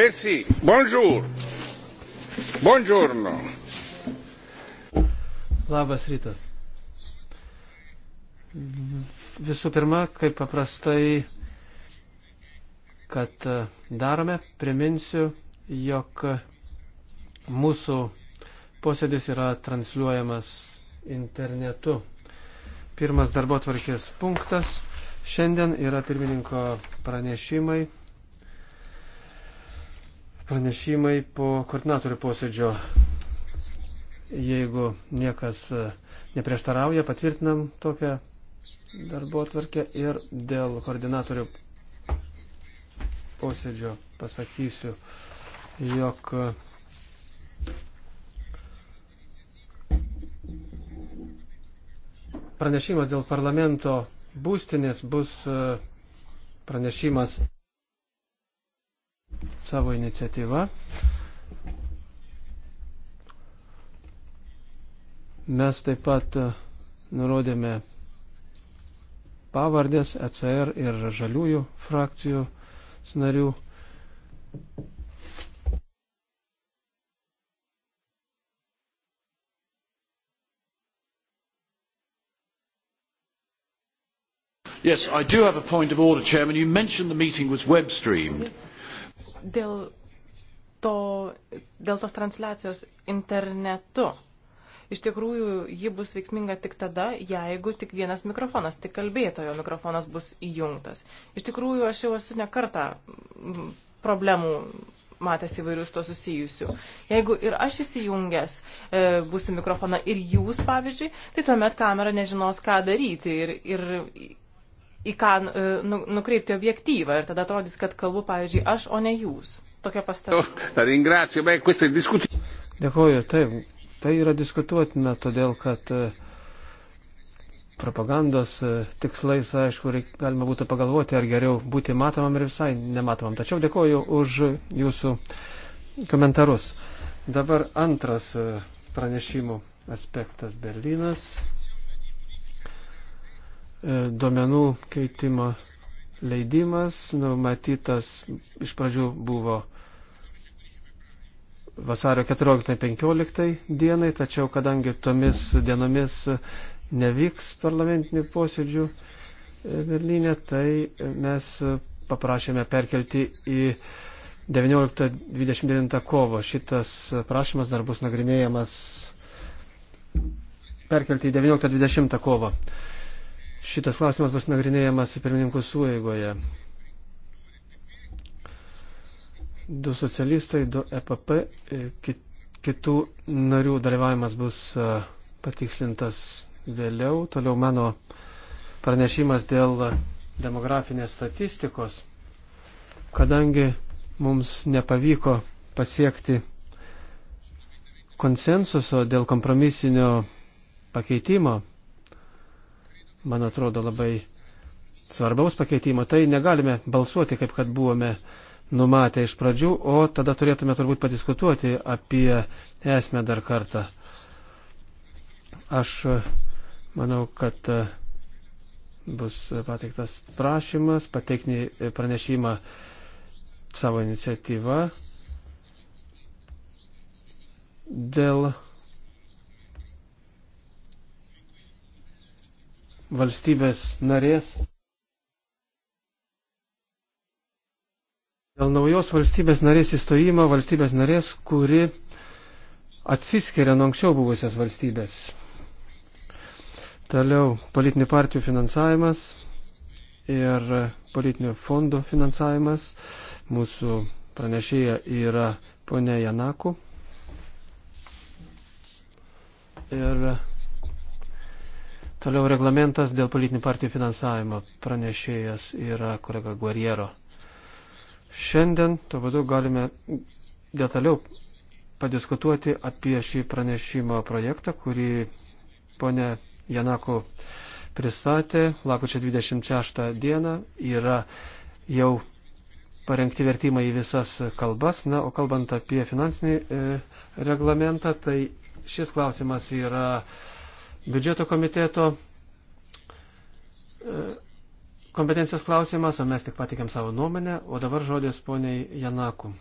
Persi, bonjour. Buongiorno. Labas rytas. Visų pirma, kaip paprastai, kad e, darome, priminsiu, jog mūsų posėdis yra transliuojamas internetu. Pirmas darbo tvarkės punktas šiandien yra pirmininko pranešimai pranešimai po koordinatorių posėdžio. Jeigu niekas e, neprieštarauja, patvirtinam tokią darbo atvarkę ir dėl koordinatorių posėdžio pasakysiu, jog pranešimas dėl parlamento būstinės bus e, pranešimas savo iniciatyvą. Mes taip pat e, nurodėme pavardės ECR ir žaliųjų frakcijų narių. Yes, I do have a point of order, Chairman. You mentioned the meeting was web streamed dėl, to, dėl tos transliacijos internetu. Iš tikrųjų, ji bus veiksminga tik tada, jeigu tik vienas mikrofonas, tik kalbėtojo mikrofonas bus įjungtas. Iš tikrųjų, aš jau esu nekarta problemų matęs įvairius to susijusių. Jeigu ir aš įsijungęs e, būsiu mikrofoną ir jūs, pavyzdžiui, tai tuomet kamera nežinos, ką daryti ir, ir į ką e, nu, nukreipti objektyvą ir tada atrodys, kad kalbu, pavyzdžiui, aš, o ne jūs. Tokia pastaba. Dėkuoju, taip, tai yra diskutuotina, todėl kad e, propagandos e, tikslais, aišku, reik, galima būtų pagalvoti, ar geriau būti matomam ir visai nematomam. Tačiau dėkoju už jūsų komentarus. Dabar antras pranešimų aspektas Berlynas. E, duomenų keitimo leidimas numatytas iš pradžių buvo vasario 14-15 dienai, tačiau kadangi tomis dienomis nevyks parlamentinių posėdžių e, Berlyne, tai mes paprašėme perkelti į 19-29 kovo. Šitas prašymas dar bus nagrinėjamas perkelti į 19-20 kovo. Šitas klausimas bus nagrinėjamas pirmininkų suėgoje. Du socialistai, du EPP, kit, kitų narių dalyvavimas bus e, patikslintas vėliau. Toliau mano pranešimas dėl demografinės statistikos, kadangi mums nepavyko pasiekti konsensuso dėl kompromisinio pakeitimo man atrodo, labai svarbaus pakeitimo. Tai negalime balsuoti, kaip kad buvome numatę iš pradžių, o tada turėtume turbūt padiskutuoti apie esmę dar kartą. Aš e, manau, kad e, bus pateiktas prašymas, pateikti e, pranešimą savo iniciatyvą dėl valstybės narės. Dėl naujos valstybės narės įstojimo valstybės narės, kuri atsiskiria nuo anksčiau buvusios valstybės. Toliau politinių partijų finansavimas ir politinių fondų finansavimas. Mūsų pranešėja yra ponė Janaku. Ir Toliau reglamentas dėl politinių partijų finansavimo pranešėjas yra kolega Guerriero. Šiandien to vadu galime detaliau padiskutuoti apie šį pranešimo projektą, kurį ponė Janako pristatė. Lakučio 26 dieną yra jau parengti vertimai į visas kalbas. Na, o kalbant apie finansinį e, reglamentą, tai šis klausimas yra biudžeto komiteto e, kompetencijos klausimas, o mes tik patikėm savo nuomonę, o dabar žodis poniai Janaku.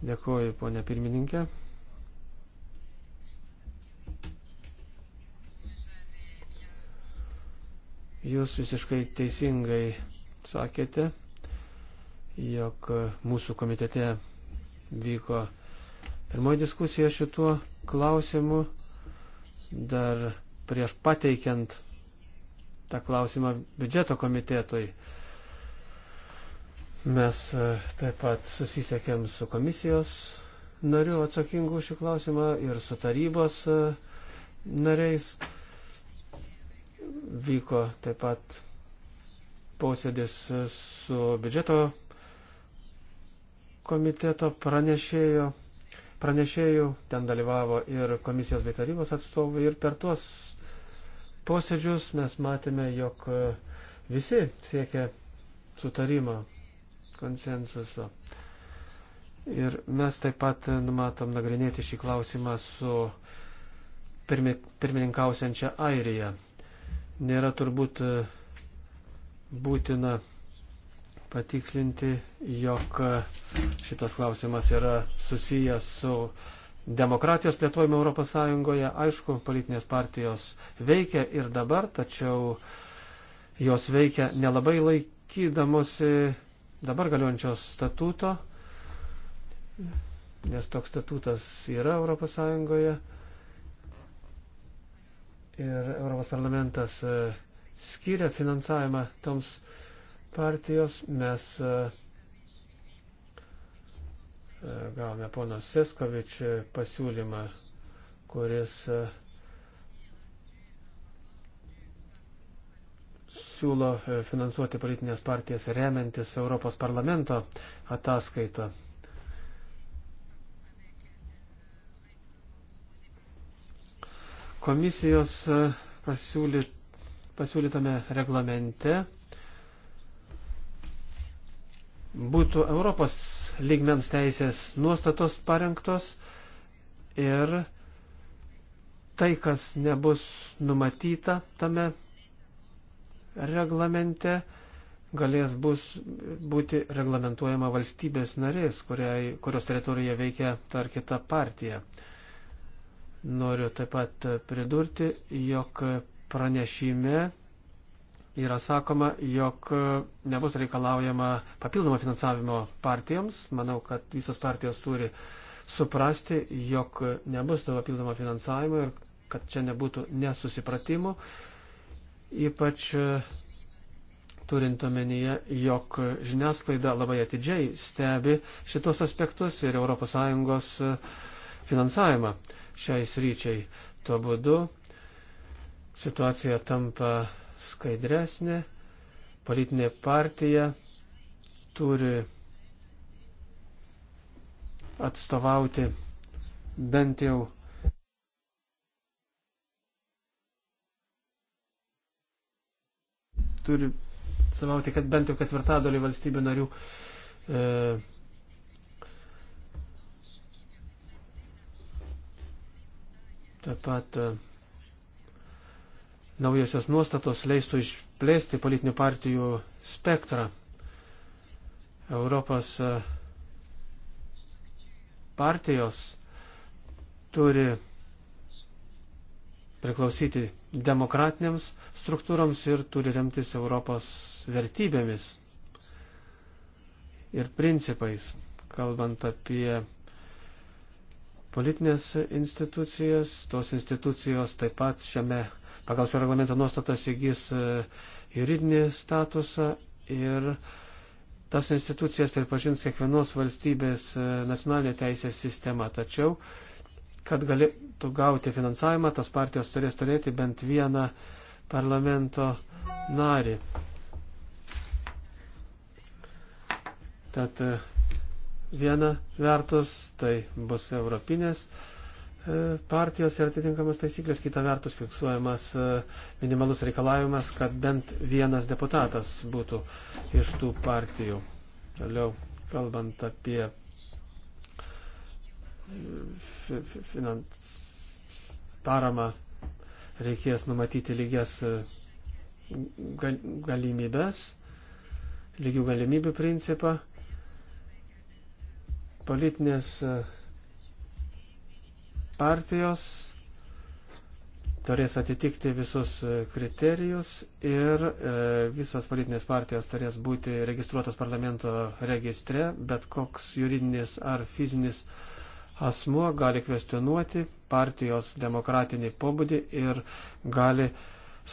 Dėkuoju, ponia pirmininkė. Jūs visiškai teisingai sakėte, jog mūsų komitete vyko Pirmoji diskusija šituo klausimu dar prieš pateikiant tą klausimą biudžeto komitetui. Mes e, taip pat susisiekėm su komisijos nariu atsakingu šį klausimą ir su tarybos e, nariais. Vyko taip pat posėdis e, su biudžeto komiteto pranešėjo pranešėjų, ten dalyvavo ir komisijos bei tarybos atstovai ir per tuos posėdžius mes matėme, jog e, visi siekia sutarimo, konsensuso. Ir mes taip pat e, numatom nagrinėti šį klausimą su pirmi, pirmininkausiančia Airija. Nėra turbūt e, būtina patikslinti, jog šitas klausimas yra susijęs su demokratijos plėtojimu ES. Aišku, politinės partijos veikia ir dabar, tačiau jos veikia nelabai laikydamosi dabar galiojančios statuto, nes toks statutas yra ES. Ir Europos parlamentas e, skiria finansavimą toms partijos. Mes e, e, gavome pono Siskovič e, pasiūlymą, kuris siūlo finansuoti politinės partijas remiantis Europos parlamento ataskaitą. Komisijos pasiūlyt, pasiūlytame reglamente būtų Europos lygmens teisės nuostatos parengtos ir tai, kas nebus numatyta tame reglamente, galės bus, būti reglamentuojama valstybės narės, kuriai, kurios teritorijoje veikia ta ar kita partija. Noriu taip pat pridurti, jog pranešime yra sakoma, jog e, nebus reikalaujama papildomo finansavimo partijoms. Manau, kad visos partijos turi suprasti, jog nebus to papildomo finansavimo ir kad čia nebūtų nesusipratimų. Ypač e, turint omenyje, jog žiniasklaida labai atidžiai stebi šitos aspektus ir ES e, finansavimą šiai sryčiai. Tuo būdu situacija tampa skaidresnė, politinė partija turi atstovauti bent jau turi atstovauti, kad bent jau ketvirtadalį valstybių narių e, taip pat e, naujosios nuostatos leistų išplėsti politinių partijų spektrą. Europos e, partijos turi priklausyti demokratinėms struktūroms ir turi remtis Europos vertybėmis ir principais, kalbant apie politinės institucijas, tos institucijos taip pat šiame pagal šio reglamento nuostatas įgys e, juridinį statusą ir tas institucijas pripažins kiekvienos valstybės e, nacionalinė teisės sistema. Tačiau, kad galėtų gauti finansavimą, tos partijos turės turėti bent vieną parlamento narį. Tad e, viena vertus tai bus europinės E, partijos ir atitinkamas taisyklės, kita vertus fiksuojamas e, minimalus reikalavimas, kad bent vienas deputatas būtų iš tų partijų. Toliau, kalbant apie e, finans, paramą, reikės numatyti lygias galimybės, lygių galimybių principą, politinės uh, partijos turės atitikti visus e, kriterijus ir e, visos politinės partijos turės būti registruotos parlamento registre, bet koks juridinis ar fizinis asmuo gali kvestionuoti partijos demokratinį pobūdį ir gali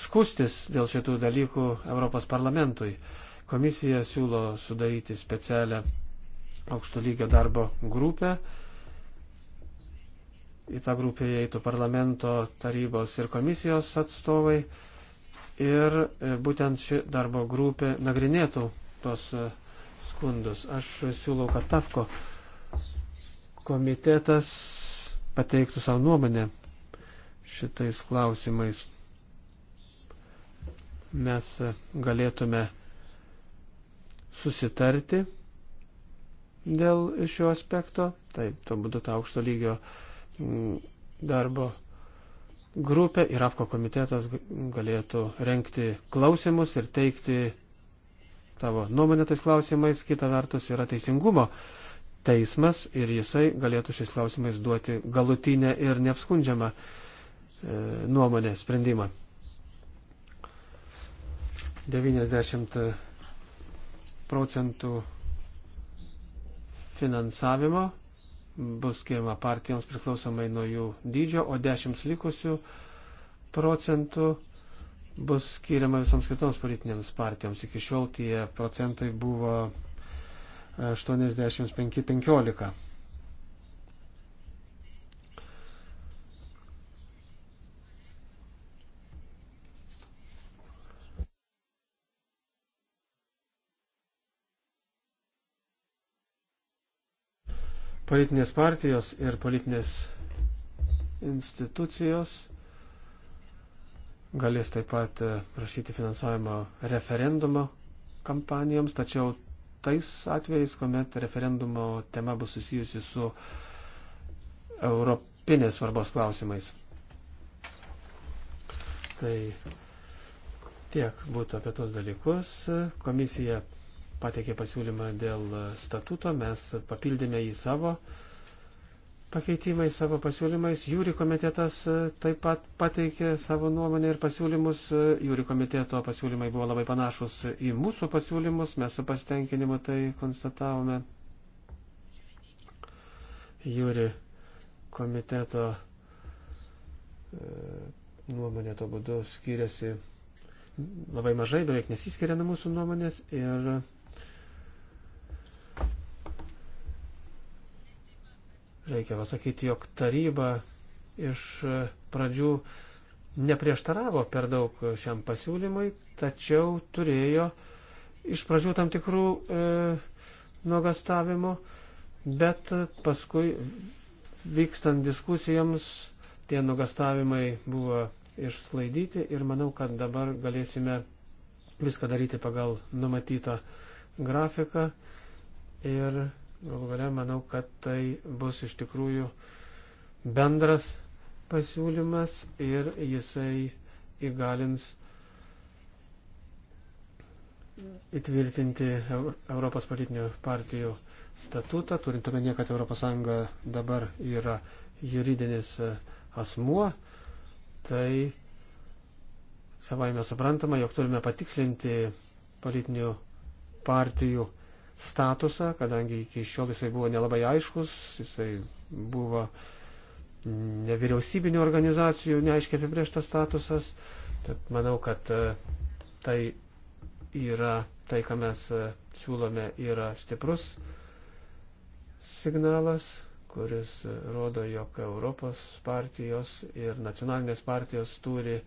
skustis dėl šitų dalykų Europos parlamentui. Komisija siūlo sudaryti specialią aukšto lygio darbo grupę į tą grupę įeitų parlamento, tarybos ir komisijos atstovai. Ir e, būtent ši darbo grupė nagrinėtų tos e, skundus. Aš siūlau, kad TAFKO komitetas pateiktų savo nuomonę šitais klausimais. Mes e, galėtume susitarti dėl šio aspekto. Taip, to būdu ta aukšto lygio uh, darbo grupė ir AFKO komitetas galėtų renkti klausimus ir teikti tavo nuomonę tais klausimais. Kita vertus yra teisingumo teismas ir jisai galėtų šiais klausimais duoti galutinę ir neapskundžiamą e, nuomonę sprendimą. 90 procentų finansavimo bus skiriama partijoms priklausomai nuo jų dydžio, o 10 likusių procentų bus skiriama visoms kitoms politinėms partijoms. Iki šiol tie procentai buvo 85-15. politinės partijos ir politinės institucijos galės taip pat e, prašyti finansavimo referendumo kampanijoms, tačiau tais atvejais, kuomet referendumo tema bus susijusi su europinės svarbos klausimais. Tai tiek būtų apie tos dalykus. Komisija pateikė pasiūlymą dėl statuto, mes papildėme jį savo pakeitimais, savo pasiūlymais. Jūri komitetas e, taip pat pateikė savo nuomonę ir pasiūlymus. E, Jūri komiteto pasiūlymai buvo labai panašus į mūsų pasiūlymus, mes su pasitenkinimu tai konstatavome. Jūri komiteto e, nuomonė to būdu skiriasi labai mažai, beveik nesiskiria nuo mūsų nuomonės ir Reikia pasakyti, jog taryba iš pradžių neprieštaravo per daug šiam pasiūlymui, tačiau turėjo iš pradžių tam tikrų e, nuogastavimų, bet paskui vykstant diskusijoms tie nuogastavimai buvo išsklaidyti ir manau, kad dabar galėsime viską daryti pagal numatytą grafiką ir galų gale manau, kad tai bus iš tikrųjų bendras pasiūlymas ir jisai įgalins įtvirtinti Europos politinių partijų statutą, turint omenyje, kad ES dabar yra juridinis asmuo, tai savaime suprantama, jog turime patikslinti politinių partijų statusą, kadangi iki šiol jisai buvo nelabai aiškus, jisai buvo nevyriausybinių organizacijų neaiškiai apibrieštas statusas. Tad manau, kad e, tai yra, tai, ką mes e, siūlome, yra stiprus signalas, kuris e, rodo, jog Europos partijos ir nacionalinės partijos turi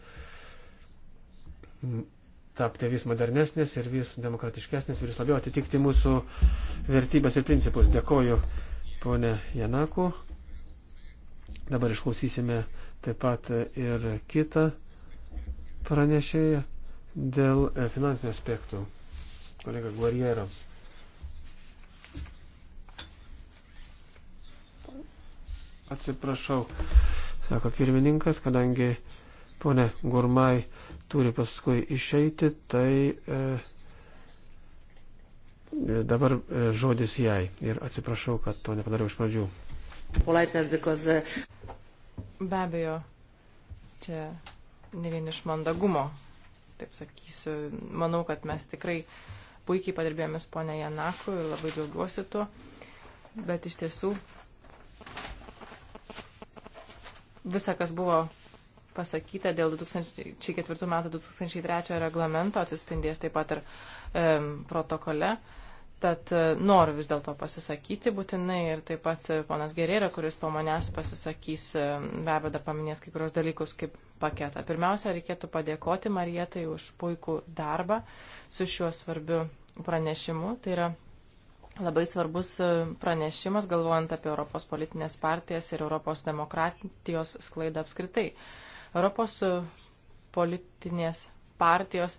tapti vis modernesnės ir vis demokratiškesnės ir vis labiau atitikti mūsų vertybės ir principus. Dėkoju, ponė Janaku. Dabar išklausysime taip pat ir kitą pranešėją dėl e, finansinių aspektų. Kolega Guerriero. Atsiprašau, sako pirmininkas, kadangi ponė Gurmai turi paskui išeiti, tai e, dabar e, žodis jai. Ir atsiprašau, kad to nepadariau iš pradžių. E, Be abejo, čia ne vien iš mandagumo, taip sakysiu. Manau, kad mes tikrai puikiai padirbėjome su ponia Janaku ir labai džiaugiuosi tuo. Bet iš tiesų, visa, kas buvo pasakyta dėl 2004 metų 2003 reglamento atsispindės taip pat ir e, protokole. Tad e, noriu vis dėlto pasisakyti būtinai ir taip pat e, ponas Gerėra, kuris po manęs pasisakys, e, be abejo dar paminės kai kurios dalykus kaip paketą. Pirmiausia, reikėtų padėkoti Marietai už puikų darbą su šiuo svarbiu pranešimu. Tai yra labai svarbus e, pranešimas, galvojant apie Europos politinės partijas ir Europos demokratijos sklaidą apskritai. Europos e, politinės partijos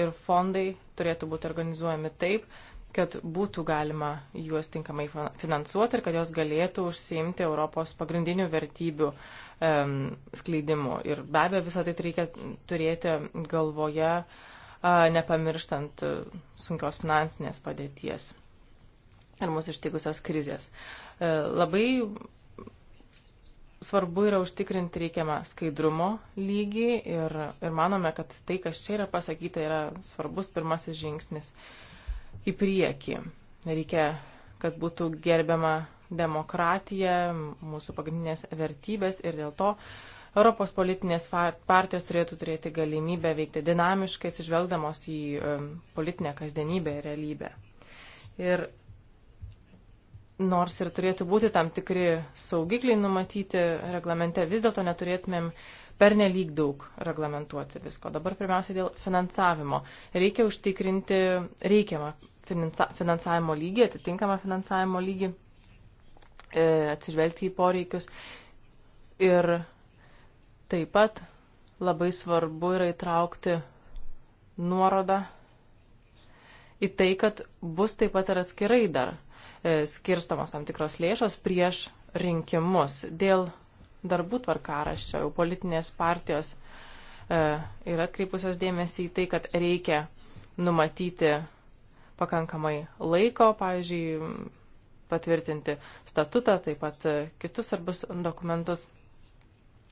ir fondai turėtų būti organizuojami taip, kad būtų galima juos tinkamai finansuoti ir kad jos galėtų užsiimti Europos pagrindinių vertybių um, skleidimu. Ir be abejo, visą tai reikia turėti galvoje, uh, nepamirštant uh, sunkios finansinės padėties ir mūsų ištikusios krizės. Uh, labai svarbu yra užtikrinti reikiamą skaidrumo lygį ir, ir manome, kad tai, kas čia yra pasakyta, yra svarbus pirmasis žingsnis į priekį. Reikia, kad būtų gerbiama demokratija, mūsų pagrindinės vertybės ir dėl to Europos politinės partijos turėtų turėti galimybę veikti dinamiškai, atsižvelgdamos į um, politinę kasdienybę ir realybę. Ir nors ir turėtų būti tam tikri saugikliai numatyti reglamente, vis dėlto neturėtumėm pernelyg daug reglamentuoti visko. Dabar pirmiausia dėl finansavimo. Reikia užtikrinti reikiamą finansavimo lygį, atitinkamą finansavimo lygį, e, atsižvelgti į poreikius. Ir taip pat labai svarbu yra įtraukti nuorodą į tai, kad bus taip pat ir atskirai dar E, skirstamos tam tikros lėšos prieš rinkimus. Dėl darbų tvarkaraščio jau politinės partijos e, yra atkreipusios dėmesį į tai, kad reikia numatyti pakankamai laiko, pavyzdžiui, patvirtinti statutą, taip pat e, kitus svarbus dokumentus.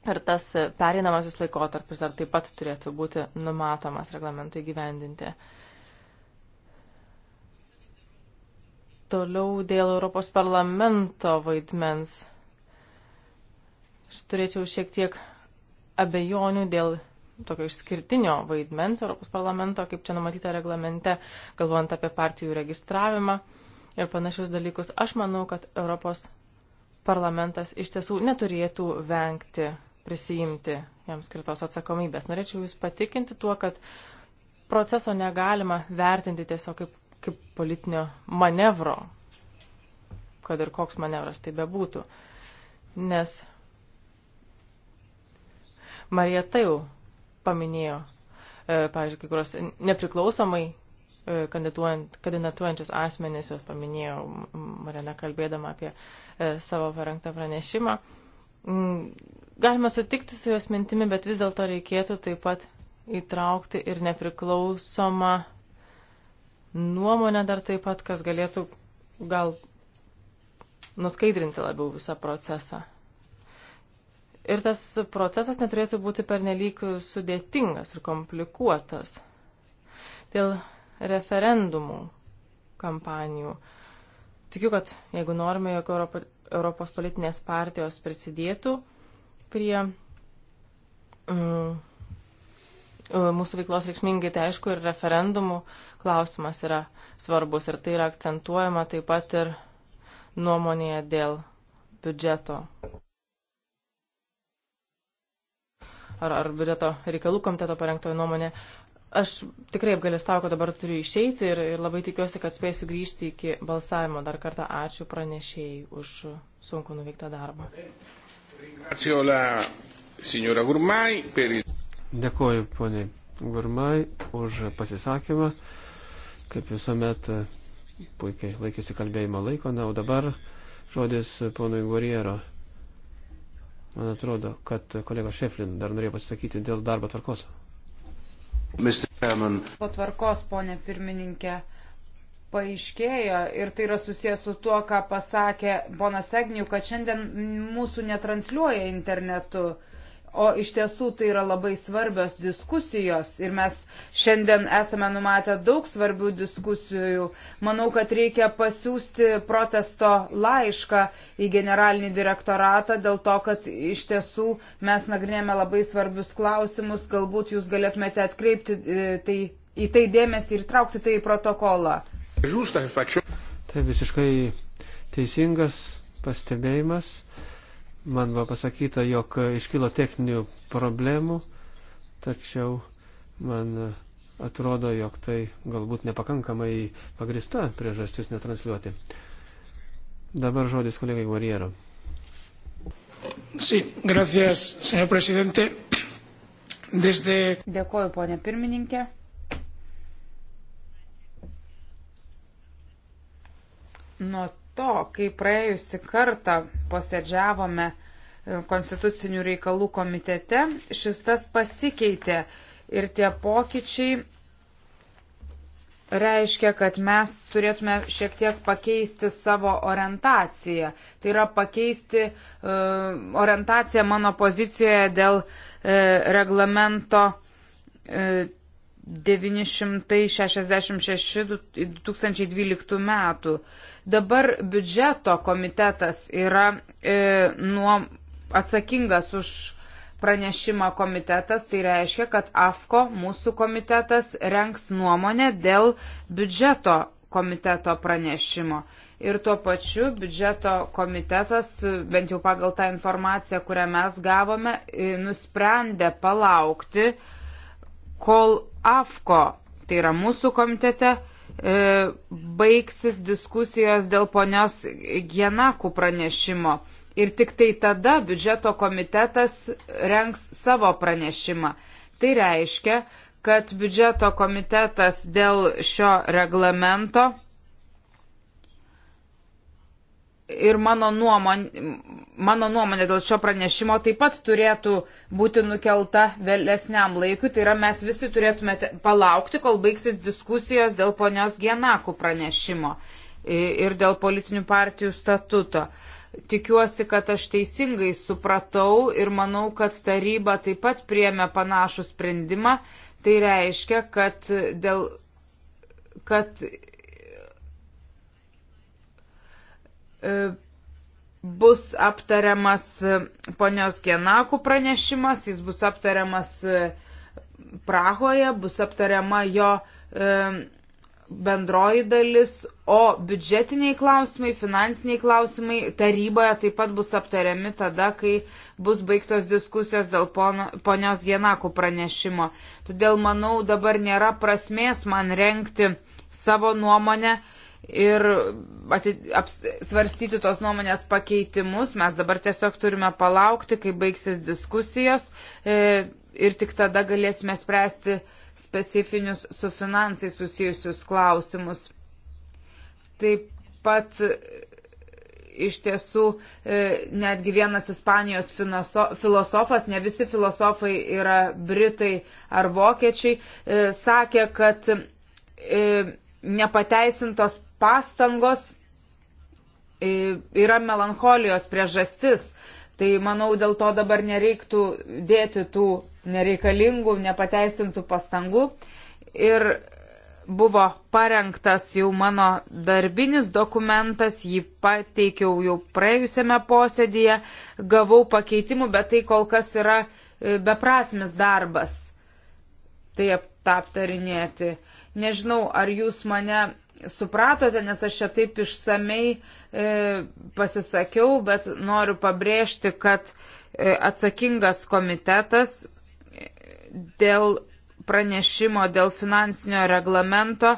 Ir tas perinamasis laikotarpis dar taip pat turėtų būti numatomas reglamentui gyvendinti. Uh, Toliau dėl Europos parlamento vaidmens. Aš turėčiau šiek tiek abejonių dėl tokio išskirtinio vaidmens Europos parlamento, kaip čia numatyta reglamente, galvojant apie partijų registravimą ir panašius dalykus. Aš manau, kad Europos parlamentas iš tiesų neturėtų vengti prisijimti jam skirtos atsakomybės. Norėčiau Jūs patikinti tuo, kad proceso negalima vertinti tiesiog kaip kaip politinio manevro, kad ir koks manevras tai bebūtų. Nes Marija tai jau paminėjo, e, pavyzdžiui, kai kurios nepriklausomai e, kandidatuojančius asmenys, jos paminėjau Marina kalbėdama apie e, savo parengtą pranešimą. Mm, galima sutikti su jos mintimi, bet vis dėlto reikėtų taip pat įtraukti ir nepriklausomą nuomonę dar taip pat, kas galėtų gal nuskaidrinti labiau visą procesą. Ir tas procesas neturėtų būti pernelyg sudėtingas ir komplikuotas. Dėl referendumų kampanijų. Tikiu, kad jeigu norime, jog Europo, Europos politinės partijos prisidėtų prie mm, E, mūsų veiklos reikšmingai, tai aišku, ir referendumų klausimas yra svarbus ir tai yra akcentuojama taip pat ir nuomonėje dėl biudžeto. Ar, ar biudžeto reikalų komiteto parengtoje nuomonė. Aš tikrai apgalėstau, kad dabar turiu išeiti ir, ir labai tikiuosi, kad spėsiu grįžti iki balsavimo. Dar kartą ačiū pranešėjai už sunku nuveiktą darbą. Ringrazio la signora Gurmai per il Dėkoju poniai Gurmai už pasisakymą. Kaip visuomet puikiai laikėsi kalbėjimo laiko. Na, o dabar žodis ponui Guriero. Man atrodo, kad kolega Šeflin dar norėjo pasisakyti dėl darbo tvarkos. Po tvarkos, ponė pirmininkė, paaiškėjo ir tai yra susijęs su tuo, ką pasakė ponas Egnių, kad šiandien mūsų netransliuoja internetu. Uh, O iš tiesų tai yra labai svarbios diskusijos ir mes šiandien esame numatę daug svarbių diskusijų. Manau, kad reikia pasiūsti protesto laišką į generalinį direktoratą dėl to, kad iš tiesų mes nagrinėjame labai svarbius klausimus. Galbūt jūs galėtumėte atkreipti e, tai, į tai dėmesį ir traukti tai į protokolą. Tai visiškai teisingas pastebėjimas. Man buvo pasakyta, jog iškilo techninių problemų, tačiau man atrodo, jog tai galbūt nepakankamai pagrista priežastis netransliuoti. Dabar žodis kolegai Guerriero. Sí, gracias, señor presidente. Desde... Dėkoju, ponė pirmininkė. Nuo to, kai praėjusi kartą posėdžiavome e, konstitucinių reikalų komitete, šis tas pasikeitė ir tie pokyčiai reiškia, kad mes turėtume šiek tiek pakeisti savo orientaciją. Tai yra pakeisti uh, orientaciją mano pozicijoje dėl uh, reglamento uh, 966-2012 metų. Dabar biudžeto komitetas yra e, nuo, atsakingas už pranešimą komitetas, tai reiškia, kad AFKO mūsų komitetas renks nuomonę dėl biudžeto komiteto pranešimo. Ir tuo pačiu biudžeto komitetas, bent jau pagal tą informaciją, kurią mes gavome, e, nusprendė palaukti, kol AFKO, tai yra mūsų komitete, e, baigsis diskusijos dėl ponios Gienakų pranešimo. Ir tik tai tada biudžeto komitetas renks savo pranešimą. Tai reiškia, kad biudžeto komitetas dėl šio reglamento ir mano nuomonė, mano nuomonė dėl šio pranešimo taip pat turėtų būti nukelta vėlesniam laikui. Tai yra mes visi turėtume palaukti, kol baigsis diskusijos dėl ponios Gienakų pranešimo ir dėl politinių partijų statuto. Tikiuosi, kad aš teisingai supratau ir manau, kad taryba taip pat priemė panašų sprendimą. Tai reiškia, kad, dėl, kad E, bus aptariamas e, ponios Kienakų pranešimas, jis bus aptariamas e, Prahoje, bus aptariama jo bendroji dalis, o biudžetiniai klausimai, finansiniai klausimai taryboje taip pat bus aptariami tada, kai bus baigtos diskusijos dėl pono, ponios Gienakų pranešimo. Todėl manau, dabar nėra prasmės man renkti savo nuomonę, ir svarstyti tos nuomonės pakeitimus. Mes dabar tiesiog turime palaukti, kai baigsis diskusijos e, ir tik tada galėsime spręsti specifinius su finansai susijusius klausimus. Taip pat e, iš tiesų e, netgi vienas Ispanijos filosofas, ne visi filosofai yra britai ar vokiečiai, e, sakė, kad e, nepateisintos pastangos yra melancholijos priežastis. Tai manau, dėl to dabar nereiktų dėti tų nereikalingų, nepateisintų pastangų. Ir buvo parengtas jau mano darbinis dokumentas, jį pateikiau jau praėjusiame posėdėje, gavau pakeitimų, bet tai kol kas yra e, beprasmis darbas. Tai aptarinėti. Nežinau, ar jūs mane supratote, nes aš čia taip išsamei e, pasisakiau, bet noriu pabrėžti, kad e, atsakingas komitetas e, dėl pranešimo dėl finansinio reglamento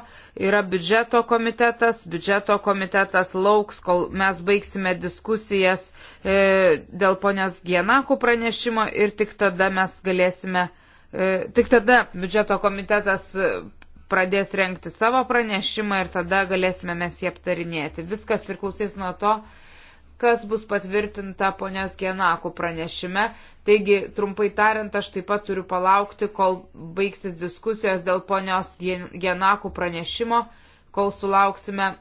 yra biudžeto komitetas. Biudžeto komitetas lauks, kol mes baigsime diskusijas e, dėl ponios Gienakų pranešimo ir tik tada mes galėsime, e, tik tada biudžeto komitetas pradės renkti savo pranešimą ir tada galėsime mes jį aptarinėti. Viskas priklausys nuo to, kas bus patvirtinta ponios Genakų pranešime. Taigi, trumpai tariant, aš taip pat turiu palaukti, kol baigsis diskusijos dėl ponios Genakų pranešimo, kol sulauksime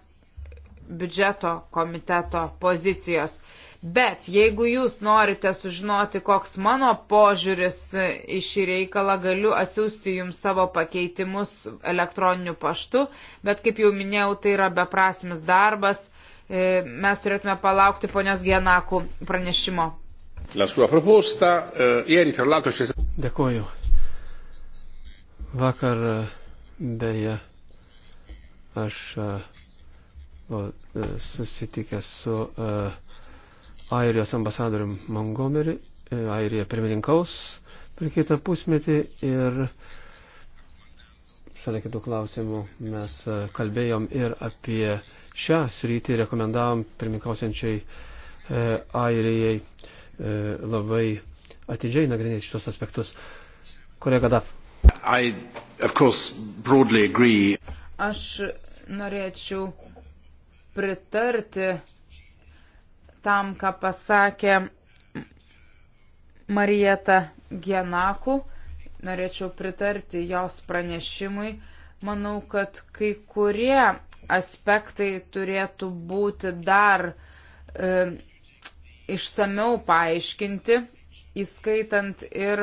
biudžeto komiteto pozicijos. Bet jeigu jūs norite sužinoti, koks mano požiūris į šį reikalą, galiu atsiųsti jums savo pakeitimus elektroniniu paštu, bet kaip jau minėjau, tai yra beprasmis darbas. E, mes turėtume palaukti ponios Gienakų pranešimo. E, Dėkuoju. Vakar e, beje aš o, susitikęs su uh, Airijos ambasadorium Montgomery, e, Airija pirmininkaus per kitą pusmetį ir šalia kitų klausimų mes e, kalbėjom ir apie šią sritį, rekomendavom pirmininkausiančiai e, Airijai labai atidžiai nagrinėti šitos aspektus. Kolega Daf. I, course, Aš norėčiau pritarti tam, ką pasakė Marieta Genaku. Norėčiau pritarti jos pranešimui. Manau, kad kai kurie aspektai turėtų būti dar e, išsameu paaiškinti, įskaitant ir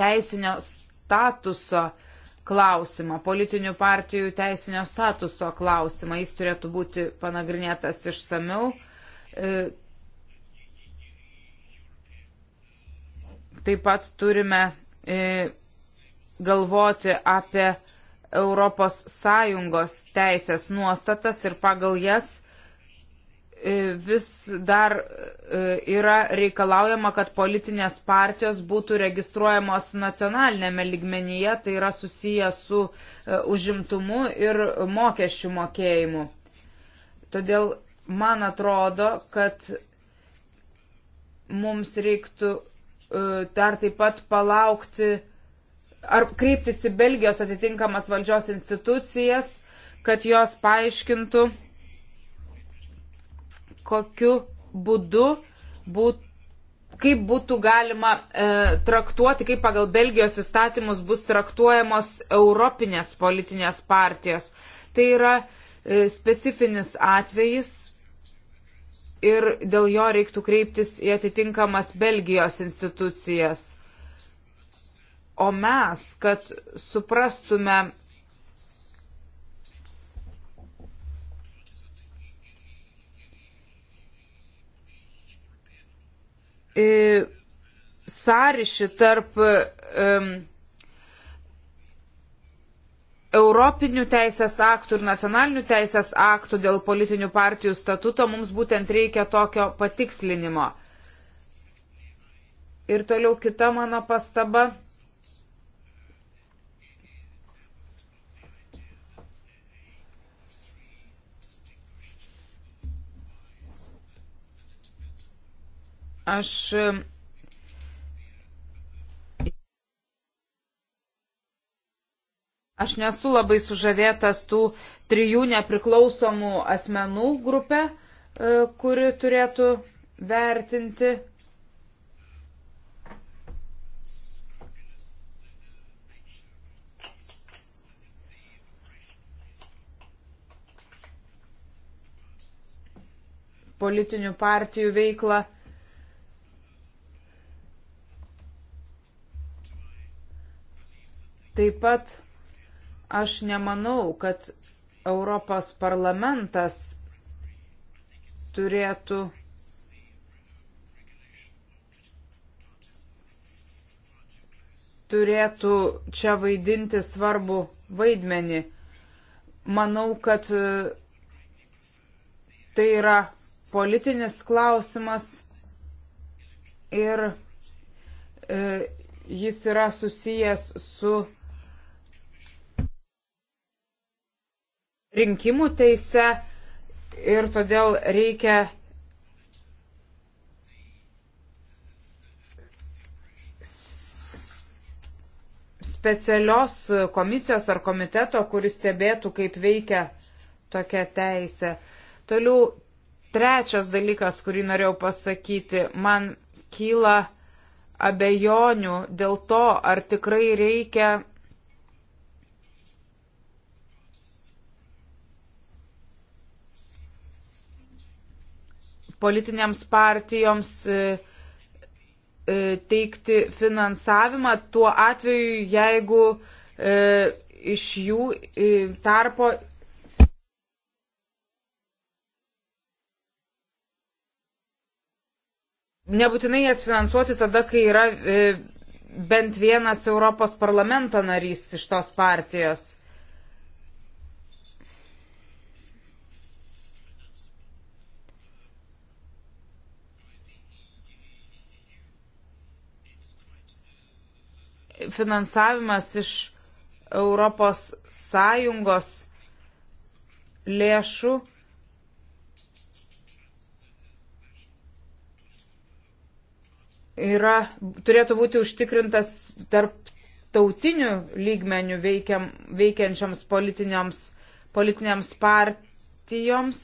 teisinio statuso e, klausimą, politinių partijų teisinio statuso klausimą. Jis turėtų būti panagrinėtas išsamiau. E, taip pat turime e, galvoti apie Europos Sąjungos teisės nuostatas ir pagal jas E, vis dar e, yra reikalaujama, kad politinės partijos būtų registruojamos nacionalinėme ligmenyje, tai yra susiję su e, užimtumu ir mokesčių mokėjimu. Todėl man atrodo, kad mums reiktų dar taip pat palaukti ar kreiptis į Belgijos atitinkamas valdžios institucijas, kad jos paaiškintų, kokiu būdu būtų kaip būtų galima e, traktuoti, kaip pagal Belgijos įstatymus bus traktuojamos europinės politinės partijos. Tai yra e, specifinis atvejis ir dėl jo reiktų kreiptis į atitinkamas Belgijos institucijas. O mes, kad suprastume sąryšį tarp um, Europinių teisės aktų ir nacionalinių teisės aktų dėl politinių partijų statuto mums būtent reikia tokio patikslinimo. Ir toliau kita mano pastaba Aš Aš nesu labai sužavėtas tų trijų nepriklausomų asmenų grupę, e, kuri turėtų vertinti. politinių partijų veiklą. Taip pat aš nemanau, kad Europos parlamentas turėtų turėtų čia vaidinti svarbu vaidmenį. Manau, kad e, tai yra politinis klausimas ir e, jis yra susijęs su rinkimų teise ir todėl reikia specialios komisijos ar komiteto, kuris stebėtų, kaip veikia tokia teisė. Toliau trečias dalykas, kurį norėjau pasakyti, man kyla abejonių dėl to, ar tikrai reikia politinėms partijoms e, e, teikti finansavimą tuo atveju, jeigu e, iš jų tarpo nebūtinai jas finansuoti tada, kai yra bent vienas Europos parlamento narys iš tos partijos. finansavimas iš Europos Sąjungos lėšų yra, turėtų būti užtikrintas tarp tautinių lygmenių veikiam, veikiančioms politinėms partijoms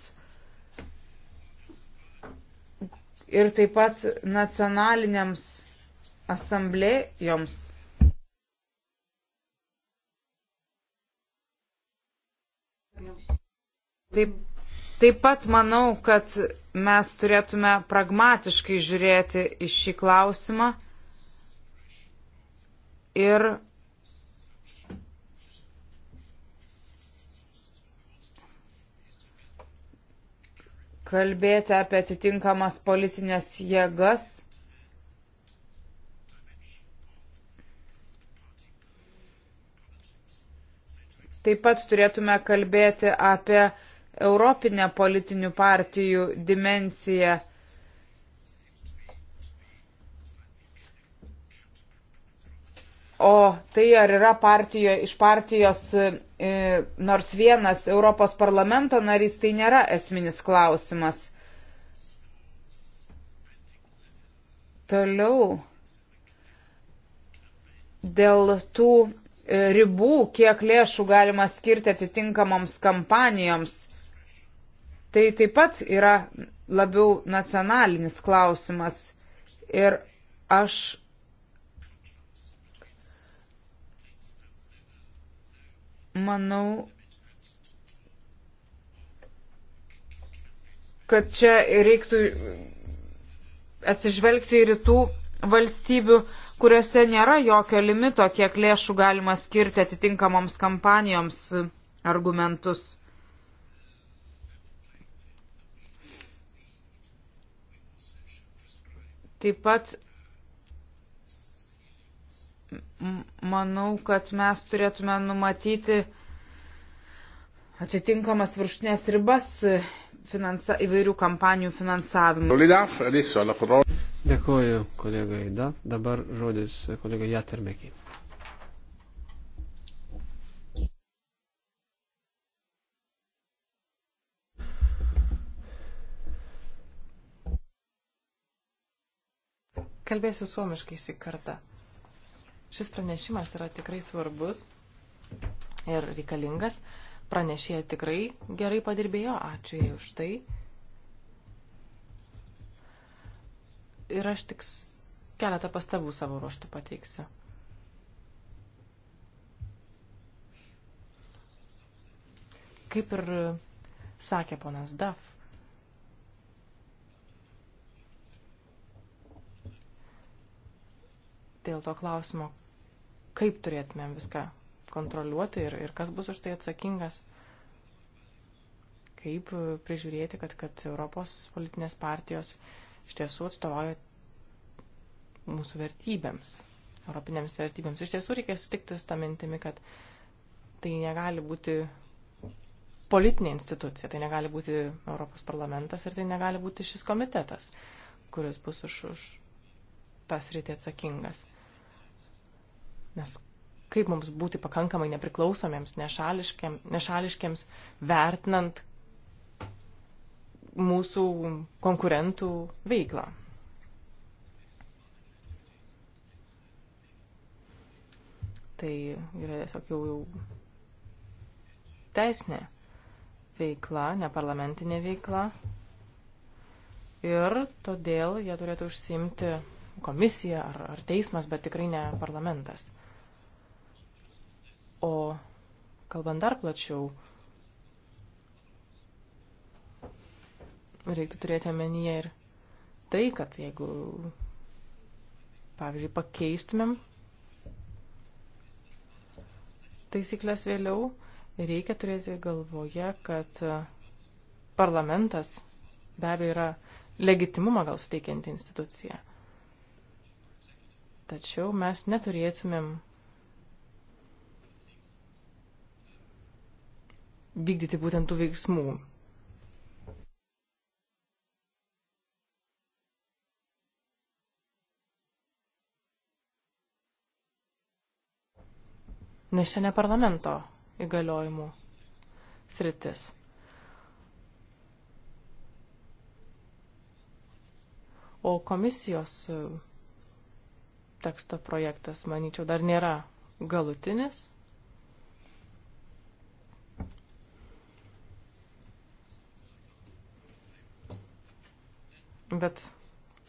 ir taip pat nacionalinėms asamblėjoms. Taip, taip pat manau, kad mes turėtume pragmatiškai žiūrėti į šį klausimą ir kalbėti apie atitinkamas politinės jėgas. Taip pat turėtume kalbėti apie europinę politinių partijų dimenciją. O tai ar yra partijo, iš partijos e, nors vienas Europos parlamento narys, tai nėra esminis klausimas. Toliau dėl tų E, ribų, kiek lėšų galima skirti atitinkamoms kampanijoms. Tai taip pat yra labiau nacionalinis klausimas. Ir aš manau, kad čia reiktų atsižvelgti ir į tų valstybių, kuriuose nėra jokio limito, kiek lėšų galima skirti atitinkamoms kampanijoms e, argumentus. Taip pat manau, kad mes turėtume numatyti atitinkamas viršutinės ribas e, finansa, įvairių kampanijų finansavimui. Dėkuoju kolegai Da. Dabar žodis kolegai Jatermekiai. Kalbėsiu suomiškai šį kartą. Šis pranešimas yra tikrai svarbus ir reikalingas. Pranešėja tikrai gerai padirbėjo, ačiū jai už tai. ir aš tik keletą pastabų savo ruoštų pateiksiu. Kaip ir sakė ponas Daf, dėl to klausimo, kaip turėtumėm viską kontroliuoti ir, ir kas bus už tai atsakingas, kaip prižiūrėti, kad, kad Europos politinės partijos uh, iš tiesų atstovauja mūsų vertybėms, europinėms vertybėms. Iš tiesų reikia sutikti su tą mintimi, kad tai negali būti politinė institucija, tai negali būti Europos parlamentas ir tai negali būti šis komitetas, kuris bus už, už tas rytį atsakingas. Nes kaip mums būti pakankamai nepriklausomiems, nešališkiams, nešališkiams vertinant, mūsų konkurentų veiklą. Tai yra tiesiog jau, jau teisinė veikla, neparlamentinė veikla. Ir todėl jie turėtų užsimti komisija ar, ar teismas, bet tikrai ne parlamentas. O kalbant dar plačiau, reiktų turėti omenyje ir tai, kad jeigu, pavyzdžiui, pakeistumėm taisyklės vėliau, reikia turėti galvoje, kad parlamentas be abejo yra legitimumą gal suteikianti institucija. Tačiau mes neturėtumėm vykdyti būtent tų veiksmų, nes čia ne parlamento įgaliojimų sritis. O komisijos e, teksto projektas, manyčiau, dar nėra galutinis. Bet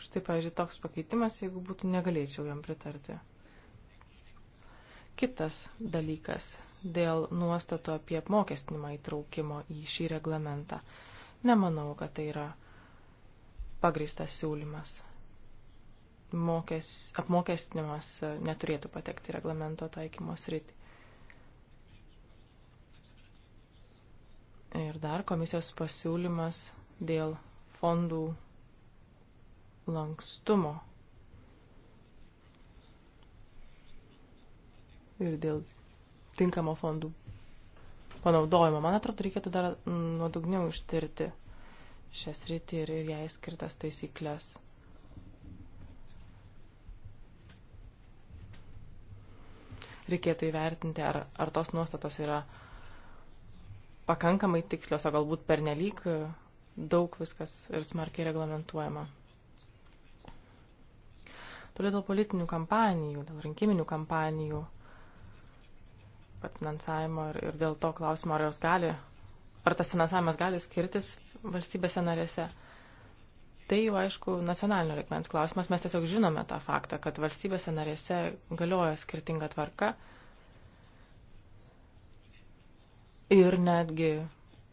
štai, pažiūrėjau, toks pakeitimas, jeigu būtų, negalėčiau jam pritarti. Kitas dalykas dėl nuostatų apie apmokestinimą įtraukimo į šį reglamentą. Nemanau, kad tai yra pagristas siūlymas. Mokes, apmokestinimas e, neturėtų patekti reglamento taikymo sritį. Ir dar komisijos pasiūlymas dėl fondų lankstumo ir dėl tinkamo fondų panaudojimo. Man atrodo, reikėtų dar nuodugniau ištirti šias rytį ir, ir jai skirtas taisyklės. Reikėtų įvertinti, ar, ar tos nuostatos yra pakankamai tikslios, o galbūt pernelyg daug viskas ir smarkiai reglamentuojama. Toliau dėl politinių kampanijų, dėl rinkiminių kampanijų pat finansavimo ir, ir dėl to klausimo, ar jos gali, ar tas finansavimas gali skirtis valstybėse narėse. Tai jau aišku nacionalinio reikmens klausimas, mes tiesiog žinome tą faktą, kad valstybėse narėse galioja skirtinga tvarka ir netgi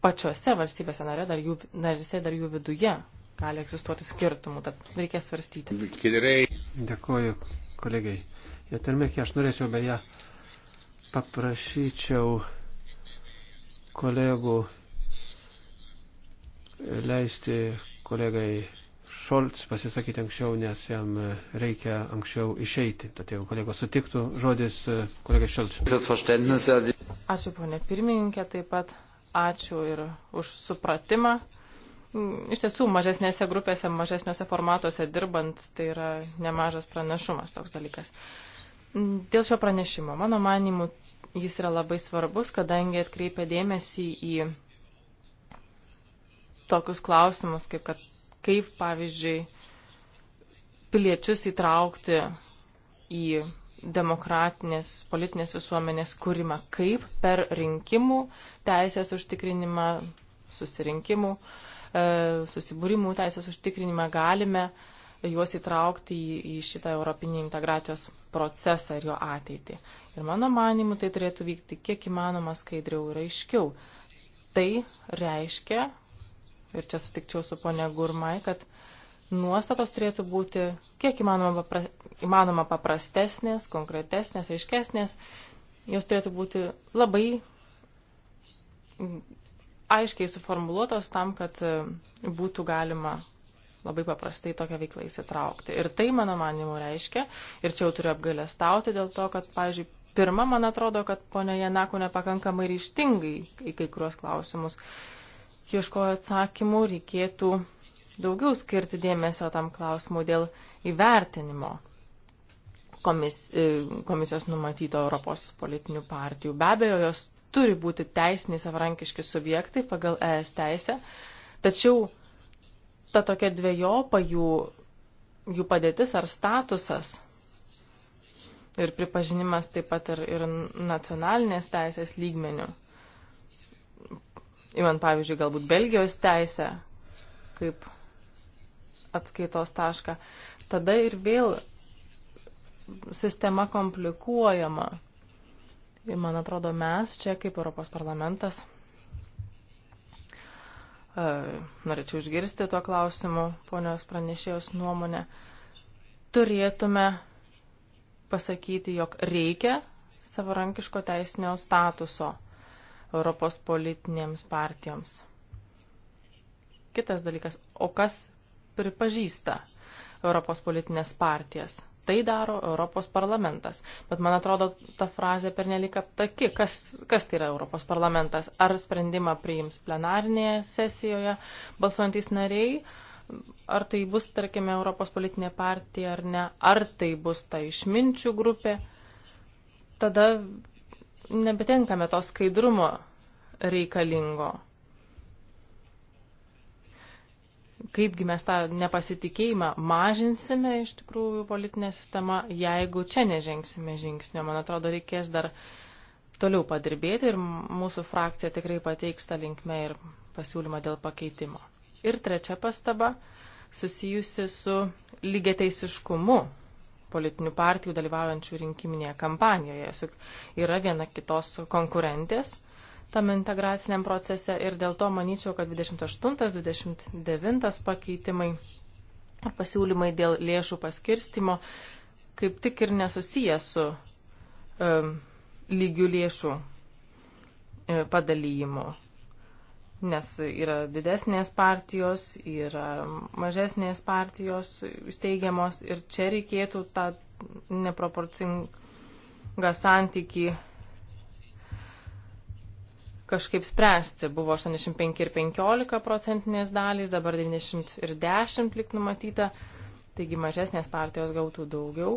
pačiose valstybėse narė, dar jų, narėse, dar jų viduje gali egzistuoti skirtumų, tad reikės svarstyti. Dėkuoju kolegai. Jatermekė, aš norėčiau beje paprašyčiau kolegų leisti kolegai Šolts pasisakyti anksčiau, nes jam reikia anksčiau išeiti. Tad jeigu kolegos sutiktų, žodis kolegai Šolts. Ačiū, ponė pirmininkė, taip pat ačiū ir už supratimą. Iš tiesų, mažesnėse grupėse, mažesniuose formatuose dirbant, tai yra nemažas pranašumas toks dalykas. Dėl šio pranešimo, mano manimu, Jis yra labai svarbus, kadangi atkreipia dėmesį į tokius klausimus, kaip, kad, kaip pavyzdžiui, piliečius įtraukti į demokratinės politinės visuomenės kūrimą, kaip per rinkimų teisės užtikrinimą, susirinkimų, e, susibūrimų teisės užtikrinimą galime juos įtraukti į, į šitą europinį integracijos procesą ir jo ateitį. Ir mano manimu, tai turėtų vykti kiek įmanoma skaidriau ir aiškiau. Tai reiškia, ir čia sutikčiau su ponia Gurmai, kad nuostatos turėtų būti kiek įmanoma, papra, įmanoma paprastesnės, konkretesnės, aiškesnės. Jos turėtų būti labai mm, aiškiai suformuluotos tam, kad e, būtų galima labai paprastai tokią veiklą įsitraukti. Ir tai, mano manimu, reiškia, ir čia jau turiu apgailestauti dėl to, kad, pavyzdžiui, pirma, man atrodo, kad ponia Janako nepakankamai ryštingai į kai kuriuos klausimus ieškojo atsakymų, reikėtų daugiau skirti dėmesio tam klausimui dėl įvertinimo komis, e, komisijos numatyto Europos politinių partijų. Be abejo, jos turi būti teisiniai savarankiški subjektai pagal ES teisę, tačiau ta tokia dviejopa jų, jų padėtis ar statusas ir pripažinimas taip pat ir, ir nacionalinės teisės lygmenių. Įman pavyzdžiui, galbūt Belgijos teisę kaip atskaitos tašką. Tada ir vėl sistema komplikuojama. Ir man atrodo, mes čia kaip Europos parlamentas e, norėčiau išgirsti tuo klausimu ponios pranešėjos nuomonę, turėtume pasakyti, jog reikia savarankiško teisinio statuso Europos politinėms partijoms. Kitas dalykas, o kas pripažįsta Europos politinės partijas? Tai daro Europos parlamentas. Bet man atrodo, ta frazė pernelik aptaki, kas, kas tai yra Europos parlamentas. Ar sprendimą priims plenarinėje sesijoje balsuojantis nariai, ar tai bus, tarkime, Europos politinė partija ar ne, ar tai bus ta išminčių grupė, tada nebetenkame to skaidrumo reikalingo. Kaipgi mes tą nepasitikėjimą mažinsime iš tikrųjų politinę sistemą, jeigu čia nežengsime žingsnio. Man atrodo, reikės dar toliau padirbėti ir mūsų frakcija tikrai pateiks tą linkmę ir pasiūlymą dėl pakeitimo. Ir trečia pastaba susijusi su lygiateisiškumu politinių partijų dalyvaujančių rinkiminėje kampanijoje. Juk yra viena kitos konkurentės tam integraciniam procese ir dėl to manyčiau, kad 28-29 pakeitimai ar pasiūlymai dėl lėšų paskirstimo kaip tik ir nesusiję su um, lygių lėšų e, padalyjimu nes yra didesnės partijos, yra mažesnės partijos steigiamos ir čia reikėtų tą neproporcingą santyki kažkaip spręsti. Buvo 85 ir 15 procentinės dalys, dabar 90 ir 10 lik numatyta, taigi mažesnės partijos gautų daugiau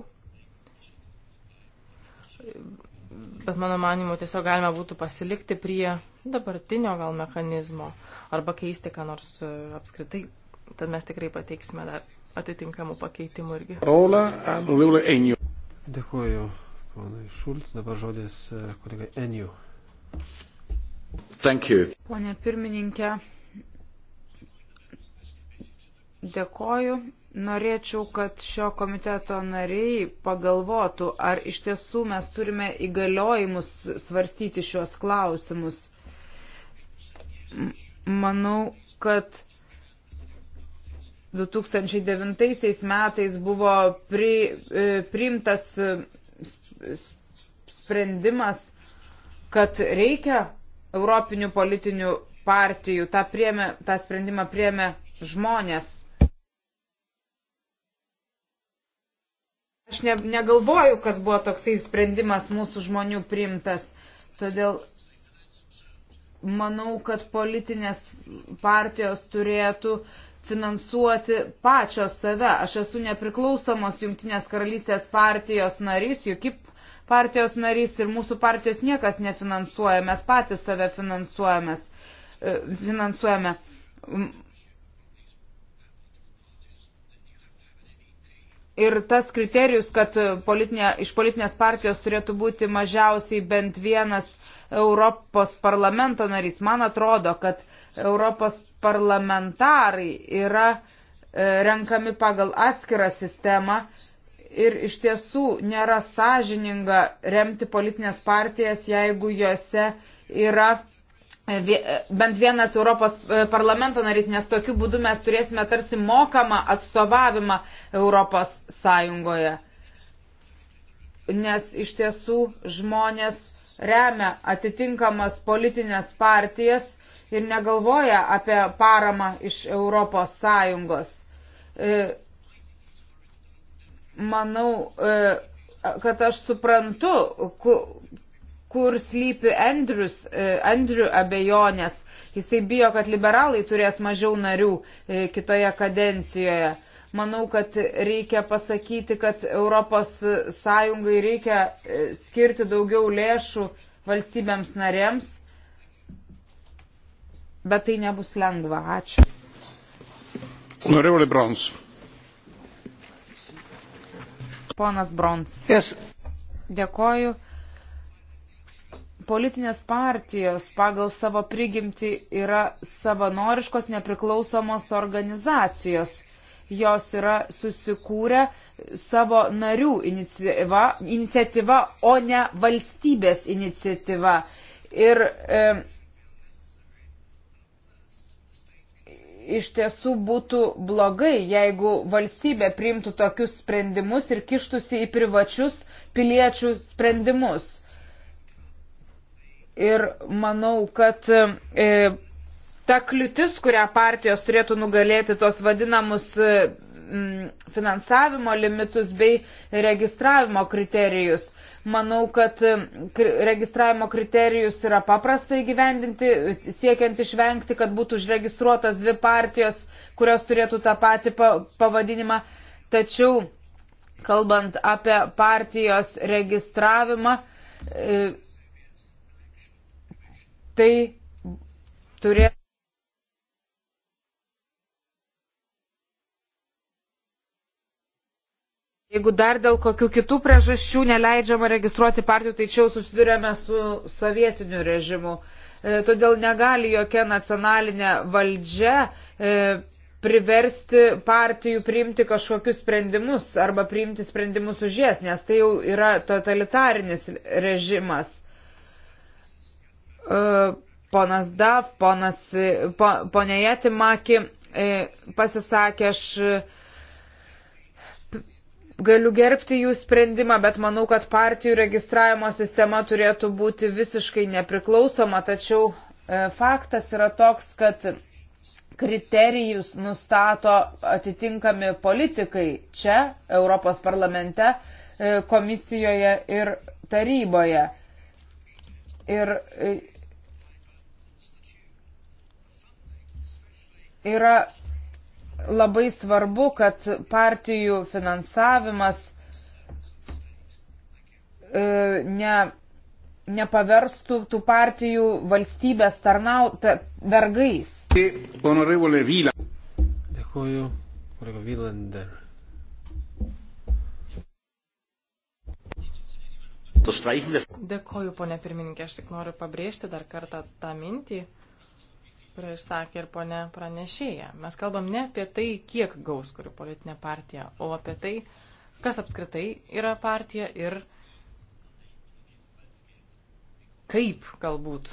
Bet mano manimu, tiesiog galima būtų pasilikti prie dabartinio gal mechanizmo arba keisti, ką nors e, apskritai. Tad mes tikrai pateiksime dar atitinkamų pakeitimų irgi. Rola, Lula Enju. Dėkuoju, ponai Šulc. Dabar žodis e, kolega Enju. Thank you. Pone pirmininkė, dėkoju Norėčiau, kad šio komiteto nariai pagalvotų, ar iš tiesų mes turime įgaliojimus svarstyti šios klausimus. Manau, kad 2009 metais buvo pri, e, priimtas e, sprendimas, kad reikia europinių politinių partijų. Ta, priėmė, ta sprendimą priemė žmonės. Aš ne, negalvoju, kad buvo toksai sprendimas mūsų žmonių priimtas. Todėl manau, kad politinės partijos turėtų finansuoti pačios save. Aš esu nepriklausomos Junktinės karalystės partijos narys, jokip partijos narys ir mūsų partijos niekas nefinansuoja, mes patys save finansuojame. finansuojame Ir tas kriterijus, kad politinė, iš politinės partijos turėtų būti mažiausiai bent vienas Europos parlamento narys, man atrodo, kad Europos parlamentarai yra e, renkami pagal atskirą sistemą ir iš tiesų nėra sąžininga remti politinės partijas, jeigu juose yra bent vienas Europos e, parlamento narys, nes tokiu būdu mes turėsime tarsi mokamą atstovavimą Europos Sąjungoje. Nes iš tiesų žmonės remia atitinkamas politinės partijas ir negalvoja apie paramą iš Europos Sąjungos. E, manau, e, kad aš suprantu, kur slypi Andrius, e, Andrių abejonės. Jisai bijo, kad liberalai turės mažiau narių e, kitoje kadencijoje. Manau, kad reikia pasakyti, kad ES reikia e, skirti daugiau lėšų valstybėms narėms, bet tai nebus lengva. Ačiū. Honorable Brons. Ponas Brons. Yes. Dėkoju politinės partijos pagal savo prigimtį yra savanoriškos nepriklausomos organizacijos. Jos yra susikūrę savo narių iniciatyva, iniciatyva o ne valstybės iniciatyva. Ir e, iš tiesų būtų blogai, jeigu valstybė priimtų tokius sprendimus ir kištusi į privačius piliečių sprendimus. Ir manau, kad e, ta kliūtis, kurią partijos turėtų nugalėti, tos vadinamus e, m, finansavimo limitus bei registravimo kriterijus. Manau, kad e, registravimo kriterijus yra paprastai gyvendinti, siekiant išvengti, kad būtų užregistruotas dvi partijos, kurios turėtų tą patį pavadinimą. Tačiau, kalbant apie partijos registravimą, e, tai turėtų. Jeigu dar dėl kokių kitų priežasčių neleidžiama registruoti partijų, tai čia jau susidurėme su sovietiniu režimu. E, todėl negali jokia nacionalinė valdžia e, priversti partijų priimti kažkokius sprendimus arba priimti sprendimus už jas, nes tai jau yra totalitarinis režimas. E, ponas Dav, ponas, po, ponė Jetimaki e, pasisakė, aš e, galiu gerbti jų sprendimą, bet manau, kad partijų registravimo sistema turėtų būti visiškai nepriklausoma, tačiau faktas yra toks, kad kriterijus nustato atitinkami politikai čia, Europos parlamente, komisijoje ir taryboje. Ir yra labai svarbu, kad partijų finansavimas e, ne, nepaverstų tų partijų valstybės tarnau, ta, vergais. Dėkuoju, kolega Vylander. Dėkoju, ponė pirmininkė, aš tik noriu pabrėžti dar kartą tą mintį, kurią išsakė ir ponė pranešėja. Mes kalbam ne apie tai, kiek gaus kuri politinė partija, o apie tai, kas apskritai yra partija ir kaip galbūt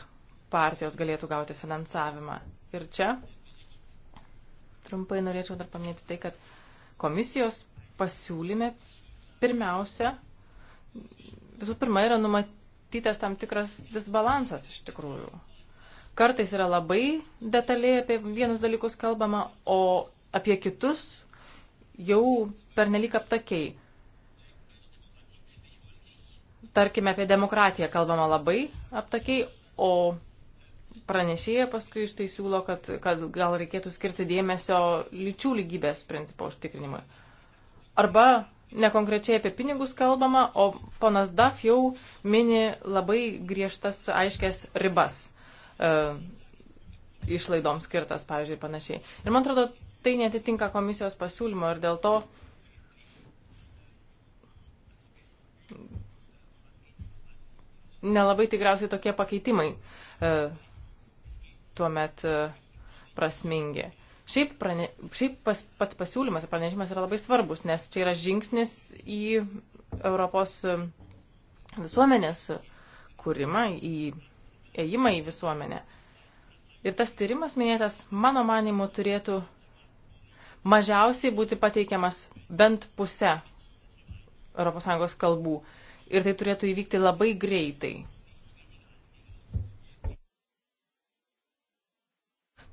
partijos galėtų gauti finansavimą. Ir čia trumpai norėčiau dar paminėti tai, kad komisijos pasiūlyme pirmiausia, visų pirma, yra numatytas tam tikras disbalansas iš tikrųjų kartais yra labai detaliai apie vienus dalykus kalbama, o apie kitus jau pernelyg aptakiai. Tarkime, apie demokratiją kalbama labai aptakiai, o pranešėja paskui iš tai siūlo, kad, kad gal reikėtų skirti dėmesio lyčių lygybės principo užtikrinimui. Arba nekonkrečiai apie pinigus kalbama, o ponas Daf jau mini labai griežtas aiškės ribas. E, išlaidoms skirtas, pavyzdžiui, ir panašiai. Ir man atrodo, tai netitinka komisijos pasiūlymo ir dėl to nelabai tikriausiai tokie pakeitimai e, tuomet e, prasmingi. Šiaip, prane, šiaip pas, pats pasiūlymas ir pranešimas yra labai svarbus, nes čia yra žingsnis į Europos e, visuomenės kūrimą, į ėjimą į visuomenę. Ir tas tyrimas minėtas, mano manimu, turėtų mažiausiai būti pateikiamas bent pusę ES kalbų. Ir tai turėtų įvykti labai greitai.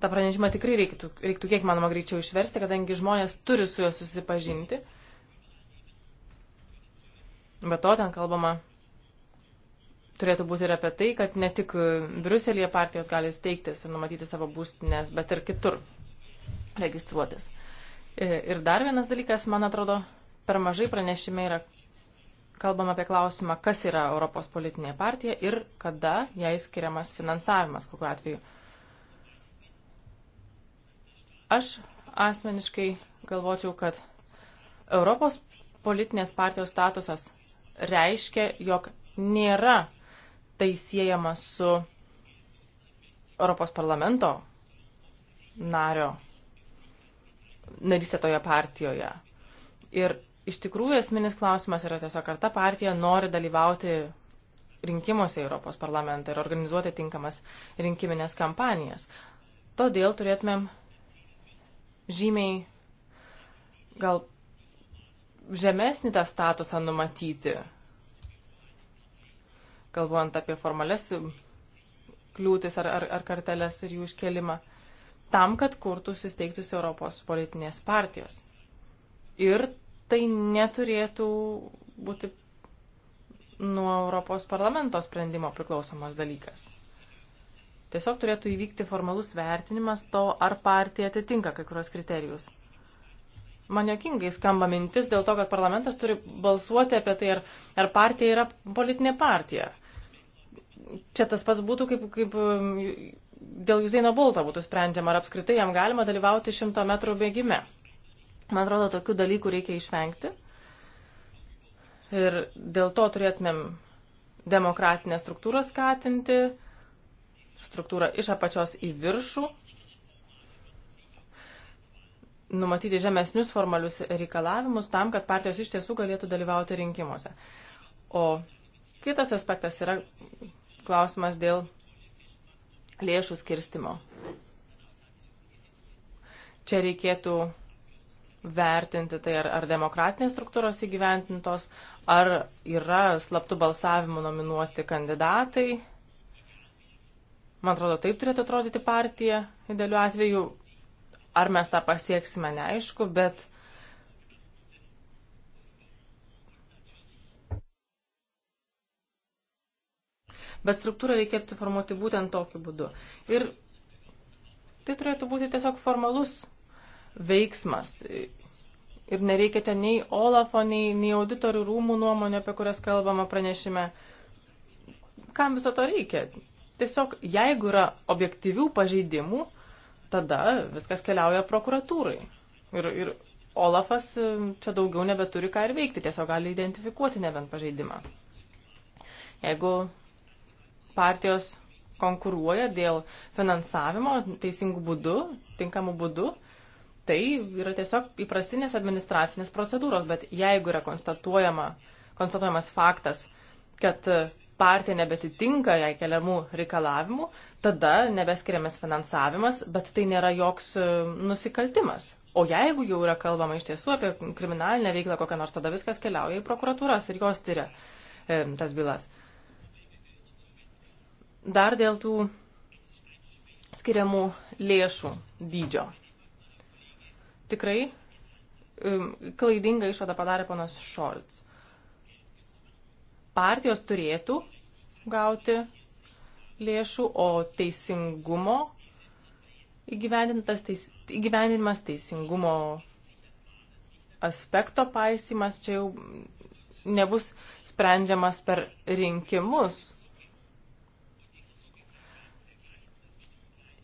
tą pranešimą tikrai reiktų, reiktų kiek manoma greičiau išversti, kadangi žmonės turi su juo susipažinti. Be to ten kalbama turėtų būti ir apie tai, kad ne tik Briuselėje partijos gali steigtis ir numatyti savo būstinės, bet ir kitur registruotis. E, ir dar vienas dalykas, man atrodo, per mažai pranešime yra kalbama apie klausimą, kas yra Europos politinė partija ir kada jai skiriamas finansavimas, kokiu atveju. Aš asmeniškai galvočiau, kad Europos politinės partijos statusas reiškia, jog nėra tai siejama su Europos parlamento nario narystė toje partijoje. Ir iš tikrųjų esminis klausimas yra tiesiog, ar ta partija nori dalyvauti rinkimuose Europos parlamentą ir organizuoti tinkamas rinkiminės kampanijas. Todėl turėtumėm žymiai gal žemesnį tą statusą numatyti galvojant apie formales kliūtis ar, ar, ar karteles ir jų iškelimą, tam, kad kurtų įsteigtus Europos politinės partijos. Ir tai neturėtų būti nuo Europos parlamento sprendimo priklausomas dalykas. Tiesiog turėtų įvykti formalus vertinimas to, ar partija atitinka kai kurios kriterijus. Man jokingai skamba mintis dėl to, kad parlamentas turi balsuoti apie tai, ar, ar partija yra politinė partija čia tas pats būtų kaip, kaip um, dėl Juzeino Bolto būtų sprendžiama, ar apskritai jam galima dalyvauti šimto metrų bėgime. Man atrodo, tokių dalykų reikia išvengti. Ir dėl to turėtumėm demokratinę struktūrą skatinti, struktūrą iš apačios į viršų, numatyti žemesnius formalius reikalavimus tam, kad partijos iš tiesų galėtų dalyvauti rinkimuose. O kitas aspektas yra klausimas dėl lėšų skirstimo. Čia reikėtų vertinti tai, ar, ar demokratinės struktūros įgyventintos, ar yra slaptų balsavimų nominuoti kandidatai. Man atrodo, taip turėtų atrodyti partija, idealiu atveju. Ar mes tą pasieksime, neaišku, bet uh, bet struktūrą reikėtų formuoti būtent tokiu būdu. Ir tai turėtų būti tiesiog formalus veiksmas. Ir nereikia ten nei Olafo, nei, nei auditorių rūmų nuomonė, apie kurias kalbama pranešime. Kam viso to reikia? Tiesiog, jeigu yra objektyvių pažeidimų, tada viskas keliauja prokuratūrai. Ir, ir Olafas e, čia daugiau nebeturi ką ir veikti, tiesiog gali identifikuoti nebent pažeidimą. Jeigu partijos konkuruoja dėl finansavimo teisingų būdų, tinkamų būdų. Tai yra tiesiog įprastinės administracinės procedūros, bet jeigu yra konstatuojama, konstatuojamas faktas, kad partija nebetitinka jai keliamų reikalavimų, tada nebeskiriamas finansavimas, bet tai nėra joks e, nusikaltimas. O jeigu jau yra kalbama iš tiesų apie kriminalinę veiklą kokią nors, tada viskas keliauja į prokuratūras ir jos tyria e, tas bylas. Dar dėl tų skiriamų lėšų dydžio. Tikrai um, klaidingą išvadą padarė ponas Šolts. Partijos turėtų gauti lėšų, o teisingumo teis, įgyvendinimas, teisingumo aspekto paisimas čia jau nebus sprendžiamas per rinkimus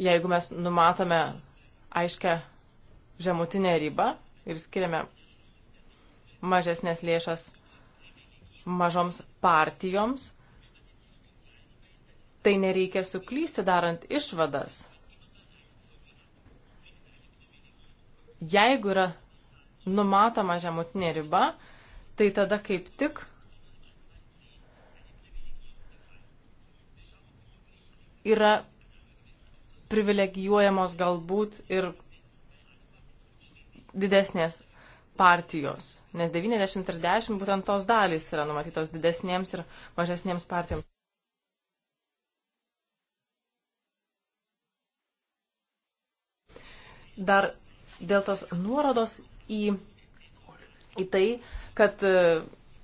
jeigu mes numatome aiškę žemutinę ribą ir skiriame mažesnės lėšas mažoms partijoms, tai nereikia suklysti darant išvadas. Jeigu yra numatoma žemutinė riba, tai tada kaip tik yra privilegijuojamos galbūt ir didesnės partijos, nes 90 ir 10 būtent tos dalys yra numatytos didesniems ir mažesniems partijoms. Dar dėl tos nuorodos į, į tai, kad e,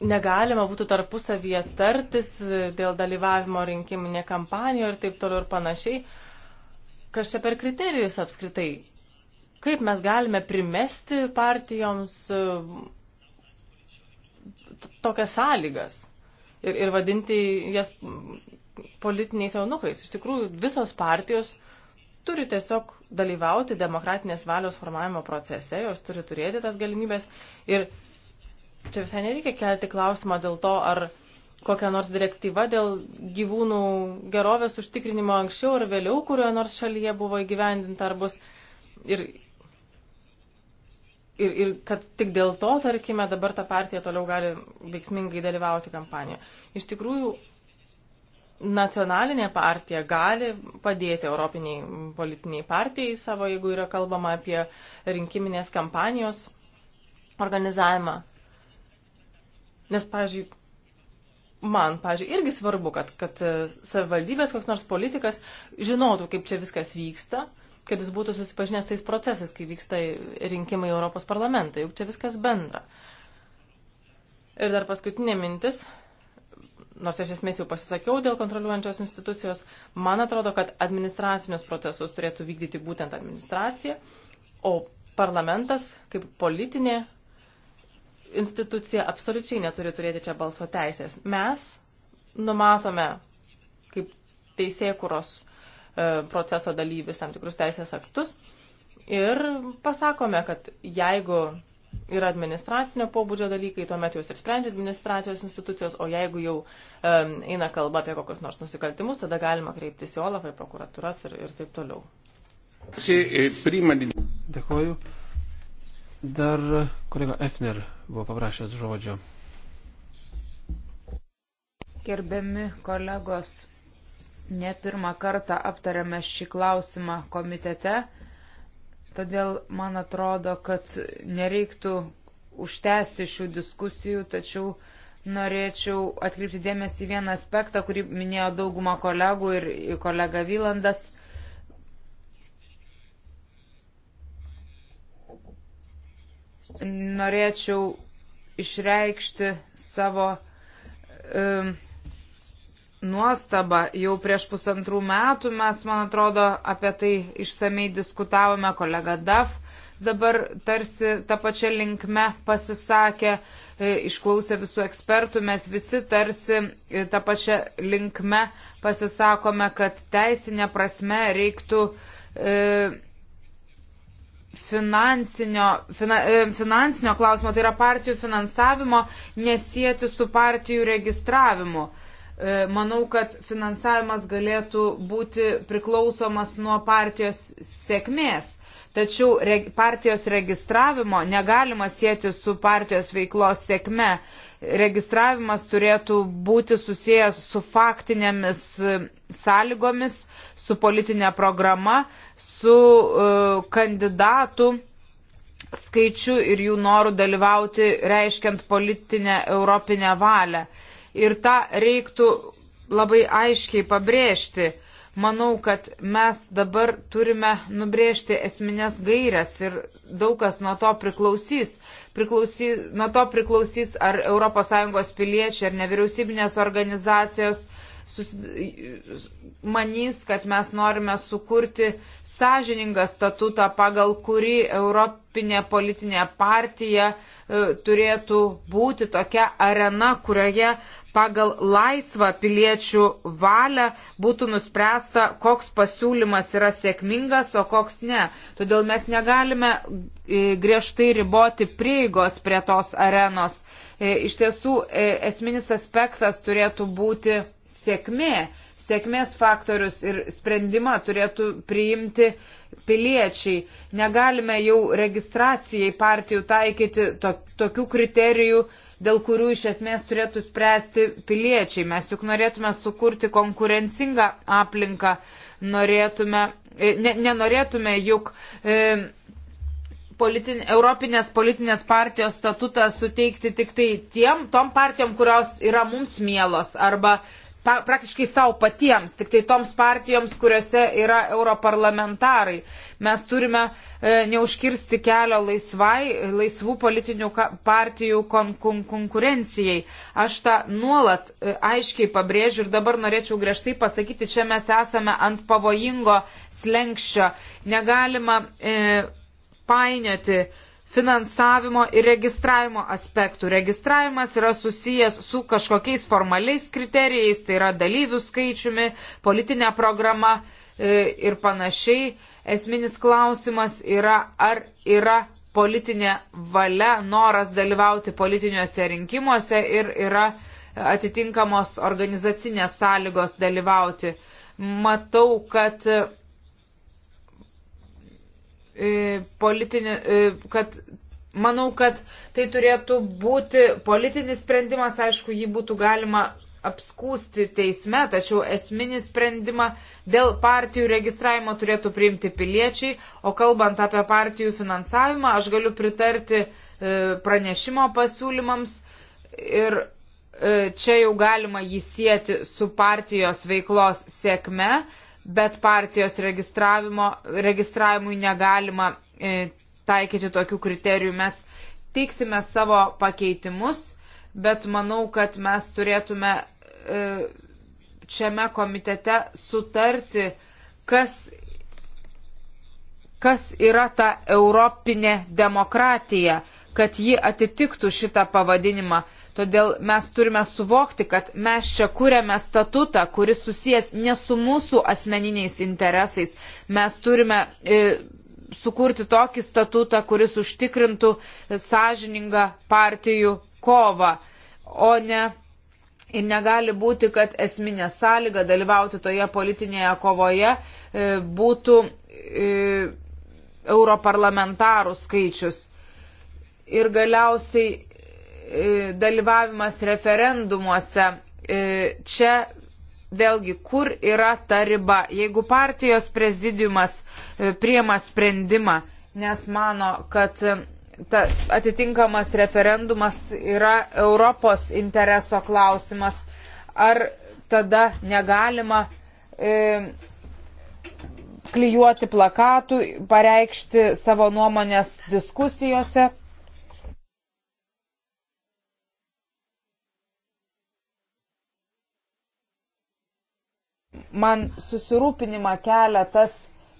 negalima būtų tarpusavyje tartis e, dėl dalyvavimo rinkiminėje kampanijoje ir taip toliau ir panašiai kas čia per kriterijus apskritai? Kaip mes galime primesti partijoms e, tokias sąlygas ir, ir vadinti jas politiniais jaunukais? Iš tikrųjų, visos partijos turi tiesiog dalyvauti demokratinės valios formavimo procese, jos turi turėti tas galimybės. Ir čia visai nereikia kelti klausimą dėl to, ar kokia nors direktyva dėl gyvūnų gerovės užtikrinimo anksčiau ar vėliau, kurioje nors šalyje buvo įgyvendinta ar bus. Ir, ir, ir kad tik dėl to, tarkime, dabar ta partija toliau gali veiksmingai dalyvauti kampanijoje. Iš tikrųjų, nacionalinė partija gali padėti Europiniai politiniai partijai savo, jeigu yra kalbama apie rinkiminės kampanijos organizavimą. Nes, pažiūrėjau, man, pažiūrėjau, irgi svarbu, kad, kad e, savivaldybės koks nors politikas žinotų, kaip čia viskas vyksta, kad jis būtų susipažinęs tais procesais, kai vyksta rinkimai į Europos parlamentą, juk čia viskas bendra. Ir dar paskutinė mintis, nors aš esmės jau pasisakiau dėl kontroliuojančios institucijos, man atrodo, kad administracinius procesus turėtų vykdyti būtent administracija, o parlamentas kaip politinė institucija absoliučiai neturi turėti čia balso teisės. Mes numatome kaip teisėkuros e, proceso dalyvis tam tikrus teisės aktus ir pasakome, kad jeigu yra administracinio pobūdžio dalykai, tuomet juos ir sprendžia administracijos institucijos, o jeigu jau um, eina kalba apie kokius nors nusikaltimus, tada galima kreiptis į Olafą, į prokuratūras ir, ir taip toliau. E Dėkuoju. Dar kolega Efner buvo paprašęs žodžio. Gerbiami kolegos, ne pirmą kartą aptarėme šį klausimą komitete, todėl man atrodo, kad nereiktų užtęsti šių diskusijų, tačiau norėčiau atkreipti dėmesį į vieną aspektą, kurį minėjo dauguma kolegų ir kolega Vylandas norėčiau išreikšti savo um, nuostabą. Jau prieš pusantrų metų mes, man atrodo, apie tai išsamei diskutavome, kolega DAF dabar tarsi tą pačią linkmę pasisakė, e, išklausė visų ekspertų, mes visi tarsi e, tą pačią linkmę pasisakome, kad teisinė prasme reiktų e, finansinio, fina, e, finansinio klausimo, tai yra partijų finansavimo, nesijėti su partijų registravimu. E, manau, kad finansavimas galėtų būti priklausomas nuo partijos sėkmės tačiau partijos registravimo negalima sieti su partijos veiklos sėkme. Registravimas turėtų būti susijęs su faktinėmis e, sąlygomis, su politinė programa, su uh, e, kandidatu skaičiu ir jų norų dalyvauti, reiškiant politinę europinę valią. Ir tą reiktų labai aiškiai pabrėžti. Uh, Manau, kad mes dabar turime nubrėžti esminės gairias ir daug kas nuo to priklausys. priklausys nuo to priklausys, ar ES piliečiai, ar nevyriausybinės organizacijos sus, manys, kad mes norime sukurti uh, sąžiningą statutą, pagal kurį Europinė politinė partija e, turėtų būti tokia arena, kurioje pagal laisvą piliečių valią būtų nuspręsta, koks pasiūlymas yra sėkmingas, o koks ne. Todėl mes negalime e, griežtai riboti prieigos prie tos arenos. E, iš tiesų, esminis aspektas turėtų būti sėkmė sėkmės faktorius ir sprendimą turėtų priimti piliečiai. Negalime jau registracijai partijų taikyti to, tokių kriterijų, dėl kurių iš esmės turėtų spręsti piliečiai. Mes juk norėtume sukurti konkurencingą aplinką, norėtume, e, ne, nenorėtume juk. E, Politin, Europinės politinės partijos statutą suteikti tik tai tiem, tom partijom, kurios yra mums mielos arba uh, pa, praktiškai savo patiems, tik tai toms partijoms, kuriuose yra europarlamentarai. Mes turime e, neužkirsti kelio laisvai, laisvų politinių partijų kon, kon, konkurencijai. Aš tą nuolat e, aiškiai pabrėžiu ir dabar norėčiau griežtai pasakyti, čia mes esame ant pavojingo slengščio. Negalima e, painioti finansavimo ir registravimo aspektų. Registravimas yra susijęs su kažkokiais formaliais kriterijais, tai yra dalyvių skaičiumi, politinė programa e, ir panašiai. Esminis klausimas yra, ar yra politinė valia, noras dalyvauti politiniuose rinkimuose ir yra atitinkamos organizacinės sąlygos dalyvauti. Matau, kad E, politinį, e, kad manau, kad tai turėtų būti politinis sprendimas, aišku, jį būtų galima apskūsti teisme, tačiau esminį sprendimą dėl partijų registravimo turėtų priimti piliečiai, o kalbant apie partijų finansavimą, aš galiu pritarti e, pranešimo pasiūlymams ir čia jau galima jį sieti su partijos veiklos sėkme, bet partijos registravimui negalima e, taikyti tokių kriterijų. Mes teiksime savo pakeitimus, bet manau, kad mes turėtume e, šiame komitete sutarti, kas, kas yra ta europinė demokratija kad ji atitiktų šitą pavadinimą. Todėl mes turime suvokti, kad mes čia kūrėme statutą, kuris susijęs ne su mūsų asmeniniais interesais. Mes turime e, sukurti tokį statutą, kuris užtikrintų sąžiningą partijų kovą, o ne. Ir negali būti, kad esminė sąlyga dalyvauti toje politinėje kovoje e, būtų e, europarlamentarų skaičius ir galiausiai e, dalyvavimas referendumuose. E, čia vėlgi, kur yra ta riba, jeigu partijos prezidiumas e, priema sprendimą, nes mano, kad ta, atitinkamas referendumas yra Europos intereso klausimas, ar tada negalima e, klijuoti plakatų, pareikšti savo nuomonės diskusijose. man susirūpinimą kelia tas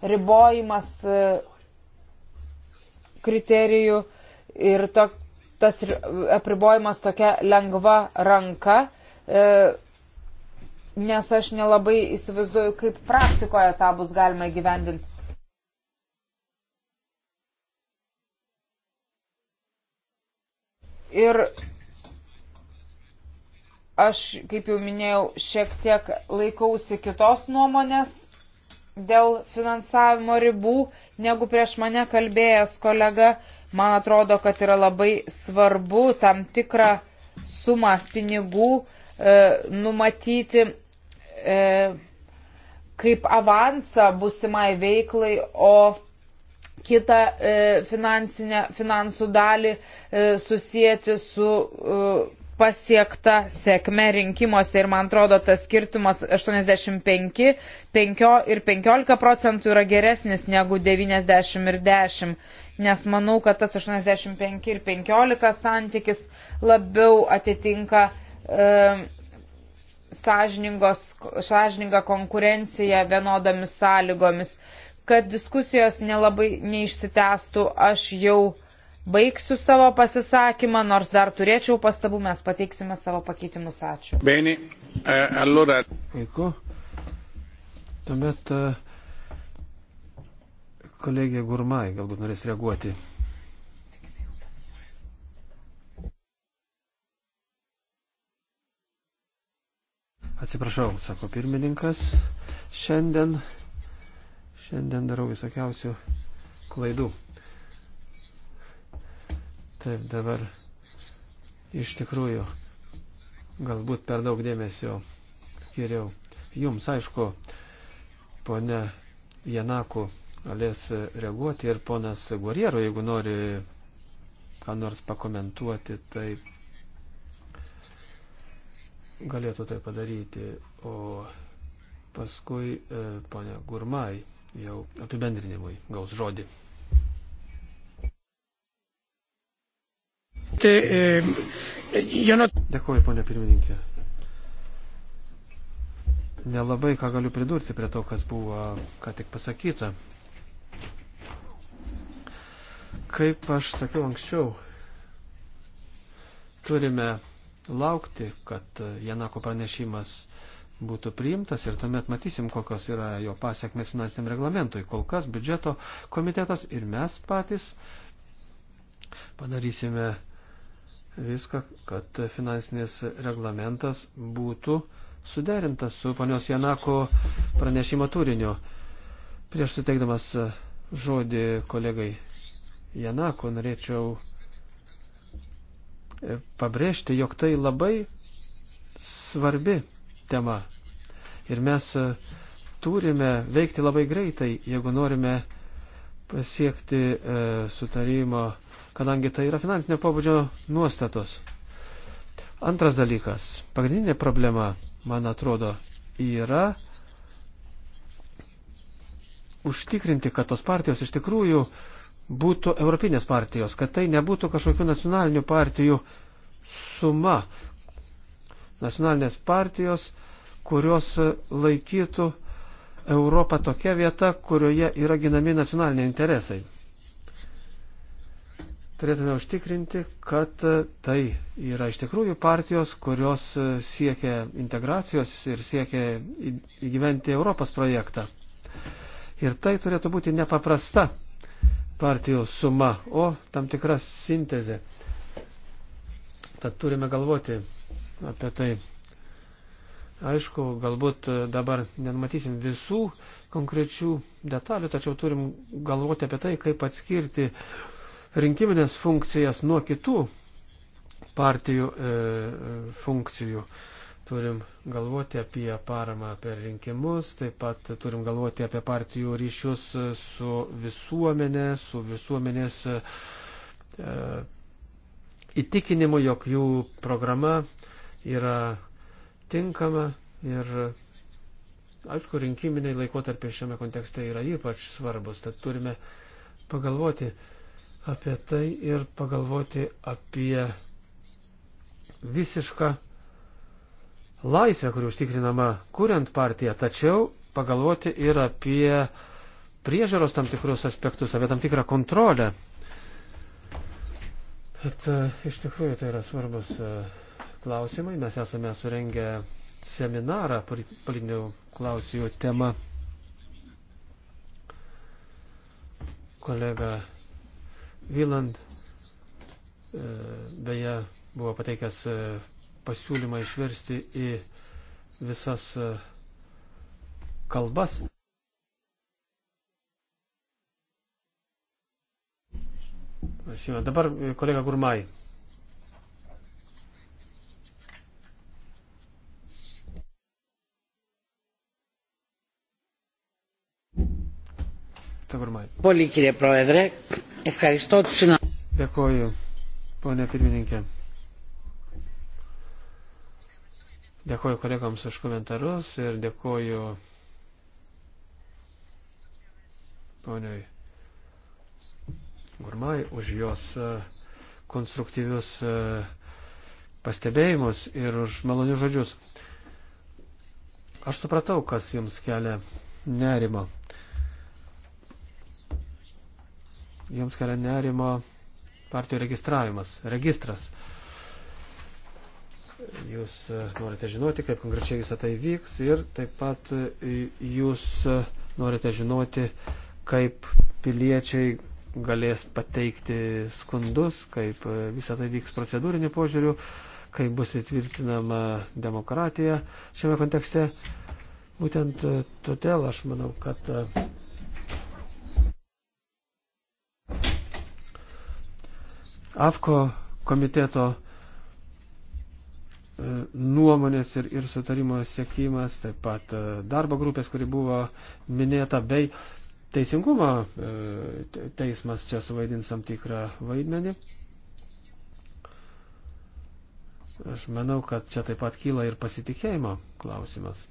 ribojimas e, kriterijų ir to, tas apribojimas tokia lengva ranka, e, nes aš nelabai įsivaizduoju, kaip praktikoje tą bus galima gyvendinti. Ir Aš, kaip jau minėjau, šiek tiek laikausi kitos nuomonės dėl finansavimo ribų, negu prieš mane kalbėjęs kolega. Man atrodo, kad yra labai svarbu tam tikrą sumą pinigų e, numatyti e, kaip avansą busimai veiklai, o kitą e, finansinę, finansų dalį e, susijęti su e, pasiekta sėkme rinkimuose ir man atrodo tas skirtumas 85 5 ir 15 procentų yra geresnis negu 90 ir 10, nes manau, kad tas 85 ir 15 santykis labiau atitinka e, sąžiningą konkurenciją vienodomis sąlygomis. Kad diskusijos nelabai neišsitęstų, aš jau baigsiu savo pasisakymą, nors dar turėčiau pastabų, mes pateiksime savo pakeitimus. Ačiū. Bene, e, allora. Dėkui. Tuomet e, kolegė Gurmai galbūt norės reaguoti. Atsiprašau, sako pirmininkas, šiandien, šiandien darau visokiausių klaidų. Taip dabar iš tikrųjų galbūt per daug dėmesio skiriau. Jums, aišku, ponė Janaku galės reaguoti ir ponas Guerriero, jeigu nori ką nors pakomentuoti, tai galėtų tai padaryti. O paskui e, ponia Gurmai jau apibendrinimui gaus žodį. presidente. Jo eh, not... Dėkuoju, ponė pirmininkė. Nelabai ką galiu pridurti prie to, kas buvo ką tik pasakyta. Kaip aš sakiau anksčiau, turime laukti, kad Janako pranešimas būtų priimtas ir tuomet matysim, kokios yra jo pasiekmes finansiniam reglamentui. Kol kas biudžeto komitetas ir mes patys padarysime viską, kad finansinis reglamentas būtų suderintas su panios Janako pranešimo turiniu. Prieš suteikdamas žodį kolegai Janako norėčiau e, pabrėžti, jog tai labai svarbi tema. Ir mes e, turime veikti labai greitai, jeigu norime pasiekti e, sutarimo e, kadangi tai yra finansinio pobūdžio nuostatos. Antras dalykas, pagrindinė problema, man atrodo, yra užtikrinti, kad tos partijos iš tikrųjų būtų europinės partijos, kad tai nebūtų kažkokių nacionalinių partijų suma. Nacionalinės partijos, kurios laikytų Europą tokia vieta, kurioje yra ginami nacionaliniai interesai turėtume užtikrinti, kad tai yra iš tikrųjų partijos, kurios siekia integracijos ir siekia įgyventi Europos projektą. Ir tai turėtų būti nepaprasta partijų suma, o tam tikra sintezė. Tad turime galvoti apie tai. Aišku, galbūt dabar nenumatysim visų konkrečių detalių, tačiau turim galvoti apie tai, kaip atskirti uh, rinkiminės funkcijas nuo kitų partijų e, funkcijų. Turim galvoti apie paramą per rinkimus, taip pat turim galvoti apie partijų ryšius su visuomenė, su visuomenės e, įtikinimu, jog jų programa yra tinkama ir aišku, rinkiminiai laikotarpiai šiame kontekste yra ypač svarbus, tad turime pagalvoti, apie tai ir pagalvoti apie visišką laisvę, kuri užtikrinama kuriant partiją, tačiau pagalvoti ir apie priežaros tam tikrus aspektus, apie tam tikrą kontrolę. Bet e, iš tikrųjų tai yra svarbus e, klausimai. Mes esame surengę seminarą politinių klausimų tema. Kolega Vyland e, beje buvo pateikęs e, pasiūlymą išversti į visas e, kalbas. Dabar kolega Gurmai. Tavarmai. Dėkoju, ponė pirmininkė. Dėkoju kolegams už komentarus ir dėkoju poniai Gurmai už jos e, konstruktyvius e, pastebėjimus ir už malonius žodžius. Aš supratau, kas jums kelia nerimo. jums kelia nerimo partijų registravimas, registras. Jūs e, norite žinoti, kaip konkrečiai visą tai vyks ir taip pat e, jūs e, norite žinoti, kaip piliečiai galės pateikti skundus, kaip visą tai vyks procedūriniu požiūriu, kaip bus įtvirtinama demokratija šiame kontekste. Būtent todėl aš manau, kad AFKO komiteto e, nuomonės ir, ir sutarimo siekimas, taip pat e, darbo grupės, kuri buvo minėta, bei teisingumo e, teismas čia suvaidins tam tikrą vaidmenį. Aš manau, kad čia taip pat kyla ir pasitikėjimo klausimas.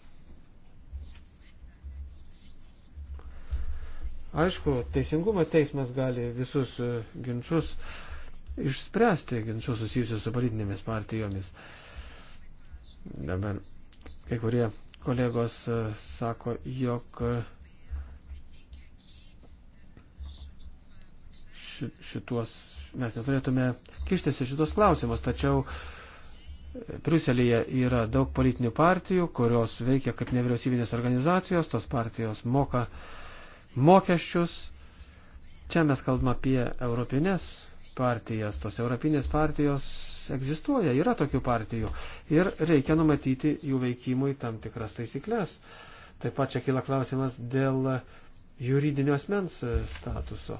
Aišku, teisingumo teismas gali visus ginčius uh, išspręsti ginčius susijusius su politinėmis partijomis. Dabar kai kurie kolegos e, sako, jog šituos mes neturėtume kištis į šitos klausimus, tačiau Briuselėje yra daug politinių partijų, kurios veikia kaip nevyriausybinės organizacijos, tos partijos moka mokesčius. Čia mes kalbame apie europinės partijas. Tos europinės partijos egzistuoja, yra tokių partijų. Ir reikia numatyti jų veikimui tam tikras taisyklės. Taip pat čia kyla klausimas dėl juridinio asmens statuso.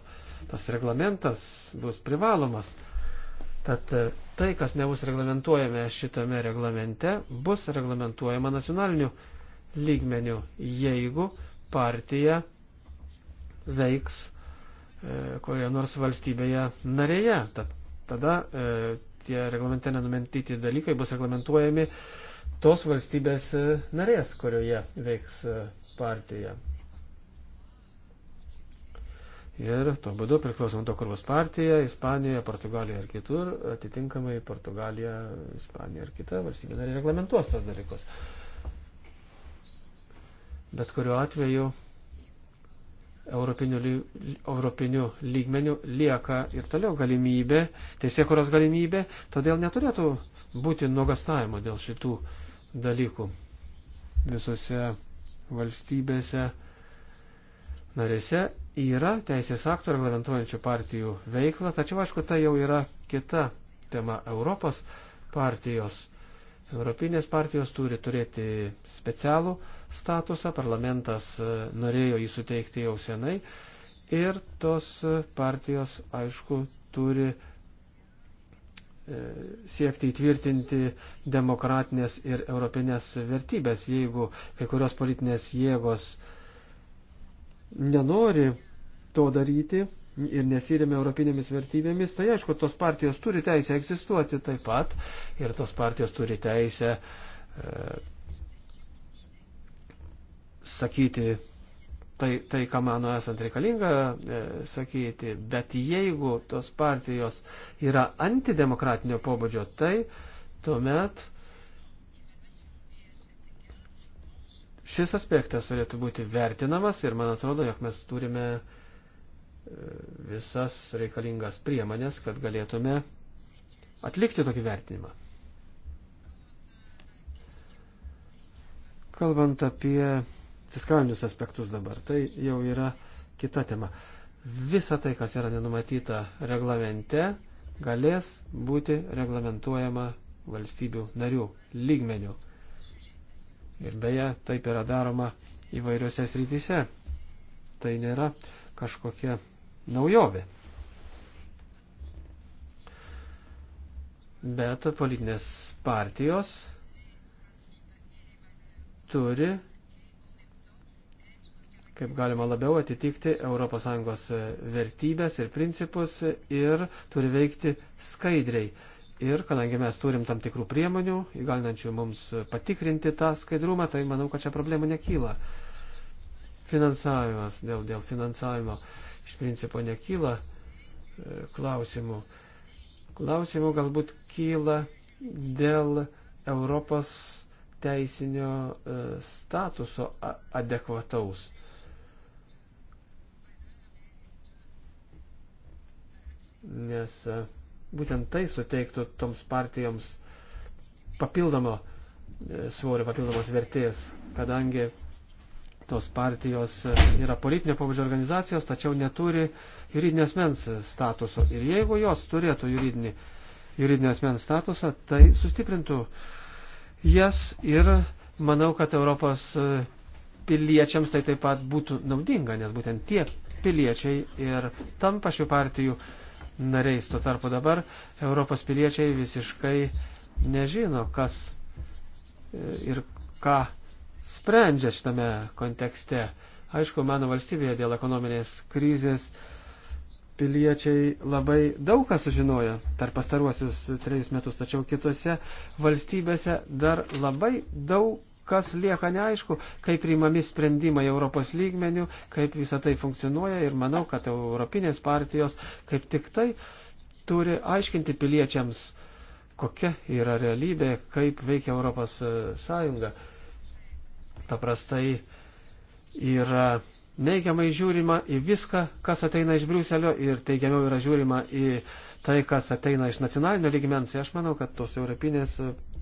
Tas reglamentas bus privalomas. Tad tai, kas nebus reglamentuojama šitame reglamente, bus reglamentuojama nacionaliniu lygmeniu, jeigu partija veiks E, kurioje nors valstybėje narėje. Tad, tada e, tie reglamente nenumentyti dalykai bus reglamentuojami tos valstybės e, narės, kurioje veiks e, partija. Ir tuo būdu priklausom to, kur bus partija, Ispanija, Portugalija ar kitur, atitinkamai Portugalija, Ispanija ar kita valstybė narė reglamentuos tos dalykus. Bet kuriuo atveju europinių, europinių lygmenių lieka ir toliau galimybė, teisėkuros galimybė, todėl neturėtų būti nuogastavimo dėl šitų dalykų. Visose valstybėse narėse yra teisės aktų reglamentuojančių partijų veikla, tačiau aišku, tai jau yra kita tema Europos partijos Europinės partijos turi turėti specialų statusą, parlamentas e, norėjo jį suteikti jau senai ir tos partijos, aišku, turi e, siekti įtvirtinti demokratinės ir europinės vertybės, jeigu kai kurios politinės jėgos nenori to daryti, ir nesirėmė europinėmis vertybėmis, tai aišku, tos partijos turi teisę egzistuoti taip pat ir tos partijos turi teisę e, sakyti tai, tai, ką mano esant reikalinga e, sakyti, bet jeigu tos partijos yra antidemokratinio pobūdžio, tai tuomet šis aspektas turėtų būti vertinamas ir man atrodo, jog mes turime e, visas reikalingas priemonės, kad galėtume atlikti tokį vertinimą. Kalbant apie fiskalinius aspektus dabar, tai jau yra kita tema. Visa tai, kas yra nenumatyta reglamente, galės būti reglamentuojama valstybių narių lygmenių. Ir beje, taip yra daroma įvairiose srityse. Tai nėra kažkokia naujovė. Bet politinės partijos turi, kaip galima labiau atitikti ES vertybės ir principus ir turi veikti skaidriai. Ir kadangi mes turim tam tikrų priemonių, įgalinančių mums patikrinti tą skaidrumą, tai manau, kad čia problemų nekyla. Finansavimas, dėl, dėl finansavimo. Uh, iš principo nekyla e, klausimų. Klausimų galbūt kyla dėl Europos teisinio e, statuso adekvataus. Nes e, būtent tai suteiktų toms partijoms papildomo svorio, papildomos vertės, kadangi Tos partijos yra politinio pabudžio organizacijos, tačiau neturi juridinės mens statuso. Ir jeigu jos turėtų juridinį, juridinės mens statusą, tai sustiprintų jas ir manau, kad Europos piliečiams tai taip pat būtų naudinga, nes būtent tie piliečiai ir tampa šių partijų nariais. Tuo tarpu dabar Europos piliečiai visiškai nežino, kas e, ir ką sprendžia šitame kontekste. Aišku, mano valstybėje dėl ekonominės krizės piliečiai labai daug ką sužinojo per pastaruosius trejus metus, tačiau kitose valstybėse dar labai daug kas lieka neaišku, kaip priimami sprendimai Europos lygmenių, kaip visa tai funkcionuoja ir manau, kad Europinės partijos kaip tik tai turi aiškinti piliečiams, kokia yra realybė, kaip veikia Europos Sąjunga paprastai yra neigiamai žiūrima į viską, kas ateina iš Briuselio ir teigiamiau yra žiūrima į tai, kas ateina iš nacionalinio lygmens. Aš manau, kad tos europinės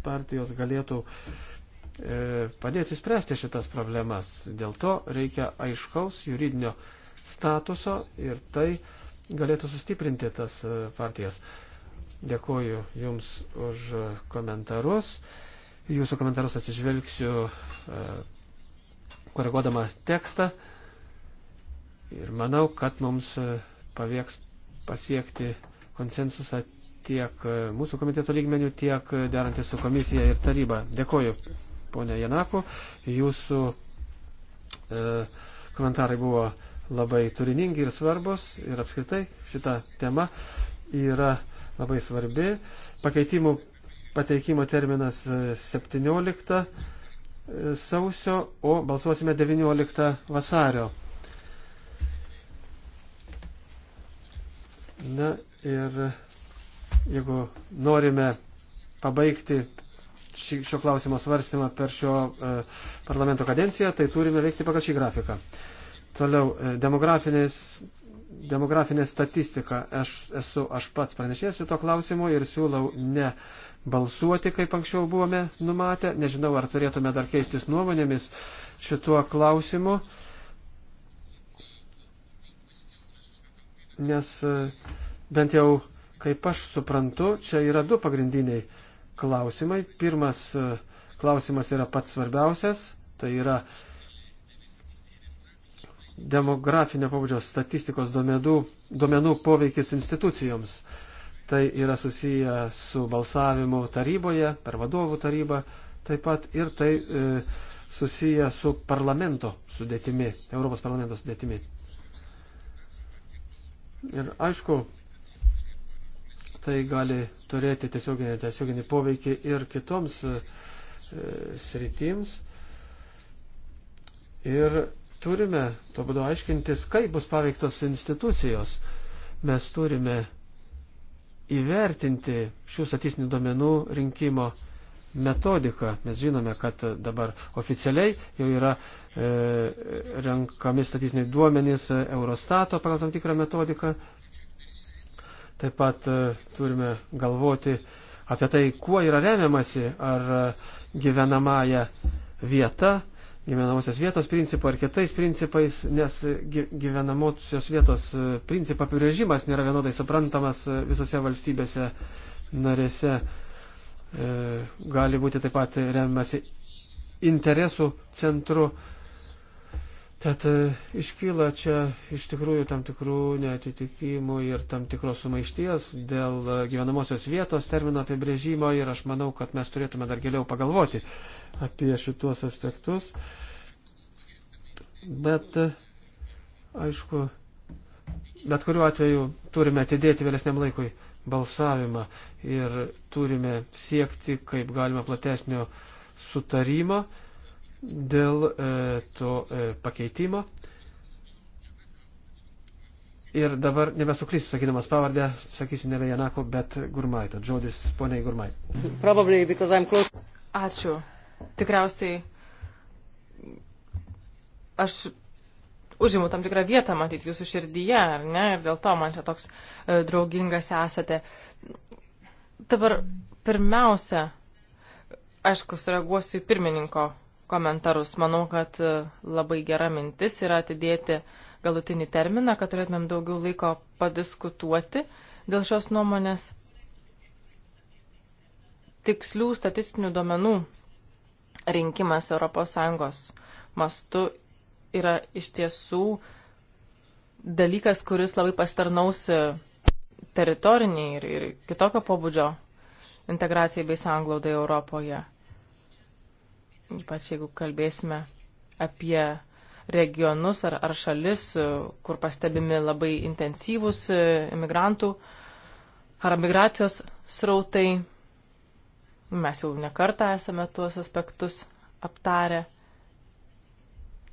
partijos galėtų e, padėti spręsti šitas problemas. Dėl to reikia aiškaus juridinio statuso ir tai galėtų sustiprinti tas e, partijas. Dėkuoju Jums už komentarus. Jūsų komentarus atsižvelgsiu e, koreguodama tekstą. Ir manau, kad mums e, pavyks pasiekti konsensusą tiek e, mūsų komiteto lygmenių, tiek e, derantys su komisija ir taryba. Dėkoju, ponė Janaku. Jūsų e, komentarai buvo labai turiningi ir svarbus ir apskritai šita tema yra labai svarbi. Pakeitimų pateikimo terminas 17 sausio, o balsuosime 19 vasario. Na ir jeigu norime pabaigti šio klausimo svarstymą per šio e, parlamento kadenciją, tai turime veikti pagal šį grafiką. Toliau, e, demografinės, demografinė statistika. Aš esu aš pats pranešėsiu to klausimu ir siūlau ne balsuoti, kaip anksčiau buvome numatę. Nežinau, ar turėtume dar keistis nuomonėmis šituo klausimu. Nes e, bent jau, kaip aš suprantu, čia yra du pagrindiniai klausimai. Pirmas e, klausimas yra pats svarbiausias. Tai yra demografinio pabudžio statistikos duomenų, duomenų poveikis institucijoms. Uh, Tai yra susiję su balsavimu taryboje, per vadovų tarybą, taip pat ir tai e, susiję su parlamento sudėtimi, Europos parlamento sudėtimi. Ir aišku, tai gali turėti tiesioginį, tiesioginį poveikį ir kitoms e, sritims. Ir turime to būdu aiškintis, kaip bus paveiktos institucijos. Mes turime įvertinti šių statistinių duomenų rinkimo metodiką. Mes žinome, kad dabar oficialiai jau yra e, renkami statistiniai duomenys Eurostato pagal tam tikrą metodiką. Taip pat e, turime galvoti apie tai, kuo yra remiamasi, ar gyvenamąją vietą, gyvenamosios vietos principu ar kitais principais, nes gyvenamosios vietos e, principo apibrėžimas nėra vienodai suprantamas e, visose valstybėse narėse. E, gali būti taip pat remiamasi interesų centru. Tad e, iškyla čia iš tikrųjų tam tikrų netitikimų ir tam tikros sumaišties dėl e, gyvenamosios vietos termino apibrėžimo ir aš manau, kad mes turėtume dar giliau pagalvoti apie šitos aspektus. Bet, aišku, bet kuriuo atveju turime atidėti vėlesniam laikui balsavimą ir turime siekti kaip galima platesnio sutarimo dėl e, to e, pakeitimo. Ir dabar nebesuklysiu, sakydamas pavardę, sakysiu nebe Janako, bet Gurmai, tad žodis poniai Gurmai. Ačiū tikriausiai aš užimu tam tikrą vietą, matyt, jūsų širdyje, ar ne? Ir dėl to man čia toks e, draugingas esate. Dabar pirmiausia, aišku, sureaguosiu į pirmininko komentarus. Manau, kad e, labai gera mintis yra atidėti galutinį terminą, kad turėtumėm daugiau laiko padiskutuoti dėl šios nuomonės tikslių statistinių duomenų rinkimas ES mastu yra iš tiesų dalykas, kuris labai pasitarnaus teritoriniai ir, ir kitokio pobūdžio integracijai bei sanglaudai Europoje. Ypač jeigu kalbėsime apie regionus ar, ar šalis, kur pastebimi labai intensyvus imigrantų ar migracijos srautai. Mes jau nekartą esame tuos aspektus aptarę.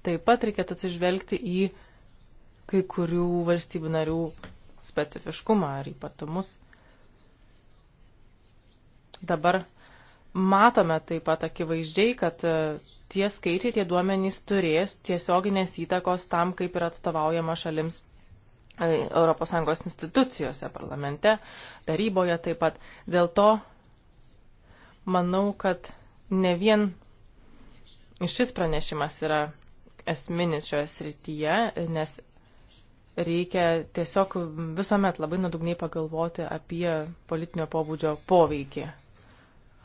Taip pat reikėtų atsižvelgti į kai kurių valstybių narių specifiškumą ar ypatumus. Dabar matome taip pat akivaizdžiai, kad e, tie skaičiai, tie duomenys turės tiesioginės įtakos tam, kaip yra atstovaujama šalims ES institucijose, parlamente, taryboje taip pat. Dėl to manau, kad ne vien šis pranešimas yra esminis šioje srityje, nes reikia tiesiog visuomet labai nuodugniai pagalvoti apie politinio pobūdžio poveikį.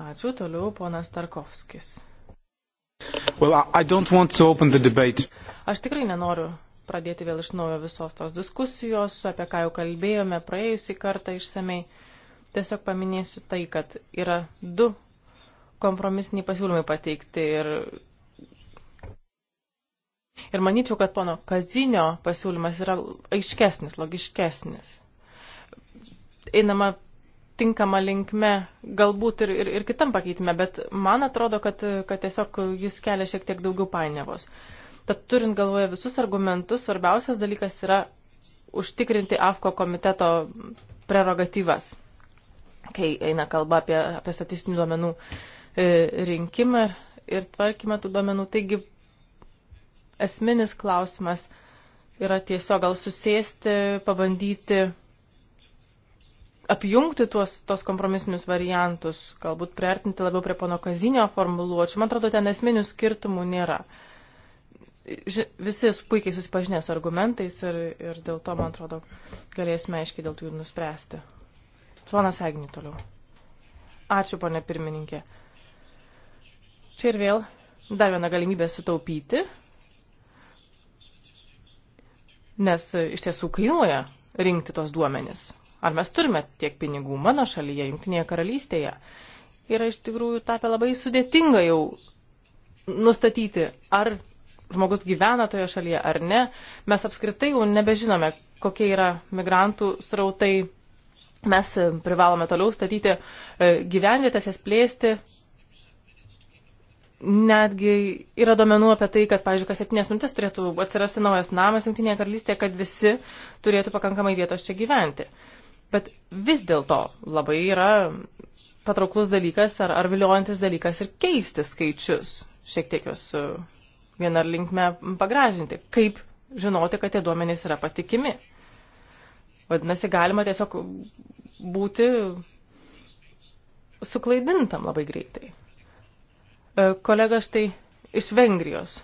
Ačiū toliau, ponas Tarkovskis. Well, Aš tikrai nenoriu pradėti vėl iš naujo visos tos diskusijos, apie ką jau kalbėjome praėjusį kartą išsamei. Tiesiog paminėsiu tai, kad yra du kompromisiniai pasiūlymai pateikti ir, ir manyčiau, kad pono Kazinio pasiūlymas yra aiškesnis, logiškesnis. Einama tinkama linkme, galbūt ir, ir, ir kitam pakeitime, bet man atrodo, kad, kad tiesiog jis kelia šiek tiek daugiau painiavos. Tad turint galvoje visus argumentus, svarbiausias dalykas yra užtikrinti AFKO komiteto prerogatyvas, kai eina kalba apie, apie statistinių duomenų uh, E, rinkimą ir tvarkymą tų duomenų. Taigi esminis klausimas yra tiesiog gal susėsti, pabandyti apjungti tuos tos kompromisinius variantus, galbūt priartinti labiau prie pono kazinio formuluočių. Man atrodo, ten esminių skirtumų nėra. Ži visi puikiai susipažinęs argumentais ir, ir dėl to, man atrodo, galėsime aiškiai dėl jų nuspręsti. Planas Agni toliau. Ačiū, ponė pirmininkė. Čia ir vėl dar viena galimybė sutaupyti, nes e, iš tiesų kainuoja rinkti tos duomenis. Ar mes turime tiek pinigų mano šalyje, Junktinėje karalystėje? Yra iš tikrųjų tapę labai sudėtinga jau nustatyti, ar žmogus gyvena toje šalyje ar ne. Mes apskritai jau nebežinome, kokie yra migrantų srautai. Mes e, privalome toliau statyti e, gyvenvietės, jas plėsti, netgi yra domenų apie tai, kad, pavyzdžiui, kas septynės minutės turėtų atsirasti naujas namas Junktinėje karalystėje, kad visi turėtų pakankamai vietos čia gyventi. Bet vis dėlto labai yra patrauklus dalykas ar, ar viliojantis dalykas ir keisti skaičius, šiek tiek juos e, vieną ar linkme pagražinti. Kaip žinoti, kad tie duomenys yra patikimi? Vadinasi, galima tiesiog būti suklaidintam labai greitai. E, kolega štai iš Vengrijos.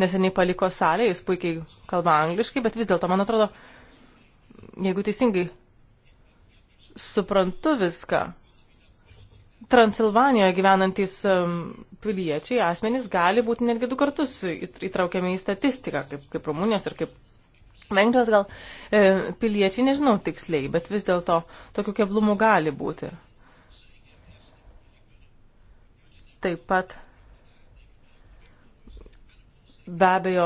Neseniai paliko salę, jis puikiai kalba angliškai, bet vis dėlto, man atrodo, jeigu teisingai suprantu viską, Transilvanijoje gyvenantis piliečiai, asmenys gali būti netgi du kartus įtraukiami į statistiką, kaip, kaip Rumunijos ir kaip Vengrijos gal e, piliečiai, nežinau tiksliai, bet vis dėlto tokių keblumų gali būti. Taip pat be abejo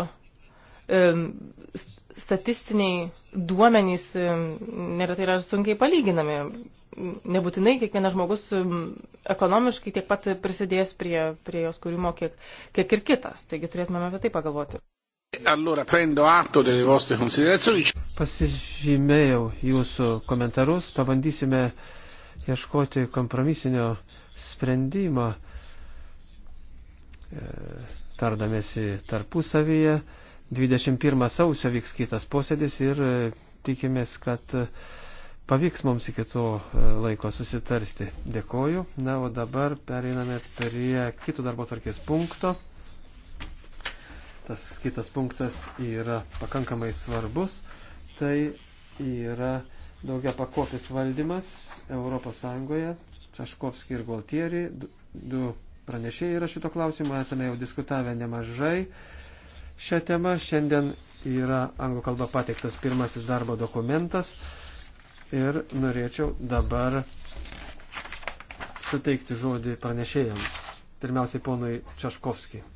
statistiniai duomenys neretai yra sunkiai palyginami. Nebūtinai kiekvienas žmogus ekonomiškai tiek pat prisidės prie, prie jos kūrimo, kiek, kiek ir kitas. Taigi turėtume apie tai pagalvoti. Allora, prendo atto delle vostre considerazioni. Pasižymėjau jūsų komentarus, pabandysime ieškoti kompromisinio sprendimo tardamėsi tarpusavyje. 21 sausio vyks kitas posėdis ir e, tikimės, kad e, pavyks mums iki to e, laiko susitarsti. Dėkoju. Na, o dabar pereiname prie kito darbo tvarkės punkto. Tas kitas punktas yra pakankamai svarbus. Tai yra daugia pakopis valdymas Europos Sąjungoje. Čaškovski ir Goltieri. Du, du pranešėjai yra šito klausimo, esame jau diskutavę nemažai šią temą. Šiandien yra anglų kalba pateiktas pirmasis darbo dokumentas ir norėčiau dabar suteikti žodį pranešėjams. Pirmiausiai ponui Čaškovskijai.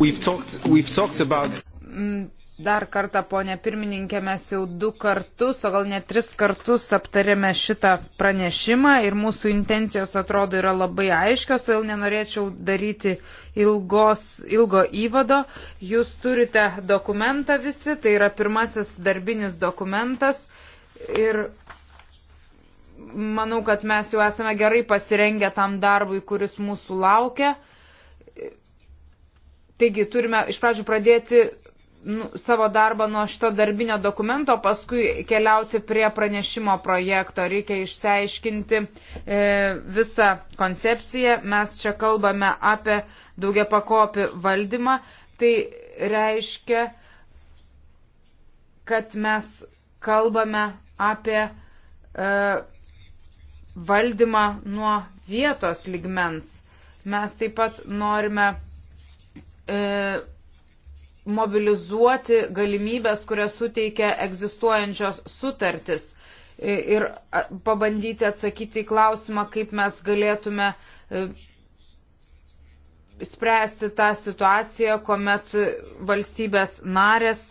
We've talked, we've talked about... Mm, Dar kartą, ponė pirmininkė, mes jau du kartus, o gal net tris kartus aptarėme šitą pranešimą ir mūsų intencijos atrodo yra labai aiškios, todėl nenorėčiau daryti ilgos, ilgo įvado. Jūs turite dokumentą visi, tai yra pirmasis darbinis dokumentas ir manau, kad mes jau esame gerai pasirengę tam darbui, kuris mūsų laukia. Taigi turime iš pradžių pradėti nu, savo darbą nuo šito darbinio dokumento, paskui keliauti prie pranešimo projekto. Reikia išsiaiškinti e, visą koncepciją. Mes čia kalbame apie daugia pakopį valdymą. Tai reiškia, kad mes kalbame apie e, valdymą nuo vietos ligmens. Mes taip pat norime e, mobilizuoti galimybės, kurias suteikia egzistuojančios sutartis ir pabandyti atsakyti į klausimą, kaip mes galėtume e, spręsti tą situaciją, kuomet valstybės narės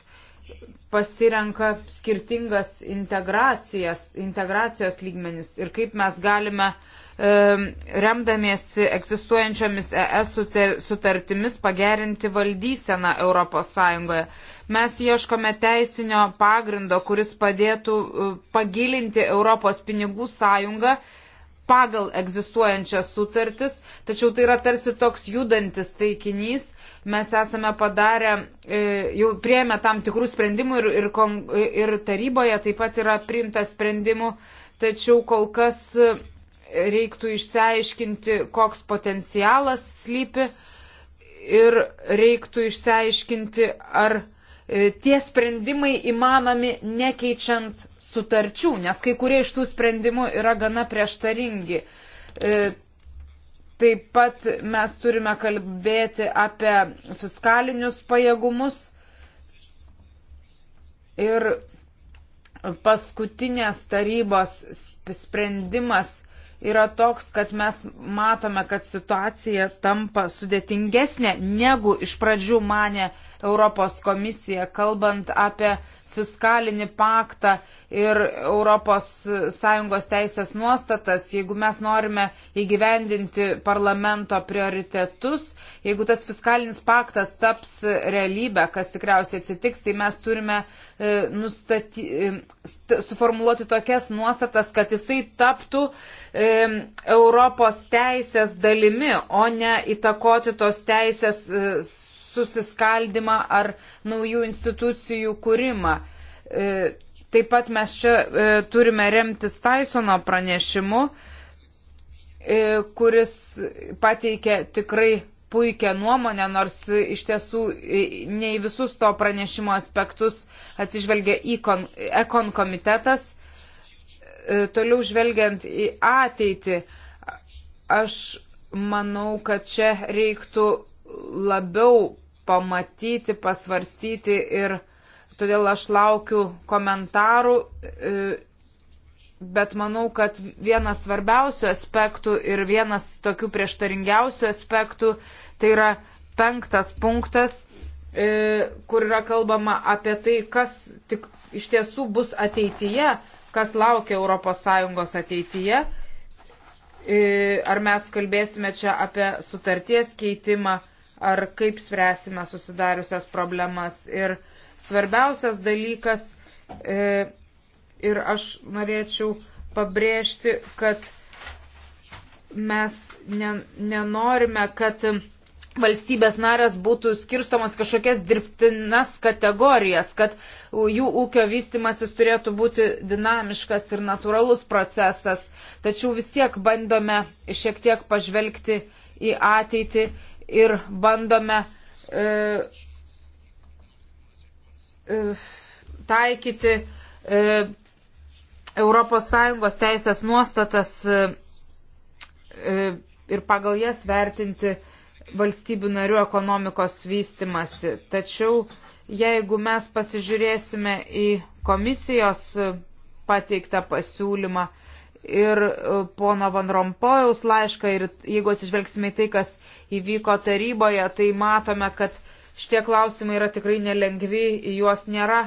pasirenka skirtingas integracijas, integracijos lygmenis ir kaip mes galime uh, remdamiesi egzistuojančiomis ES sutartimis pagerinti valdyseną ES. Mes ieškome teisinio pagrindo, kuris padėtų e, pagilinti Europos pinigų sąjungą pagal egzistuojančias sutartis, tačiau tai yra tarsi toks judantis taikinys. Mes esame padarę, e, jau priėmę tam tikrų sprendimų ir, ir, ir taryboje taip pat yra priimta sprendimų, tačiau kol kas reiktų išsiaiškinti, koks potencialas slypi ir reiktų išsiaiškinti, ar e, tie sprendimai įmanomi nekeičiant sutarčių, nes kai kurie iš tų sprendimų yra gana prieštaringi. E, taip pat mes turime kalbėti apie fiskalinius pajėgumus. Ir paskutinės tarybos sprendimas yra toks, kad mes matome, kad situacija tampa sudėtingesnė, negu iš pradžių mane Europos komisija, kalbant apie fiskalinį paktą ir ES teisės nuostatas, jeigu mes norime įgyvendinti parlamento prioritetus, jeigu tas fiskalinis paktas taps realybę, kas tikriausiai atsitiks, tai mes turime e, nustaty, e, suformuluoti tokias nuostatas, kad jisai taptų e, Europos teisės dalimi, o ne įtakoti tos teisės susiskaldimą ar naujų institucijų kūrimą. E, taip pat mes čia e, turime remtis Taisono pranešimu, e, kuris pateikė tikrai puikią nuomonę, nors iš tiesų ne į visus to pranešimo aspektus atsižvelgia ekon, ekon komitetas. Toliau žvelgiant į ateitį, aš manau, kad čia reiktų labiau pamatyti, pasvarstyti ir todėl aš laukiu komentarų, e, bet manau, kad vienas svarbiausių aspektų ir vienas tokių prieštaringiausių aspektų tai yra penktas punktas, e, kur yra kalbama apie tai, kas tik iš tiesų bus ateityje, kas laukia ES ateityje. E, ar mes kalbėsime čia apie sutarties keitimą, ar kaip spręsime susidariusias problemas. Ir svarbiausias dalykas, e, ir aš norėčiau pabrėžti, kad mes ne, nenorime, kad valstybės narės būtų skirstomas kažkokias dirbtinas kategorijas, kad jų ūkio vystimasis turėtų būti dinamiškas ir natūralus procesas. Tačiau vis tiek bandome šiek tiek pažvelgti į ateitį ir bandome e, e, taikyti e, ES teisės nuostatas e, e, ir pagal jas vertinti valstybių narių ekonomikos vystimasi. Tačiau jeigu mes pasižiūrėsime į komisijos e, pateiktą pasiūlymą, e, ir e, pono Van Rompojaus laišką ir jeigu atsižvelgsime į tai, kas įvyko taryboje, tai matome, kad šitie klausimai yra tikrai nelengvi, į juos nėra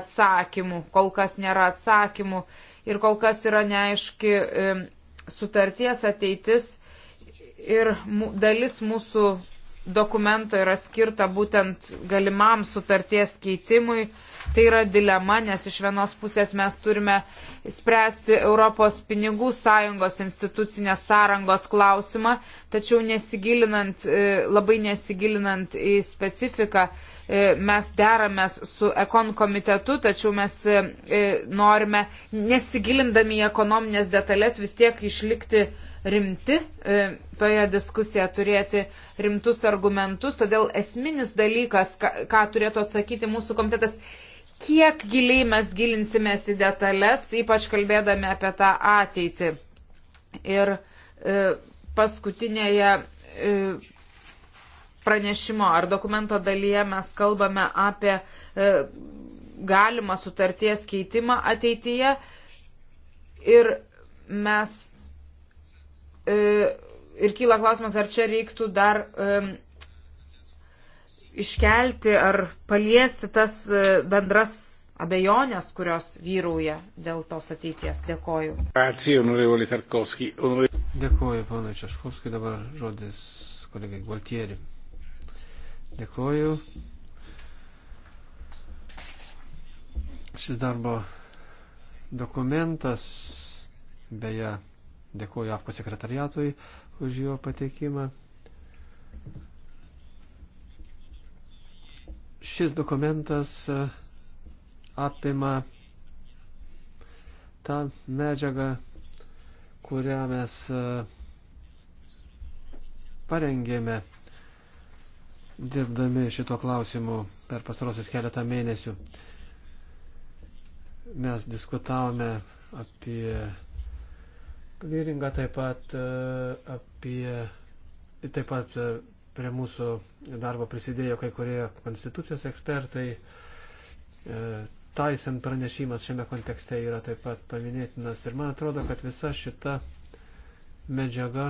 atsakymų, kol kas nėra atsakymų ir kol kas yra neaiški e, sutarties ateitis ir dalis mūsų dokumento yra skirta būtent galimam sutarties keitimui. Tai yra dilema, nes iš vienos pusės mes turime spręsti Europos pinigų sąjungos institucinės sąrangos klausimą, tačiau nesigilinant, e, labai nesigilinant į specifiką, e, mes deramės su ekon komitetu, tačiau mes e, norime, nesigilindami į ekonominės detalės, vis tiek išlikti rimti toje diskusijoje turėti rimtus argumentus, todėl esminis dalykas, ką, ką turėtų atsakyti mūsų komitetas, kiek giliai mes gilinsimės į detalės, ypač kalbėdami apie tą ateitį. Ir e, paskutinėje e, pranešimo ar dokumento dalyje mes kalbame apie e, galimą sutarties keitimą ateityje ir mes e, ir kyla klausimas, ar čia reiktų dar um, iškelti ar paliesti tas e, bendras abejonės, kurios vyrauja dėl tos ateities. Dėkoju. Dėkoju, ponai Češkovskai, dabar žodis kolegai Gualtieri. Dėkoju. Šis darbo dokumentas, beje, Dėkuoju AFKO sekretariatui už jo pateikimą. Šis dokumentas e, apima tą medžiagą, kurią mes e, parengėme dirbdami šito klausimu per pastarosius keletą mėnesių. Mes diskutavome apie Vyringa taip pat e, apie, taip pat e, prie mūsų darbo prisidėjo kai kurie konstitucijos ekspertai. E, Taisen pranešimas šiame kontekste yra taip pat paminėtinas ir man atrodo, kad visa šita medžiaga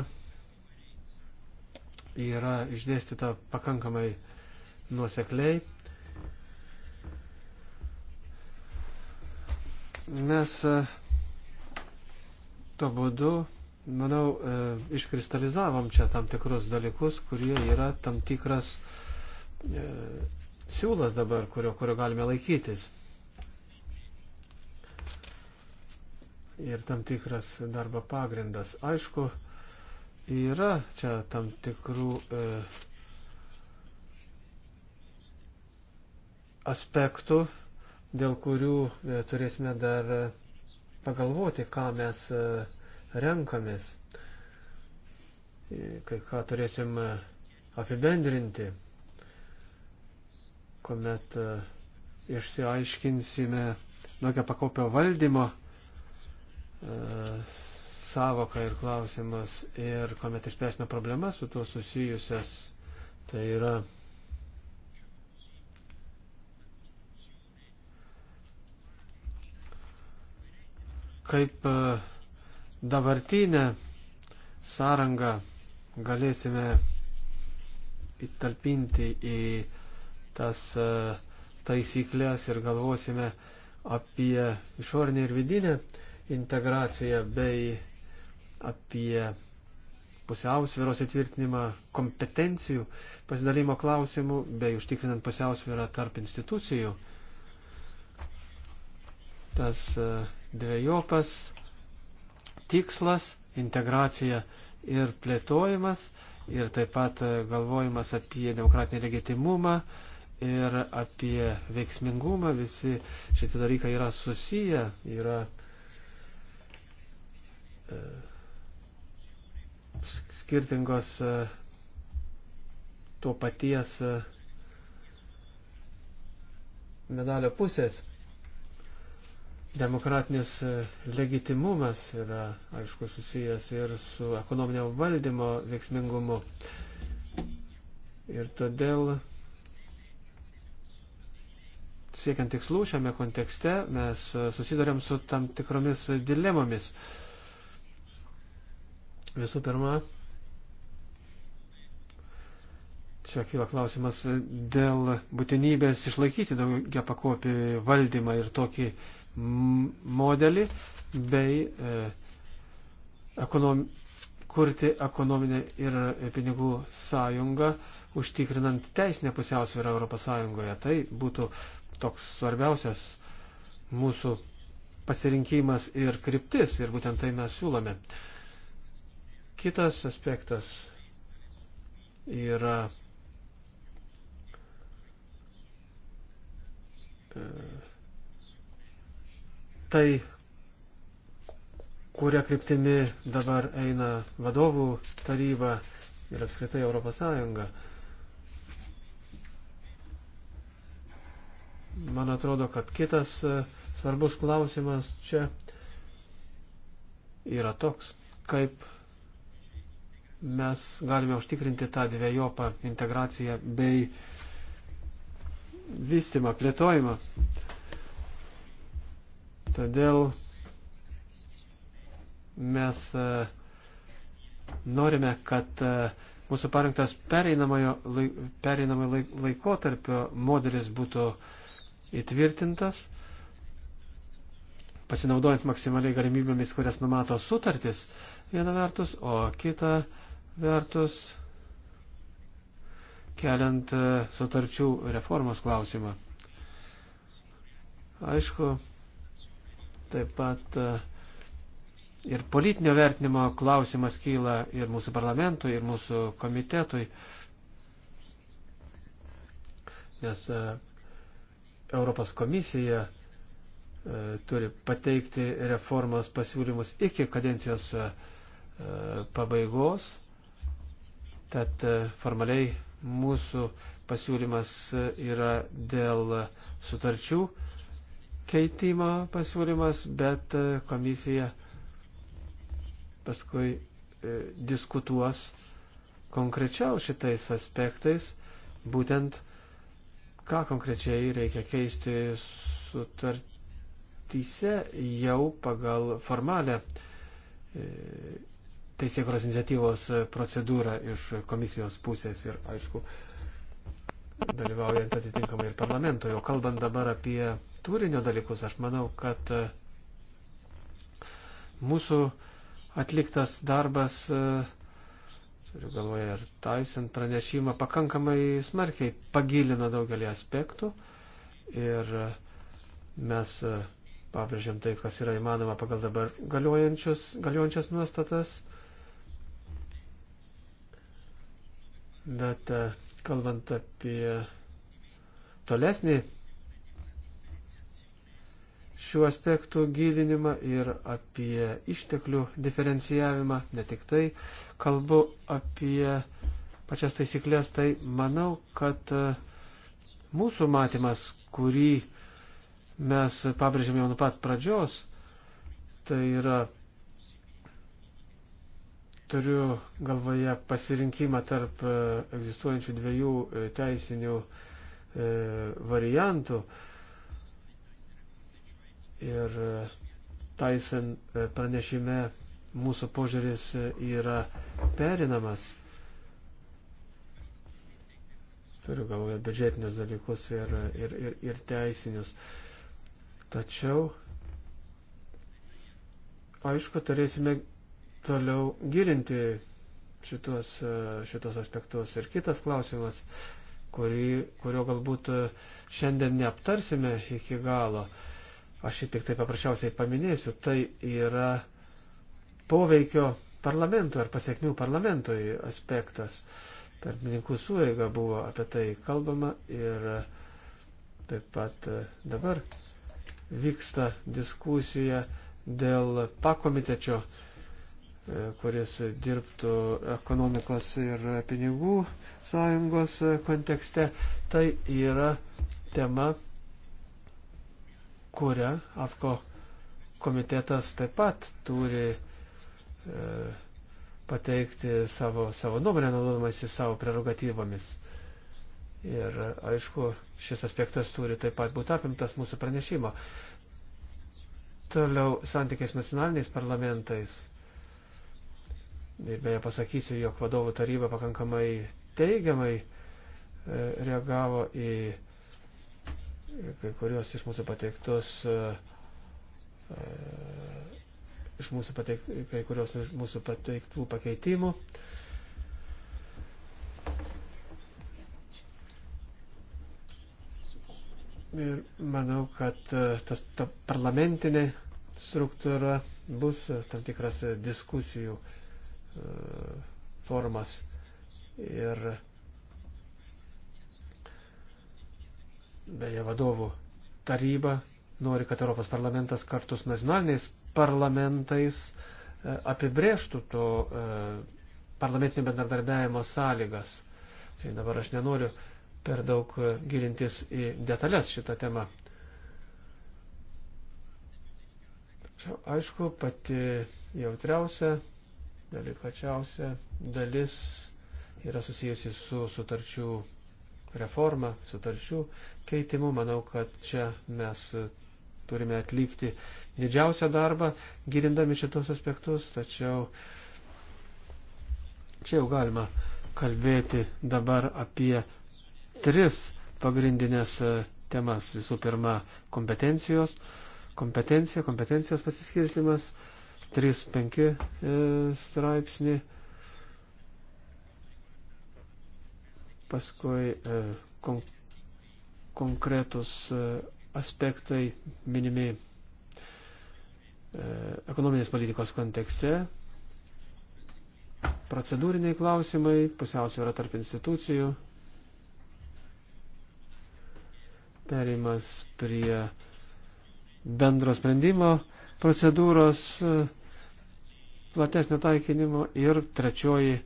yra išdėstyta pakankamai nuosekliai. Mes uh, to būdu, manau, e, iškristalizavom čia tam tikrus dalykus, kurie yra tam tikras e, siūlas dabar, kurio, kurio galime laikytis. Ir tam tikras darbo pagrindas. Aišku, yra čia tam tikrų e, aspektų, dėl kurių e, turėsime dar. E, pagalvoti, ką mes e, renkamės, e, kai ką turėsim e, apibendrinti, kuomet išsiaiškinsime tokią pakopio valdymo savoką ir klausimas ir kuomet išspręsime problemas su tuo susijusias, tai yra kaip e, dabartinę sąrangą galėsime įtalpinti į tas e, taisyklės ir galvosime apie išorinę ir vidinę integraciją bei apie pusiausvėros įtvirtinimą kompetencijų pasidalymo klausimų bei užtikrinant pusiausvėrą tarp institucijų. Tas uh, dviejopas tikslas - integracija ir plėtojimas, ir taip pat e, galvojimas apie demokratinį legitimumą ir apie veiksmingumą. Visi šitie dalykai yra susiję, yra e, skirtingos e, to paties medalio pusės demokratinis e, legitimumas yra, aišku, susijęs ir su ekonominio valdymo veiksmingumu. Ir todėl, siekiant tikslų šiame kontekste, mes e, susidurėm su tam tikromis dilemomis. Visų pirma, čia kyla klausimas dėl būtinybės išlaikyti daugia pakopį valdymą ir tokį uh, modelį bei e, ekonom, kurti ekonominę ir pinigų sąjungą, užtikrinant teisinę pusiausvyrą Europos Sąjungoje. Tai būtų toks svarbiausias mūsų pasirinkimas ir kryptis ir būtent tai mes siūlome. Kitas aspektas yra e, tai, kuria kryptimi dabar eina vadovų taryba ir apskritai Europos Sąjunga. Man atrodo, kad kitas e, svarbus klausimas čia yra toks, kaip mes galime užtikrinti tą dviejopą integraciją bei vystimą, plėtojimą. Todėl mes e, norime, kad e, mūsų parinktas pereinamojo laikotarpio modelis būtų įtvirtintas, pasinaudojant maksimaliai galimybėmis, kurias numato sutartis viena vertus, o kita vertus keliant e, sutarčių reformos klausimą. Aišku, Taip pat e, ir politinio vertinimo klausimas kyla ir mūsų parlamentui, ir mūsų komitetui. Nes e, Europos komisija e, turi pateikti reformos pasiūlymus iki kadencijos pabaigos. Tad formaliai mūsų pasiūlymas yra dėl sutarčių keitimo pasiūlymas, bet e, komisija paskui e, diskutuos konkrečiau šitais aspektais, būtent ką konkrečiai reikia keisti sutartyse jau pagal formalę e, teisėkros iniciatyvos procedūrą iš komisijos pusės ir, aišku, dalyvaujant atitinkamai ir parlamento. Jau kalbant dabar apie turinio dalykus, aš manau, kad e, mūsų atliktas darbas, e, turiu galvoje ir Tyson pranešimą, pakankamai smarkiai pagilino daugelį aspektų ir e, mes pabrėžiam tai, kas yra įmanoma pagal dabar galiojančias nuostatas. Bet kalbant apie tolesnį šių aspektų gilinimą ir apie išteklių diferencijavimą, ne tik tai kalbu apie pačias taisyklės, tai manau, kad e, mūsų matymas, kurį mes pabrėžėme jau nuo pat pradžios, tai yra turiu galvoje pasirinkimą tarp e, egzistuojančių dviejų e, teisinių variantų ir e, Tyson e, pranešime mūsų požiūris e, yra perinamas. Turiu galvoje biudžetinius dalykus ir, ir, ir, ir teisinius. Tačiau, aišku, turėsime toliau gilinti šitos, šitos aspektus. Ir kitas klausimas, kurį, kurio galbūt šiandien neaptarsime iki galo. Uh, aš jį tik tai paprasčiausiai paminėsiu, tai yra poveikio parlamentui ar pasiekmių parlamentui aspektas. Per mininkų suėgą buvo apie tai kalbama ir taip pat dabar vyksta diskusija dėl pakomitečio, kuris dirbtų ekonomikos ir pinigų sąjungos kontekste. Tai yra tema kurią AFKO komitetas taip pat turi e, pateikti savo, savo nuomonę, naudodamasi savo prerogatyvomis. Ir aišku, šis aspektas turi taip pat būti apimtas mūsų pranešimo. Toliau santykiais nacionaliniais parlamentais. Ir beje pasakysiu, jog vadovų taryba pakankamai teigiamai e, reagavo į kai kurios iš mūsų pateiktos e, e, iš mūsų pateik, kai kurios iš mūsų pateiktų pakeitimų. Ir manau, kad e, tas ta parlamentinė struktūra bus tam tikras diskusijų formas ir beje, vadovų taryba nori, kad Europos parlamentas kartu su nacionaliniais parlamentais e, apibrėžtų to e, parlamentinio bendradarbiavimo sąlygas. Tai dabar aš nenoriu per daug e, gilintis į detalės šitą temą. Čia, aišku, pati jautriausia, delikačiausia dalis yra susijusi su sutarčių reforma, sutarčių keitimu. Manau, kad čia mes turime atlikti didžiausią darbą, gilindami šitos aspektus, tačiau čia jau galima kalbėti dabar apie tris pagrindinės e, temas. Visų pirma, kompetencijos, kompetencija, kompetencijos pasiskirstimas, 3-5 e, straipsnį paskui e, kon konkretus e, aspektai minimi e, ekonominės politikos kontekste, procedūriniai klausimai, pusiausvėra tarp institucijų, perimas prie bendro sprendimo procedūros platesnio taikinimo ir trečioji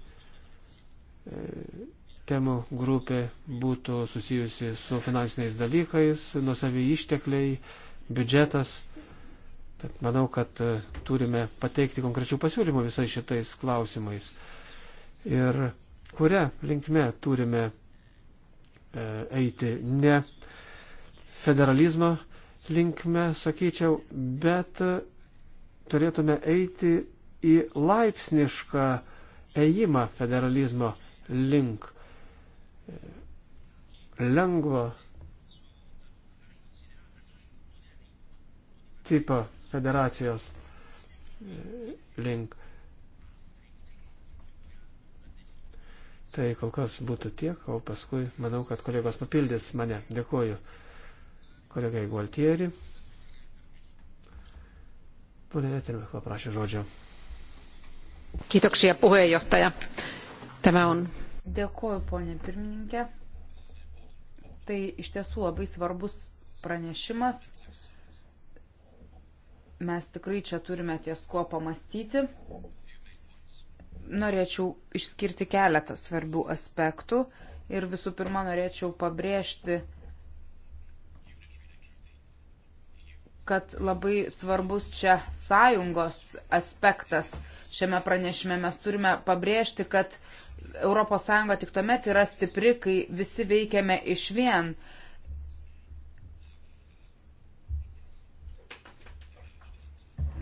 temų grupė būtų susijusi su finansiniais dalykais, nusavi ištekliai, biudžetas. Tad manau, kad e, turime pateikti konkrečių pasiūlymų visais šitais klausimais. Ir kurią linkme turime e, eiti ne federalizmo linkme, sakyčiau, bet e, turėtume eiti į laipsnišką ėjimą federalizmo link lengvo tipo federacijos e, link. Tai kol kas būtų tiek, o paskui manau, kad kolegos papildys mane. Dėkuoju kolegai Gualtieri. Pone Etelmech paprašė žodžio. Kiitoksia puheenjohtaja. Tämä on Dėkuoju, ponė pirmininkė. Tai iš tiesų labai svarbus pranešimas. Mes tikrai čia turime ties kuo pamastyti. Norėčiau išskirti keletą svarbių aspektų ir visų pirma norėčiau pabrėžti, kad labai svarbus čia sąjungos aspektas šiame pranešime. Mes turime pabrėžti, kad ES tik tuomet yra stipri, kai visi veikiame iš vien.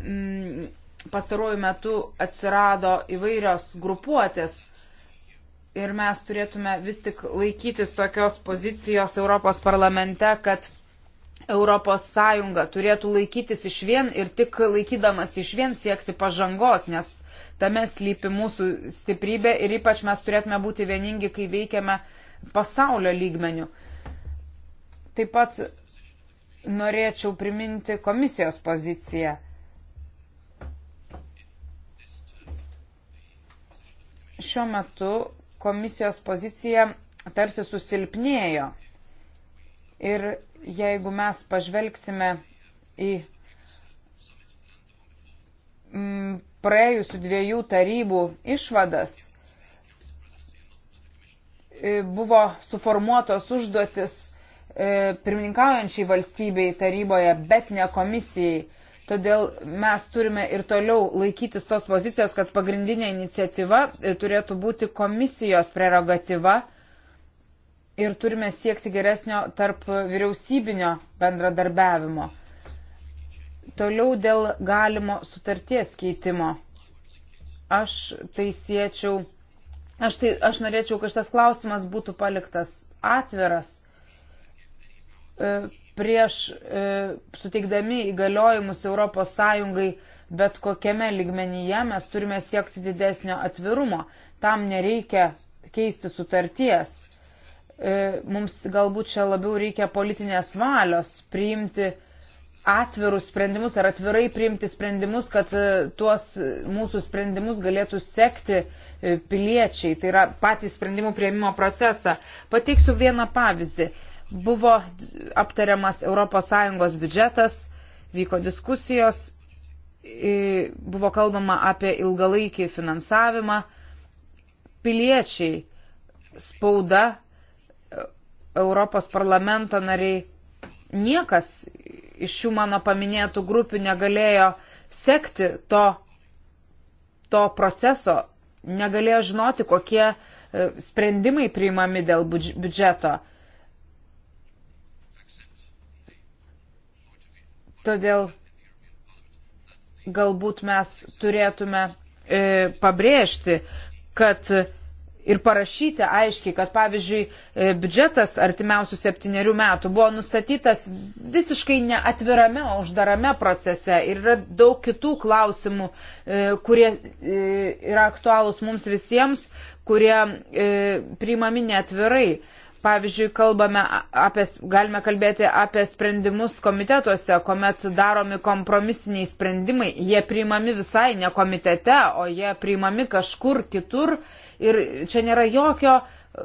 Mm, pastaruoju metu atsirado įvairios grupuotės ir mes turėtume vis tik laikytis tokios pozicijos Europos parlamente, kad Europos Sąjunga turėtų laikytis iš vien ir tik laikydamas iš vien siekti pažangos, nes Tame slypi mūsų stiprybė ir ypač mes turėtume būti vieningi, kai veikiame pasaulio lygmenių. Taip pat norėčiau priminti komisijos poziciją. Šiuo metu komisijos pozicija tarsi susilpnėjo. Ir jeigu mes pažvelgsime į mm, praėjusių dviejų tarybų išvadas e, buvo suformuotos užduotis e, pirmininkaujančiai valstybei taryboje, bet ne komisijai. Todėl mes turime ir toliau laikytis tos pozicijos, kad pagrindinė iniciatyva e, turėtų būti komisijos prerogatyva ir turime siekti geresnio tarp vyriausybinio bendradarbiavimo. Toliau dėl galimo sutarties keitimo. Aš tai siečiau, aš, tai, aš norėčiau, kad šitas klausimas būtų paliktas atviras. E, prieš e, suteikdami įgaliojimus ES bet kokiame ligmenyje mes turime siekti didesnio atvirumo. Tam nereikia keisti sutarties. E, mums galbūt čia labiau reikia politinės valios priimti atvirus sprendimus ar atvirai priimti sprendimus, kad e, tuos e, mūsų sprendimus galėtų sekti e, piliečiai, tai yra patys sprendimų prieimimo procesą. Pateiksiu vieną pavyzdį. Buvo aptariamas ES biudžetas, vyko diskusijos, buvo kalbama apie ilgalaikį finansavimą. Piliečiai, spauda, Europos parlamento nariai, niekas iš šių mano paminėtų grupių negalėjo sekti to, to proceso, negalėjo žinoti, kokie e, sprendimai priimami dėl biudžeto. Todėl galbūt mes turėtume e, pabrėžti, kad e, ir parašyti aiškiai, kad pavyzdžiui e, biudžetas artimiausių septyniarių metų buvo nustatytas visiškai neatvirame, o uždarame procese ir yra daug kitų klausimų, e, kurie e, yra aktualūs mums visiems, kurie priimami neatvirai. Pavyzdžiui, kalbame apie, galime kalbėti apie sprendimus komitetuose, kuomet daromi kompromisiniai sprendimai, jie priimami visai ne komitete, o jie priimami kažkur kitur. E, ir čia nėra jokio e,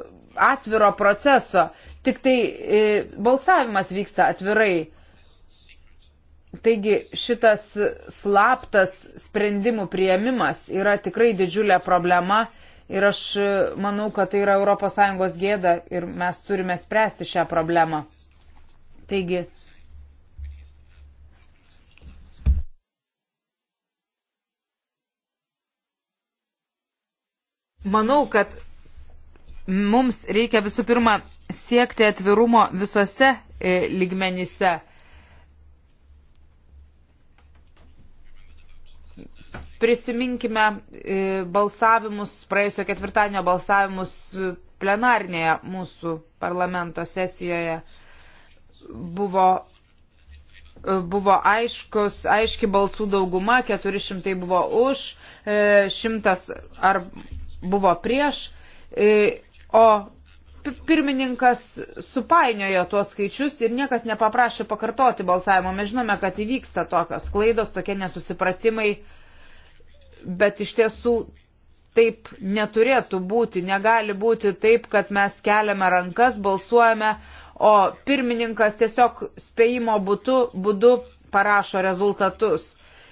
atviro proceso, tik tai e, balsavimas vyksta atvirai. Taigi šitas slaptas sprendimų prieimimas yra tikrai didžiulė problema ir aš e, manau, kad tai yra ES gėda ir mes turime spręsti šią problemą. Taigi, Manau, kad mums reikia visų pirma siekti atvirumo visose e, lygmenyse. Prisiminkime e, balsavimus, praėjusio ketvirtadienio balsavimus plenarnėje mūsų parlamento sesijoje. Buvo, e, buvo aiškus, aiški balsų dauguma, 400 buvo už, 100 ar buvo prieš, e, o pirmininkas supainiojo tuos skaičius ir niekas nepaprašė pakartoti balsavimo. Mes žinome, kad įvyksta tokios klaidos, tokie nesusipratimai, bet iš tiesų taip neturėtų būti. Negali būti taip, kad mes keliame rankas, balsuojame, o pirmininkas tiesiog spėjimo būdu, būdu parašo rezultatus.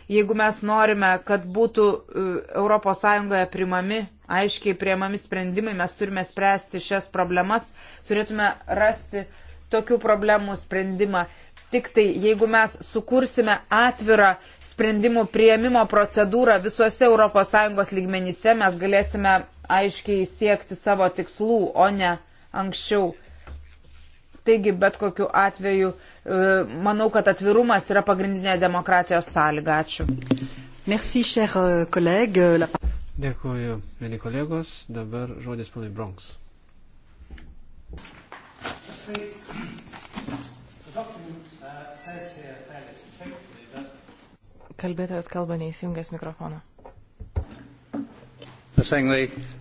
Jeigu mes norime, kad būtų ES primami, aiškiai priemami sprendimai, mes turime spręsti šias problemas, turėtume rasti tokių problemų sprendimą. Tik tai jeigu mes sukursime atvirą sprendimų prieimimo procedūrą visuose ES lygmenyse, mes galėsime aiškiai siekti savo tikslų, o ne anksčiau. Taigi, bet kokiu atveju E, manau, kad atvirumas yra pagrindinė demokratijos sąlyga. Ačiū. Merci, cher e, collègue. La... Dėkuoju, mėly kolegos. Dabar žodis ponui Bronks. Kalbėtojas kalba neįsijungęs mikrofoną. The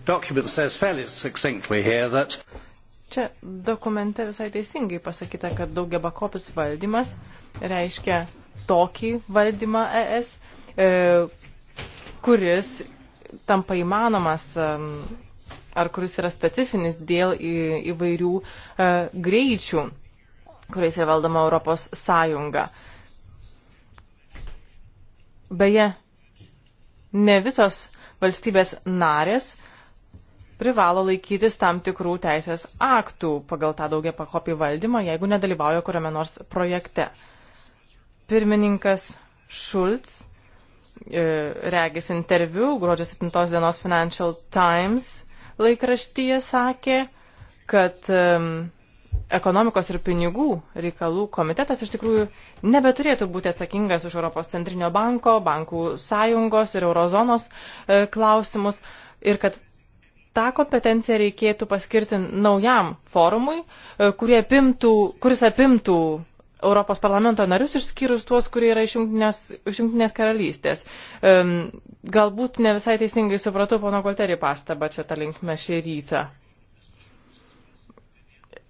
document says fairly succinctly here that Čia dokumente visai teisingai pasakyta, kad daugia bakopis valdymas reiškia tokį valdymą ES, e, kuris tampa įmanomas ar kuris yra specifinis dėl į, įvairių e, greičių, kuriais yra valdoma Europos Sąjunga. Beje, ne visos valstybės narės privalo laikytis tam tikrų teisės aktų pagal tą daugia pakopį valdymą, jeigu nedalyvauja kuriame nors projekte. Pirmininkas Šulc, e, regis interviu, gruodžio 7 dienos Financial Times laikraštyje sakė, kad e, ekonomikos ir pinigų reikalų komitetas iš tikrųjų nebeturėtų būti atsakingas už Europos centrinio banko, bankų sąjungos ir eurozonos e, klausimus ir kad tą kompetenciją reikėtų paskirti naujam forumui, e, apimtų, kuris apimtų Europos parlamento narius, išskyrus tuos, kurie yra iš Junktinės karalystės. Um, galbūt ne visai teisingai supratau pono Golterį pastabą čia tą linkmę šį rytą.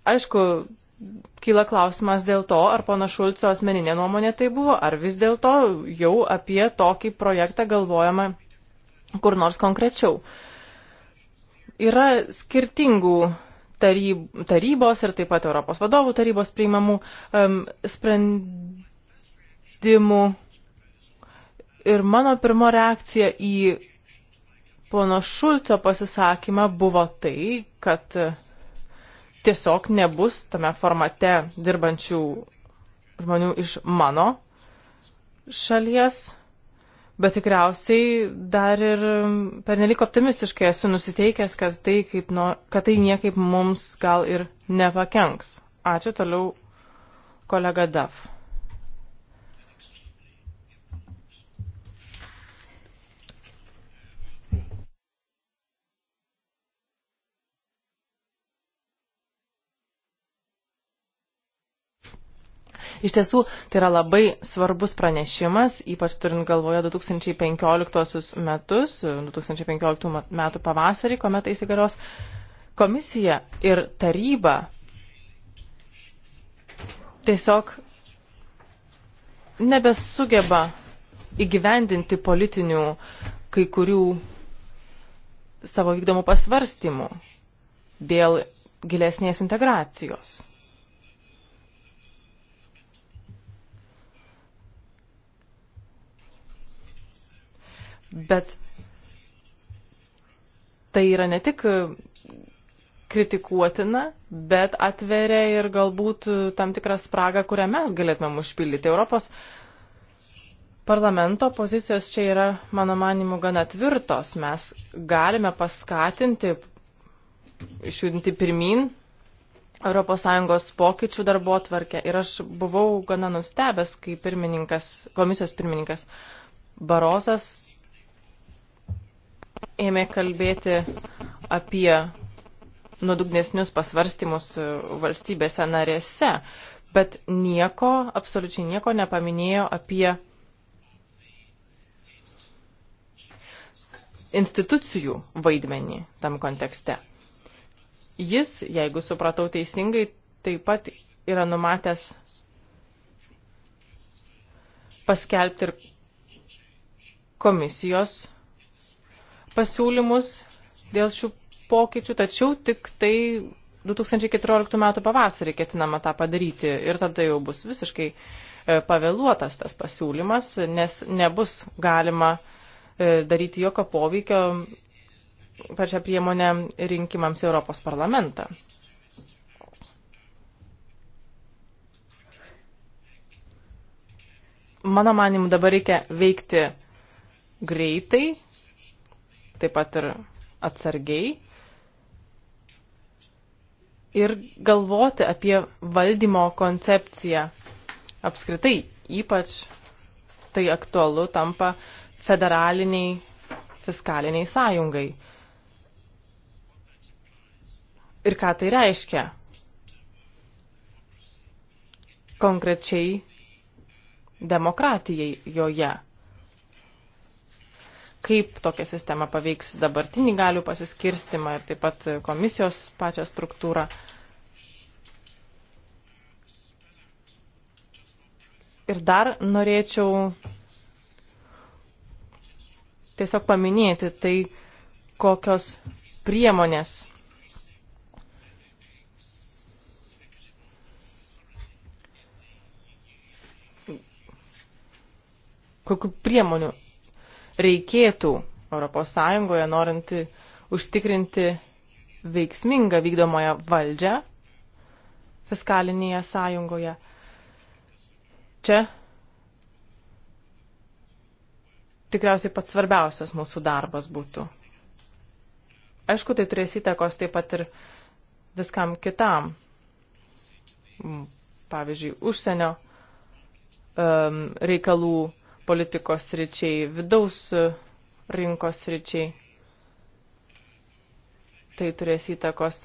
Aišku, kyla klausimas dėl to, ar pono Šulco asmeninė nuomonė tai buvo, ar vis dėlto jau apie tokį projektą galvojama kur nors konkrečiau. Uh, yra skirtingų taryb, tarybos ir taip pat Europos vadovų tarybos priimamų um, sprendimų. Ir mano pirmo reakcija į pono Šulco pasisakymą buvo tai, kad e, tiesiog nebus tame formate dirbančių žmonių iš mano šalies bet tikriausiai dar ir mm, pernelik optimistiškai esu nusiteikęs, kad tai, kaip, no, kad tai niekaip mums gal ir nepakenks. Ačiū toliau kolega Daf. Iš tiesų, tai yra labai svarbus pranešimas, ypač turint galvoje 2015 metus, 2015 metų pavasarį, kuomet tai įsigalios komisija ir taryba tiesiog nebesugeba įgyvendinti politinių kai kurių savo vykdomų pasvarstymų dėl gilesnės integracijos. Bet tai yra ne tik kritikuotina, bet atveria ir galbūt tam tikrą spragą, kurią mes galėtumėm užpildyti. Europos parlamento pozicijos čia yra, mano manimu, gana tvirtos. Mes galime paskatinti, išjudinti pirmin ES pokyčių darbo atvarkę. Ir aš buvau gana nustebęs, kai pirmininkas, komisijos pirmininkas Barosas ėmė kalbėti apie nuodugnesnius pasvarstymus e, valstybėse narėse, bet nieko, absoliučiai nieko nepaminėjo apie institucijų vaidmenį tam kontekste. Jis, jeigu supratau teisingai, taip pat yra numatęs paskelbti ir komisijos pasiūlymus dėl šių pokyčių, tačiau tik tai 2014 metų pavasarį ketinama tą padaryti ir tada jau bus visiškai e, pavėluotas tas pasiūlymas, nes nebus galima e, daryti jokio poveikio pačią priemonę rinkimams į Europos parlamentą. Mano manimu, dabar reikia veikti greitai, taip pat ir atsargiai. Ir galvoti apie valdymo koncepciją apskritai, ypač tai aktualu tampa federaliniai fiskaliniai sąjungai. Ir ką tai reiškia? Konkrečiai demokratijai joje kaip tokia sistema paveiks dabartinį galių pasiskirstimą ir taip pat komisijos pačią struktūrą. Ir dar norėčiau tiesiog paminėti tai, kokios priemonės kokiu priemoniu reikėtų ES, norint užtikrinti veiksmingą vykdomąją valdžią fiskalinėje sąjungoje. Čia tikriausiai pats svarbiausias mūsų darbas būtų. Aišku, tai turės įtakos taip pat ir viskam kitam. Pavyzdžiui, užsienio um, reikalų politikos ryčiai, vidaus rinkos ryčiai. Tai turės įtakos.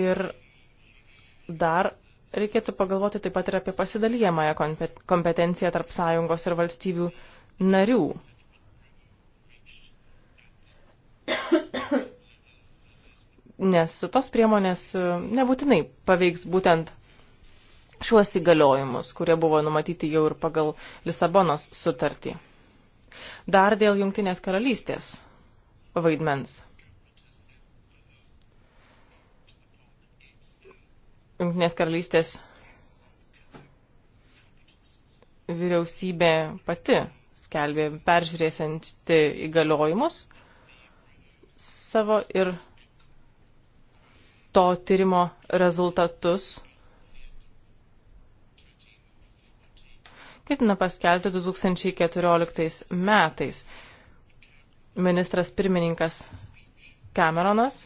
Ir dar reikėtų pagalvoti taip pat ir apie pasidalyjamąją kompetenciją tarp sąjungos ir valstybių narių. nes tos priemonės e, nebūtinai paveiks būtent šiuos įgaliojimus, kurie buvo numatyti jau ir pagal Lisabonos sutartį. Dar dėl Junktinės karalystės vaidmens. Junktinės karalystės vyriausybė pati skelbė peržiūrėsianti įgaliojimus savo ir to tyrimo rezultatus ketina paskelbti 2014 metais. Ministras pirmininkas Cameronas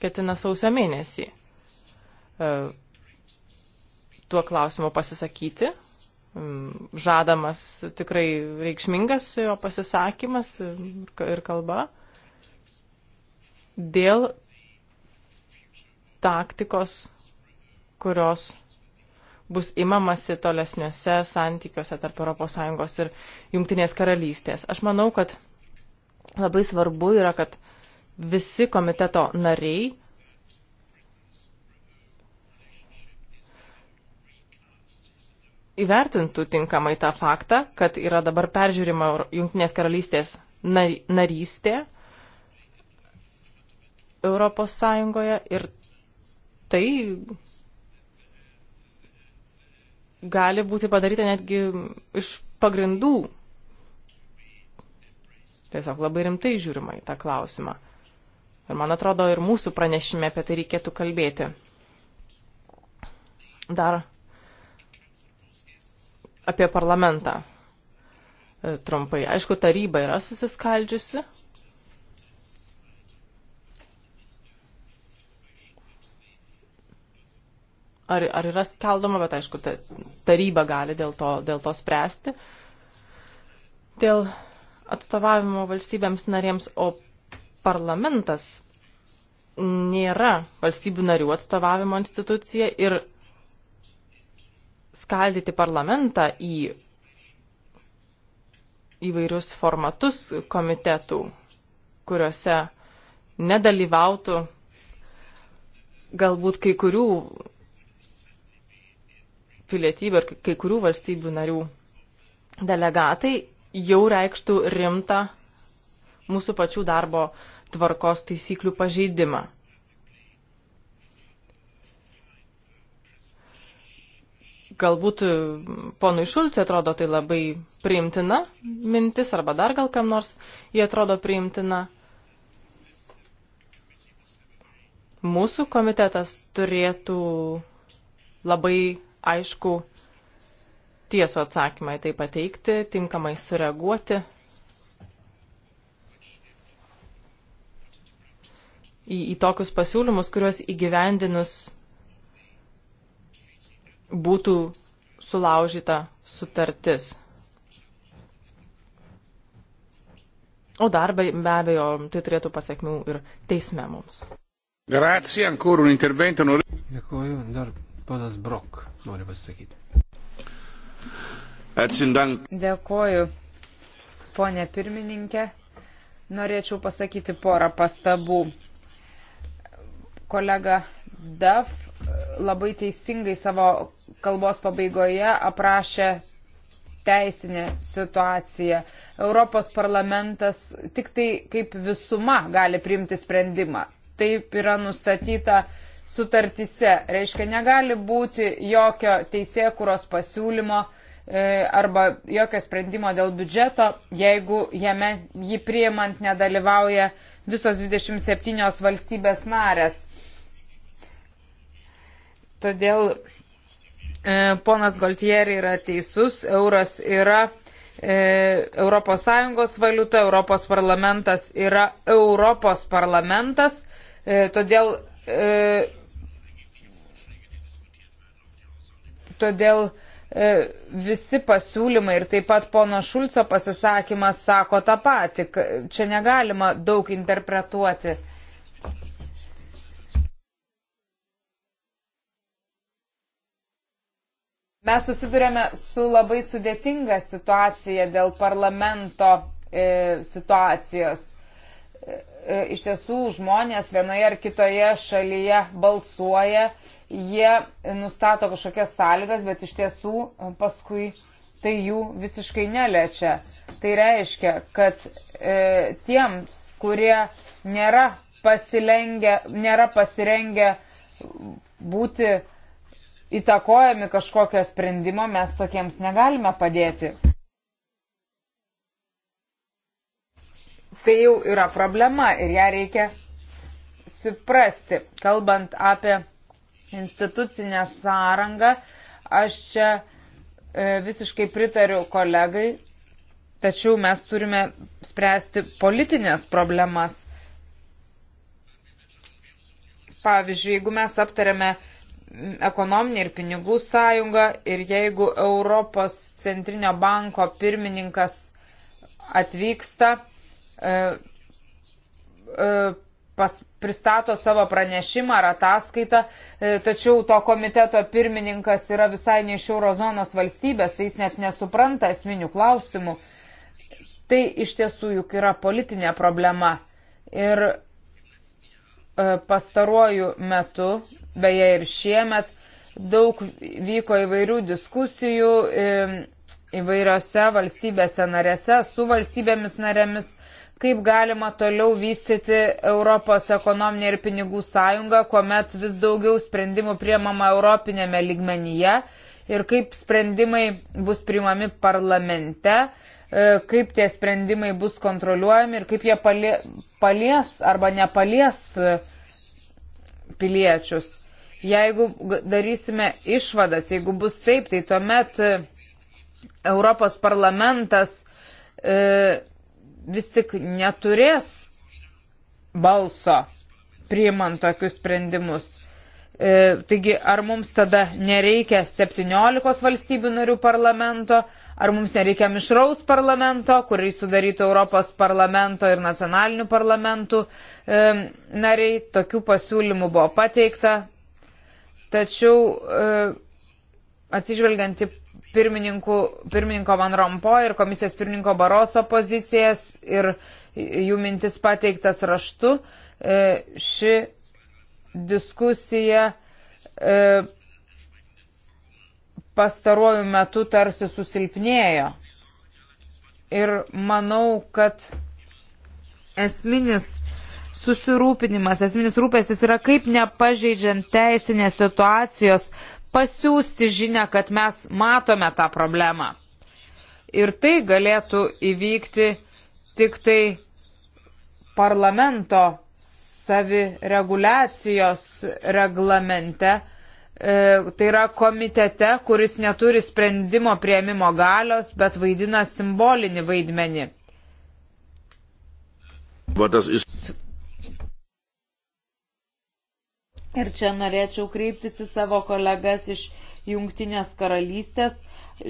ketina sausio mėnesį e, tuo klausimu pasisakyti. Mm, žadamas tikrai reikšmingas jo pasisakymas ir kalba dėl taktikos, kurios bus imamasi tolesniuose santykiuose tarp ES ir Junktinės karalystės. Aš manau, kad labai svarbu yra, kad visi komiteto nariai įvertintų tinkamai tą faktą, kad yra dabar peržiūrima Junktinės karalystės narystė Europos Sąjungoje ir tai gali būti padaryta netgi iš pagrindų. Tiesiog labai rimtai žiūrima į tą klausimą. Ir man atrodo, ir mūsų pranešime apie tai reikėtų kalbėti. Dar apie parlamentą e, trumpai. Aišku, taryba yra susiskaldžiusi ar, ar yra skeldama, bet aišku, ta, taryba gali dėl to, dėl to spręsti. Dėl atstovavimo valstybėms narėms, o parlamentas nėra valstybių narių atstovavimo institucija ir skaldyti parlamentą į įvairius formatus komitetų, kuriuose nedalyvautų galbūt kai kurių pilietybę ir kai kurių valstybių narių delegatai jau reikštų rimtą mūsų pačių darbo tvarkos taisyklių pažeidimą. Galbūt e, ponui Šulciui atrodo tai labai priimtina mintis, arba dar gal kam nors jie atrodo priimtina. Mūsų komitetas turėtų labai aišku tiesų atsakymą į tai pateikti, tinkamai sureaguoti į, į tokius pasiūlymus, kuriuos įgyvendinus būtų sulaužyta sutartis. O dar be, be abejo, tai turėtų pasiekmių ir teisme mums. Grazie, ancora un intervento. Dėkuoju, dar Ponas Brok nori pasisakyti. Atsindank. Dėkoju, ponė pirmininkė. Norėčiau pasakyti porą pastabų. Kolega Daf labai teisingai savo kalbos pabaigoje aprašė teisinė situacija. Europos parlamentas tik tai kaip visuma gali priimti sprendimą. Taip yra nustatyta uh, sutartise. Reiškia, negali būti jokio teisėkuros pasiūlymo e, arba jokio sprendimo dėl biudžeto, jeigu jame jį priimant nedalyvauja visos 27 valstybės narės. Todėl e, ponas Goltieri yra teisus, euras yra e, ES valiuta, Europos parlamentas yra Europos parlamentas, e, todėl e, Todėl e, visi pasiūlymai ir taip pat pono Šulco pasisakymas sako tą patį. Čia negalima daug interpretuoti. Mes susidurėme su labai sudėtinga situacija dėl parlamento e, situacijos. E, e, iš tiesų žmonės vienoje ar kitoje šalyje balsuoja jie nustato kažkokias sąlygas, bet iš tiesų e, paskui tai jų visiškai neliečia. Tai reiškia, kad e, tiems, kurie nėra, nėra pasirengę būti įtakojami kažkokio sprendimo, mes tokiems negalime padėti. Tai jau yra problema ir ją reikia suprasti, kalbant apie institucinę sąrangą. Aš čia e, visiškai pritariu kolegai, tačiau mes turime spręsti politinės problemas. Pavyzdžiui, jeigu mes aptarėme ekonominį ir pinigų sąjungą ir jeigu Europos centrinio banko pirmininkas atvyksta, e, e, pas, pristato savo pranešimą ar ataskaitą, e, tačiau to komiteto pirmininkas yra visai ne iš eurozonos valstybės, tai jis net nesupranta esminių klausimų. Tai iš tiesų juk yra politinė problema. Ir e, pastaruoju metu, beje ir šiemet, daug vyko įvairių diskusijų. E, įvairiose valstybėse narėse su valstybėmis narėmis kaip galima toliau vystyti Europos ekonominę ir pinigų sąjungą, kuomet vis daugiau sprendimų priemama Europinėme lygmenyje ir kaip sprendimai bus priimami parlamente, e, kaip tie sprendimai bus kontroliuojami ir kaip jie palies arba nepalies e, piliečius. Jeigu darysime išvadas, jeigu bus taip, tai tuomet e, Europos parlamentas e, vis tik neturės balso priimant tokius sprendimus. E, taigi, ar mums tada nereikia 17 valstybių narių parlamento, ar mums nereikia mišraus parlamento, kurį sudarytų Europos parlamento ir nacionalinių parlamentų e, nariai. Tokių pasiūlymų buvo pateikta. Tačiau e, atsižvelgiant į pirmininko Van Rompo ir komisijos pirmininko Baroso pozicijas ir jų mintis pateiktas raštu. E, ši diskusija e, pastaruoju metu tarsi susilpnėjo. Ir manau, kad esminis susirūpinimas, esminis rūpestis yra kaip nepažeidžiant teisinės situacijos pasiūsti žinę, kad mes matome tą problemą. Ir tai galėtų įvykti tik tai parlamento savireguliacijos reglamente, e, tai yra komitete, kuris neturi sprendimo prieimimo galios, bet vaidina simbolinį vaidmenį. But das ist Ir čia norėčiau kreiptis į savo kolegas iš Jungtinės karalystės.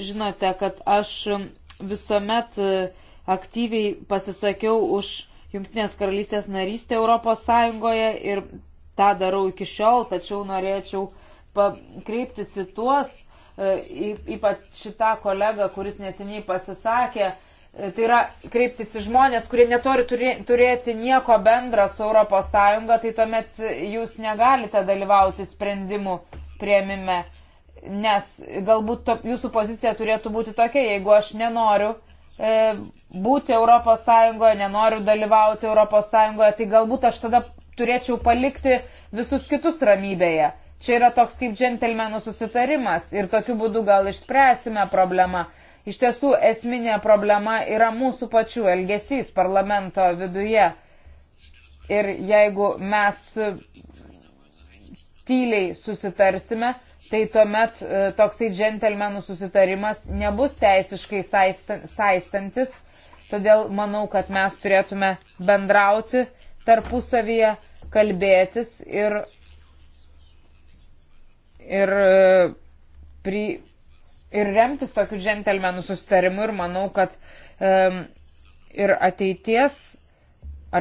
Žinote, kad aš visuomet e, aktyviai pasisakiau už Junktinės karalystės narystę Europos Sąjungoje ir tą darau iki šiol, tačiau norėčiau kreiptis į tuos, E, ypač šitą kolegą, kuris neseniai pasisakė, e, tai yra kreiptis į žmonės, kurie netori turėti nieko bendra su ES, tai tuomet jūs negalite dalyvauti sprendimų prieimime, nes galbūt to, jūsų pozicija turėtų būti tokia, jeigu aš nenoriu e, būti ES, nenoriu dalyvauti ES, tai galbūt aš tada turėčiau palikti visus kitus ramybėje. Čia yra toks kaip džentelmenų susitarimas ir tokiu būdu gal išspręsime problemą. Iš tiesų esminė problema yra mūsų pačių elgesys parlamento viduje. Ir jeigu mes e, tyliai susitarsime, tai tuomet e, toksai džentelmenų susitarimas nebus teisiškai saistantis. Todėl manau, kad mes turėtume bendrauti tarpusavyje, kalbėtis ir ir, e, pri, ir remtis tokiu džentelmenų susitarimu ir manau, kad um, ir ateities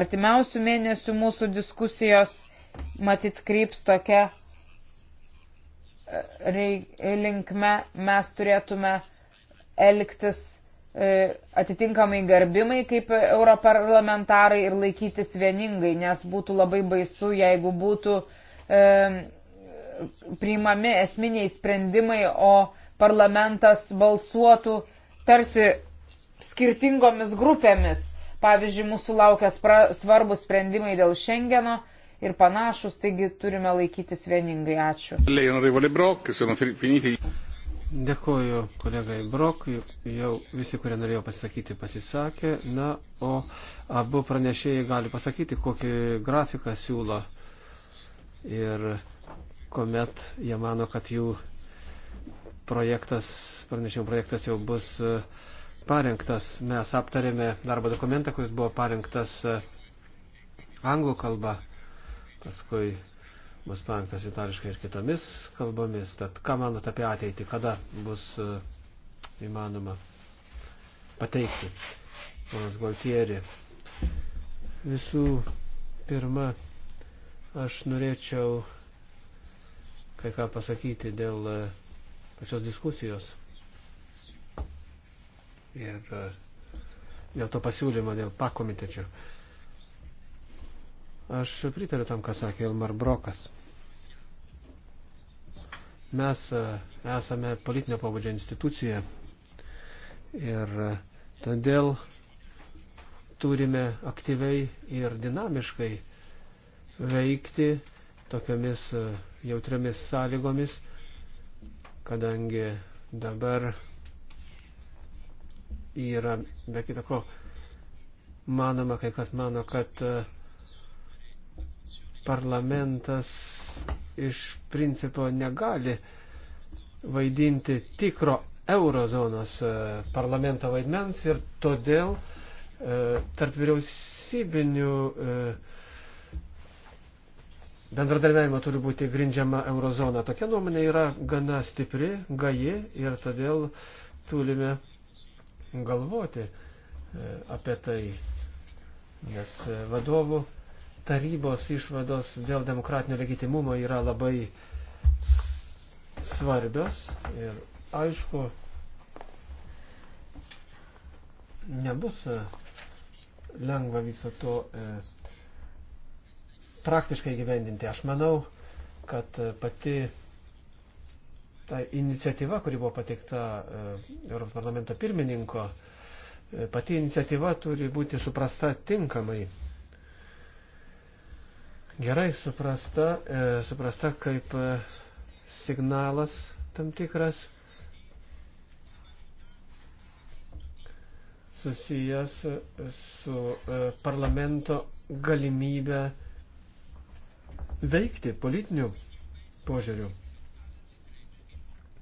artimiausių mėnesių mūsų diskusijos matyt kryps tokia e, linkme mes turėtume elgtis e, atitinkamai garbimai kaip europarlamentarai ir laikytis vieningai, nes būtų labai baisu, jeigu būtų priimami esminiai sprendimai, o parlamentas balsuotų tarsi skirtingomis grupėmis. Pavyzdžiui, mūsų laukia svarbus sprendimai dėl Šengeno ir panašus, taigi turime laikytis vieningai. Ačiū. Dėkuoju kolegai Brokui, jau visi, kurie norėjo pasisakyti, pasisakė. Na, o abu pranešėjai gali pasakyti, kokį grafiką siūlo. Ir kuomet jie mano, kad jų projektas, pranešimų projektas jau bus e, parengtas. Mes aptarėme darbo dokumentą, kuris buvo parengtas e, anglų kalba, paskui bus parengtas itališkai ir kitomis kalbomis. Tad ką manot apie ateitį, kada bus e, įmanoma pateikti? Ponas Gualtieri. Visų pirma, aš norėčiau kai ką pasakyti dėl e, pačios diskusijos ir e, dėl to pasiūlymo, dėl pakomitečio. Aš pritariu tam, ką sakė Elmar Brokas. Mes e, esame politinio pabudžio institucija ir todėl turime aktyviai ir dinamiškai veikti tokiamis jautriomis sąlygomis, kadangi dabar yra, be kitako, manoma, kai kas mano, kad e, parlamentas iš principo negali vaidinti tikro eurozonos e, parlamento vaidmens ir todėl e, tarp vyriausybinių e, bendradarbiavimo turi būti grindžiama eurozona. Tokia nuomonė yra gana stipri, gaji ir todėl turime galvoti e, apie tai, nes e, vadovų tarybos išvados dėl demokratinio legitimumo yra labai svarbios ir aišku, nebus e, lengva viso to. E, praktiškai gyvendinti. Aš manau, kad e, pati ta iniciatyva, kuri buvo pateikta e, Europos parlamento pirmininko, e, pati iniciatyva turi būti suprasta tinkamai. Gerai suprasta, suprasta kaip signalas tam tikras susijęs su parlamento galimybė veikti politiniu požiūriu.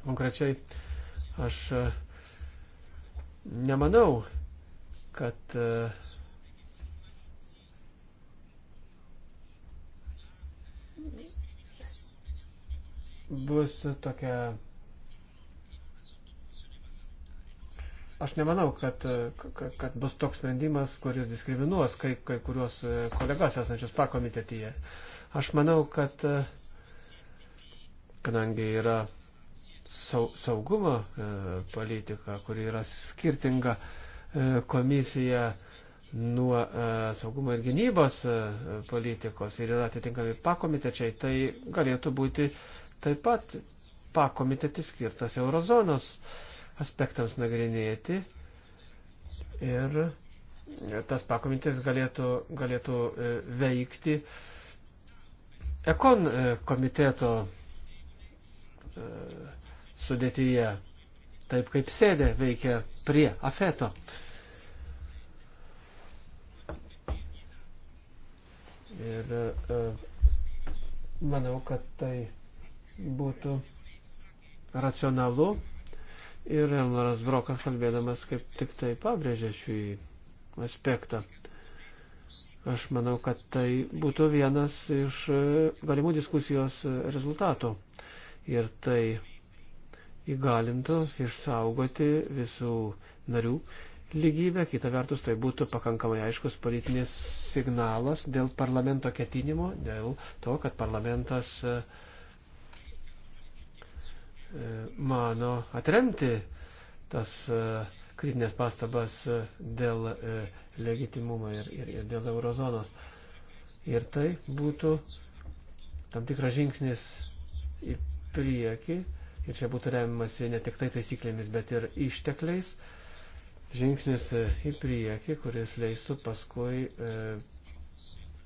Konkrečiai aš e, nemanau, kad e, bus tokia. Aš nemanau, kad, e, kad bus toks sprendimas, kuris diskriminuos kai, kai kuriuos kolegas esančius pakomitetyje. komitetyje. Aš manau, kad e, kadangi yra saugumo e, politika, kuri yra skirtinga e, komisija nuo saugumo ir gynybos politikos ir yra atitinkami pakomitečiai, tai galėtų būti taip pat pakomitetis skirtas eurozonos aspektams nagrinėti ir tas pakomitetis galėtų, galėtų veikti uh, Ekon e, komiteto e, sudėtyje, taip kaip sėdė, veikia prie afeto. Ir e, manau, kad tai būtų racionalu. Ir Elmaras Brokas kalbėdamas kaip tik tai pabrėžė šį aspektą. Aš manau, kad tai būtų vienas iš e, galimų diskusijos e, rezultatų. Ir tai įgalintų išsaugoti visų narių lygybę. Kita vertus, tai būtų pakankamai aiškus politinis signalas dėl parlamento ketinimo, dėl to, kad parlamentas e, mano atremti tas uh, kritinės pastabas e, dėl e, legitimumo ir, ir, ir dėl eurozonos. Ir tai būtų tam tikras žingsnis į priekį, ir čia būtų remiamasi ne tik tai taisyklėmis, bet ir ištekliais, žingsnis e, į priekį, kuris leistų paskui e,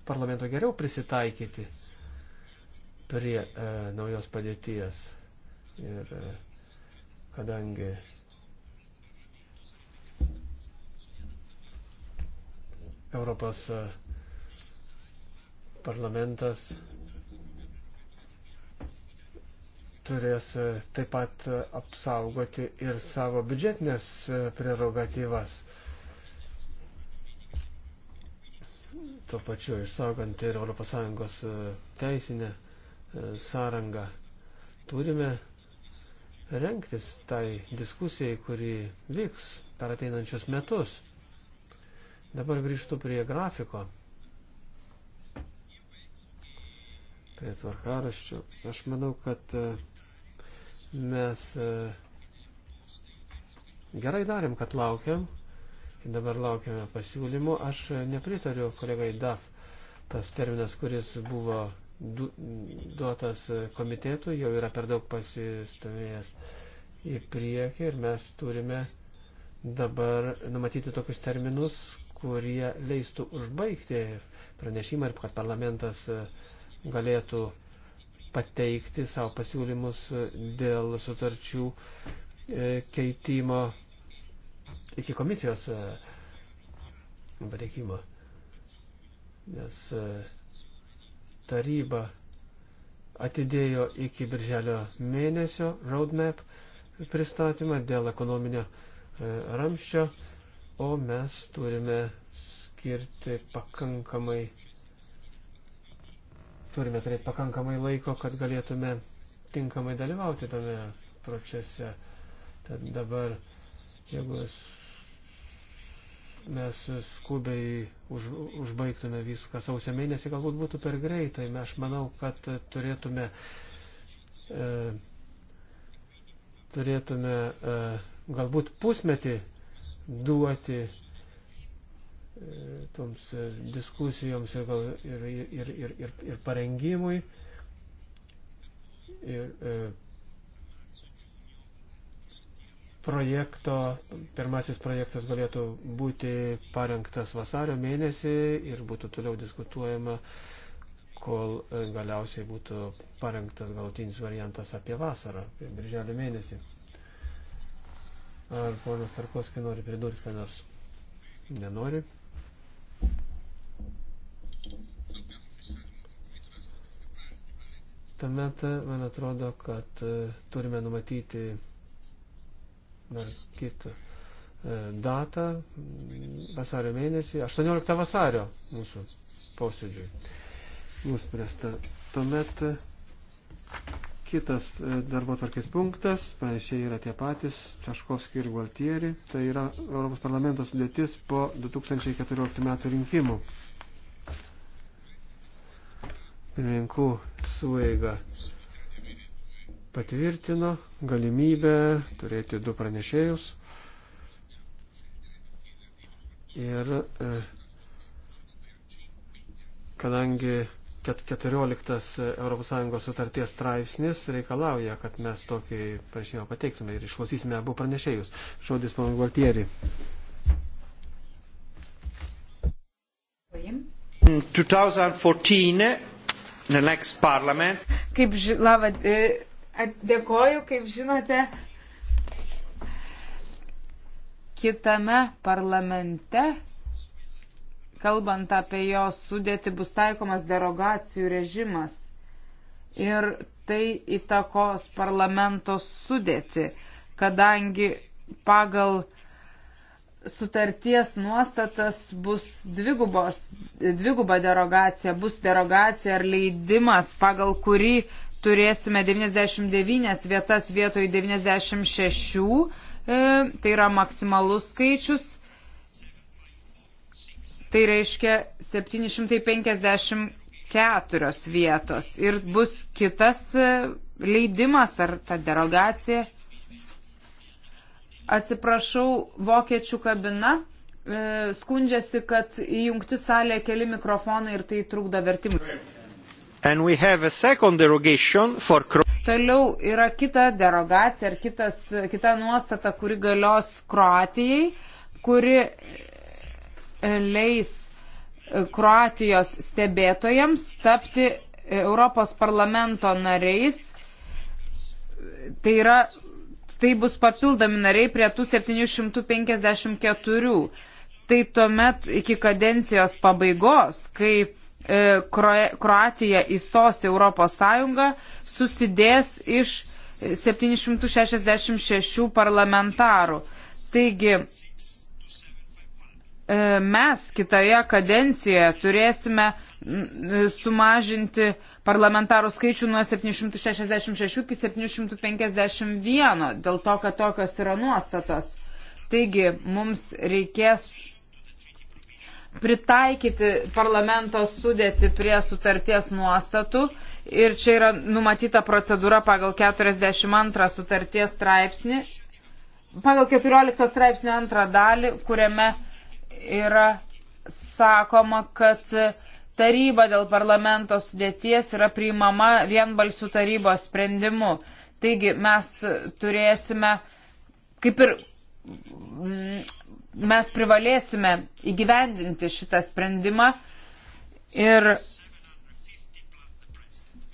parlamento geriau prisitaikyti prie e, naujos padėties. Ir e, kadangi Europos e, parlamentas turės e, taip pat apsaugoti ir savo biudžetinės e, prerogatyvas. Tuo pačiu išsaugant ir ES teisinę sąrangą. Turime renktis tai diskusijai, kuri vyks per ateinančius metus. Dabar grįžtu prie grafiko, prie tvarkaraščių. Aš manau, kad e, mes e, gerai darėm, kad laukiam. Dabar laukiame pasiūlymų. Aš e, nepritariu kolegai DAF. Tas terminas, kuris buvo du, duotas komitetui, jau yra per daug pasistumėjęs į priekį ir mes turime dabar numatyti tokius terminus, kurie leistų užbaigti pranešimą ir kad parlamentas e, galėtų pateikti savo pasiūlymus e, dėl sutarčių e, keitimo iki komisijos pateikimo. Nes taryba atidėjo iki birželio mėnesio roadmap pristatymą dėl ekonominio ramščio o mes turime skirti pakankamai, turime turėti pakankamai laiko, kad galėtume tinkamai dalyvauti tame procese. Tad dabar, jeigu mes skubiai už, užbaigtume viską sausio mėnesį, galbūt būtų per greitai. Aš manau, kad turėtume, e, turėtume e, galbūt pusmetį duoti e, toms e, diskusijoms ir, ir, ir, ir, ir, ir parengimui. Ir e, projekto, pirmasis projektas galėtų būti parengtas vasario mėnesį ir būtų toliau diskutuojama, kol e, galiausiai būtų parengtas galtinis variantas apie vasarą, birželio mėnesį. Ar ponas Tarkovski nori pridurti, ką nors nenori? Tuomet, man atrodo, kad e, turime numatyti dar kitą e, datą vasario mėnesį, 18 vasario mūsų posėdžiui nuspręsta. Tuomet Kitas e, darbo tvarkės punktas, pranešėjai yra tie patys, Čaškovski ir Gualtieri, tai yra Europos parlamento sudėtis po 2014 metų rinkimų. Pirmininkų suveiga patvirtino galimybę turėti du pranešėjus ir e, kadangi 14 ES sutarties straipsnis reikalauja, kad mes tokį prašymą pateiktume ir išklausysime abu pranešėjus. Žodis man Gualtieri. Kaip ži, lava, e, dėkoju, kaip žinote, kitame parlamente kalbant apie jos sudėti, bus taikomas derogacijų režimas. Ir tai įtakos parlamento sudėti, kadangi pagal sutarties nuostatas bus dvigubos, dviguba derogacija, bus derogacija ar leidimas, pagal kurį turėsime 99 vietas vietoj 96, e, tai yra maksimalus skaičius Tai reiškia 754 vietos. Ir bus kitas e, leidimas ar ta derogacija. Atsiprašau, vokiečių kabina e, skundžiasi, kad įjungti salėje keli mikrofonai ir tai trukdo vertimui. For... Toliau yra kita derogacija ar kitas, kita nuostata, kuri galios Kroatijai, kuri leis e, Kroatijos stebėtojams tapti e, Europos parlamento nariais. Tai yra, tai bus papildomi nariai prie tų 754. Tai tuomet iki kadencijos pabaigos, kai e, Kroatija įstos Europos Sąjungą, susidės iš 766 parlamentarų. Taigi, E, mes kitoje kadencijoje turėsime sumažinti parlamentarų skaičių nuo 766 iki 751, dėl to, kad tokios yra nuostatos. Taigi mums reikės pritaikyti parlamento sudėti prie sutarties nuostatų ir čia yra numatyta procedūra pagal 42 sutarties straipsnį, pagal 14 straipsnio antrą dalį, kuriame yra sakoma, kad taryba dėl parlamento sudėties yra priimama vienbalsių tarybos sprendimu. Taigi mes turėsime, kaip ir mes privalėsime įgyvendinti šitą sprendimą ir,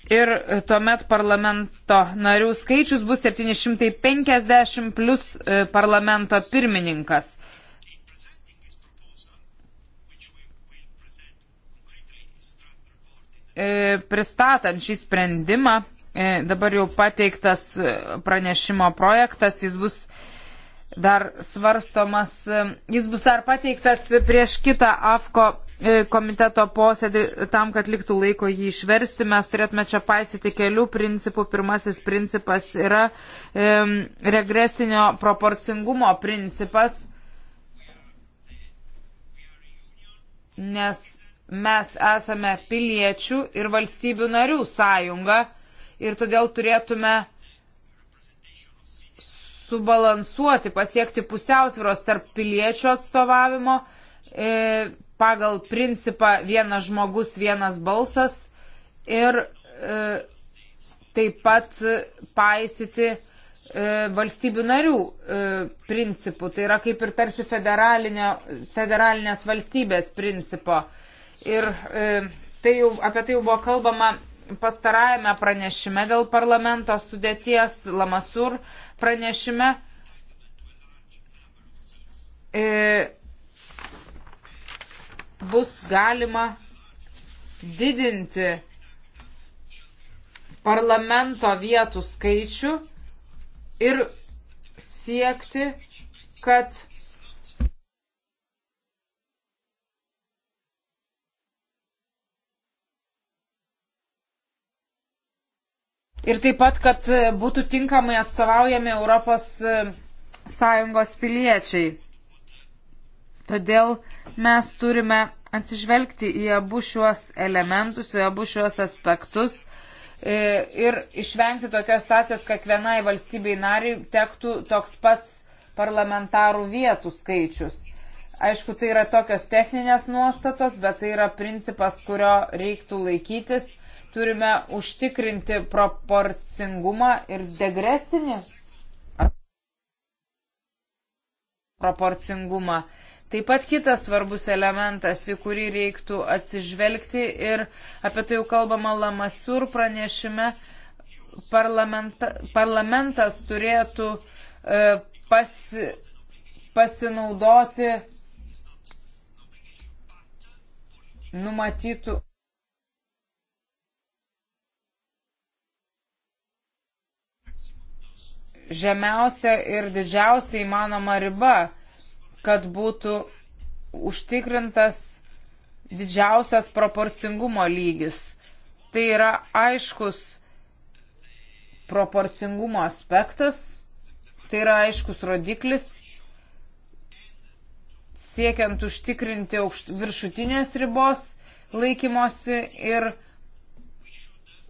ir tuomet parlamento narių skaičius bus 750 plus e, parlamento pirmininkas. E, pristatant šį sprendimą, e, dabar jau pateiktas e, pranešimo projektas, jis bus dar svarstomas, jis bus dar pateiktas prieš kitą AFKO komiteto posėdį tam, kad liktų laiko jį išversti. Mes turėtume čia paisyti kelių principų. Pirmasis principas yra e, regresinio proporcingumo principas, nes Mes esame piliečių ir valstybių narių sąjunga ir todėl turėtume subalansuoti, pasiekti pusiausvėros tarp piliečių atstovavimo e, pagal principą vienas žmogus, vienas balsas ir e, taip pat paisyti e, valstybių narių e, principų. Tai yra kaip ir tarsi federalinės valstybės principo. E, Ir e, tai jau, apie tai jau buvo kalbama pastarajame pranešime dėl parlamento sudėties Lamasur pranešime. E, bus galima didinti parlamento vietų skaičių ir siekti, kad Ir taip pat, kad e, būtų tinkamai atstovaujami Europos e, Sąjungos piliečiai. Todėl mes turime atsižvelgti į abu šiuos elementus, į abu šiuos aspektus e, ir išvengti tokios stacijos, kad vienai valstybei nariai tektų toks pats parlamentarų vietų skaičius. Aišku, tai yra tokios techninės nuostatos, bet tai yra principas, kurio reiktų laikytis turime užtikrinti proporcingumą ir degresinį proporcingumą. Taip pat kitas svarbus elementas, į kurį reiktų atsižvelgti ir apie tai jau kalbama Lamasur pranešime, parlamenta, parlamentas turėtų e, pasi, pasinaudoti numatytų žemiausia ir didžiausia įmanoma riba, kad būtų užtikrintas didžiausias proporcingumo lygis. Tai yra aiškus proporcingumo aspektas, tai yra aiškus rodiklis, siekiant užtikrinti aukšt, viršutinės ribos laikymosi ir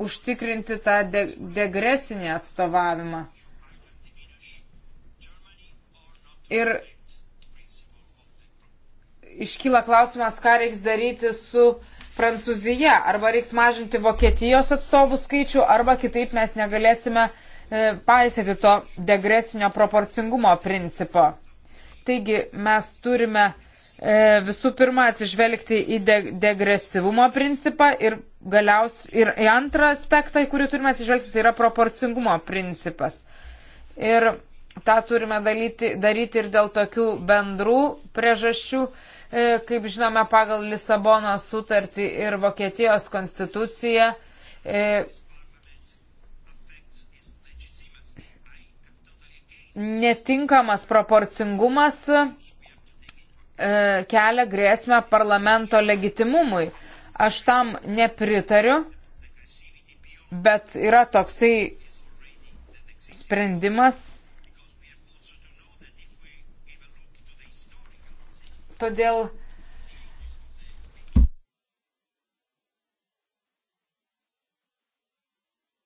užtikrinti tą de, degresinį atstovavimą. Ir iškyla klausimas, ką reiks daryti su Prancūzija. Arba reiks mažinti Vokietijos atstovų skaičių, arba kitaip mes negalėsime e, paisyti to degresinio proporcingumo principo. Taigi mes turime e, visų pirma atsižvelgti į degresyvumo principą ir galiaus ir į antrą aspektą, į kurį turime atsižvelgti, tai yra proporcingumo principas. Ir tą turime dalyti, daryti ir dėl tokių bendrų priežasčių, e, kaip žinome, pagal Lisabono sutartį ir Vokietijos konstituciją. E, netinkamas proporcingumas e, kelia grėsmę parlamento legitimumui. Aš tam nepritariu, bet yra toksai sprendimas Todėl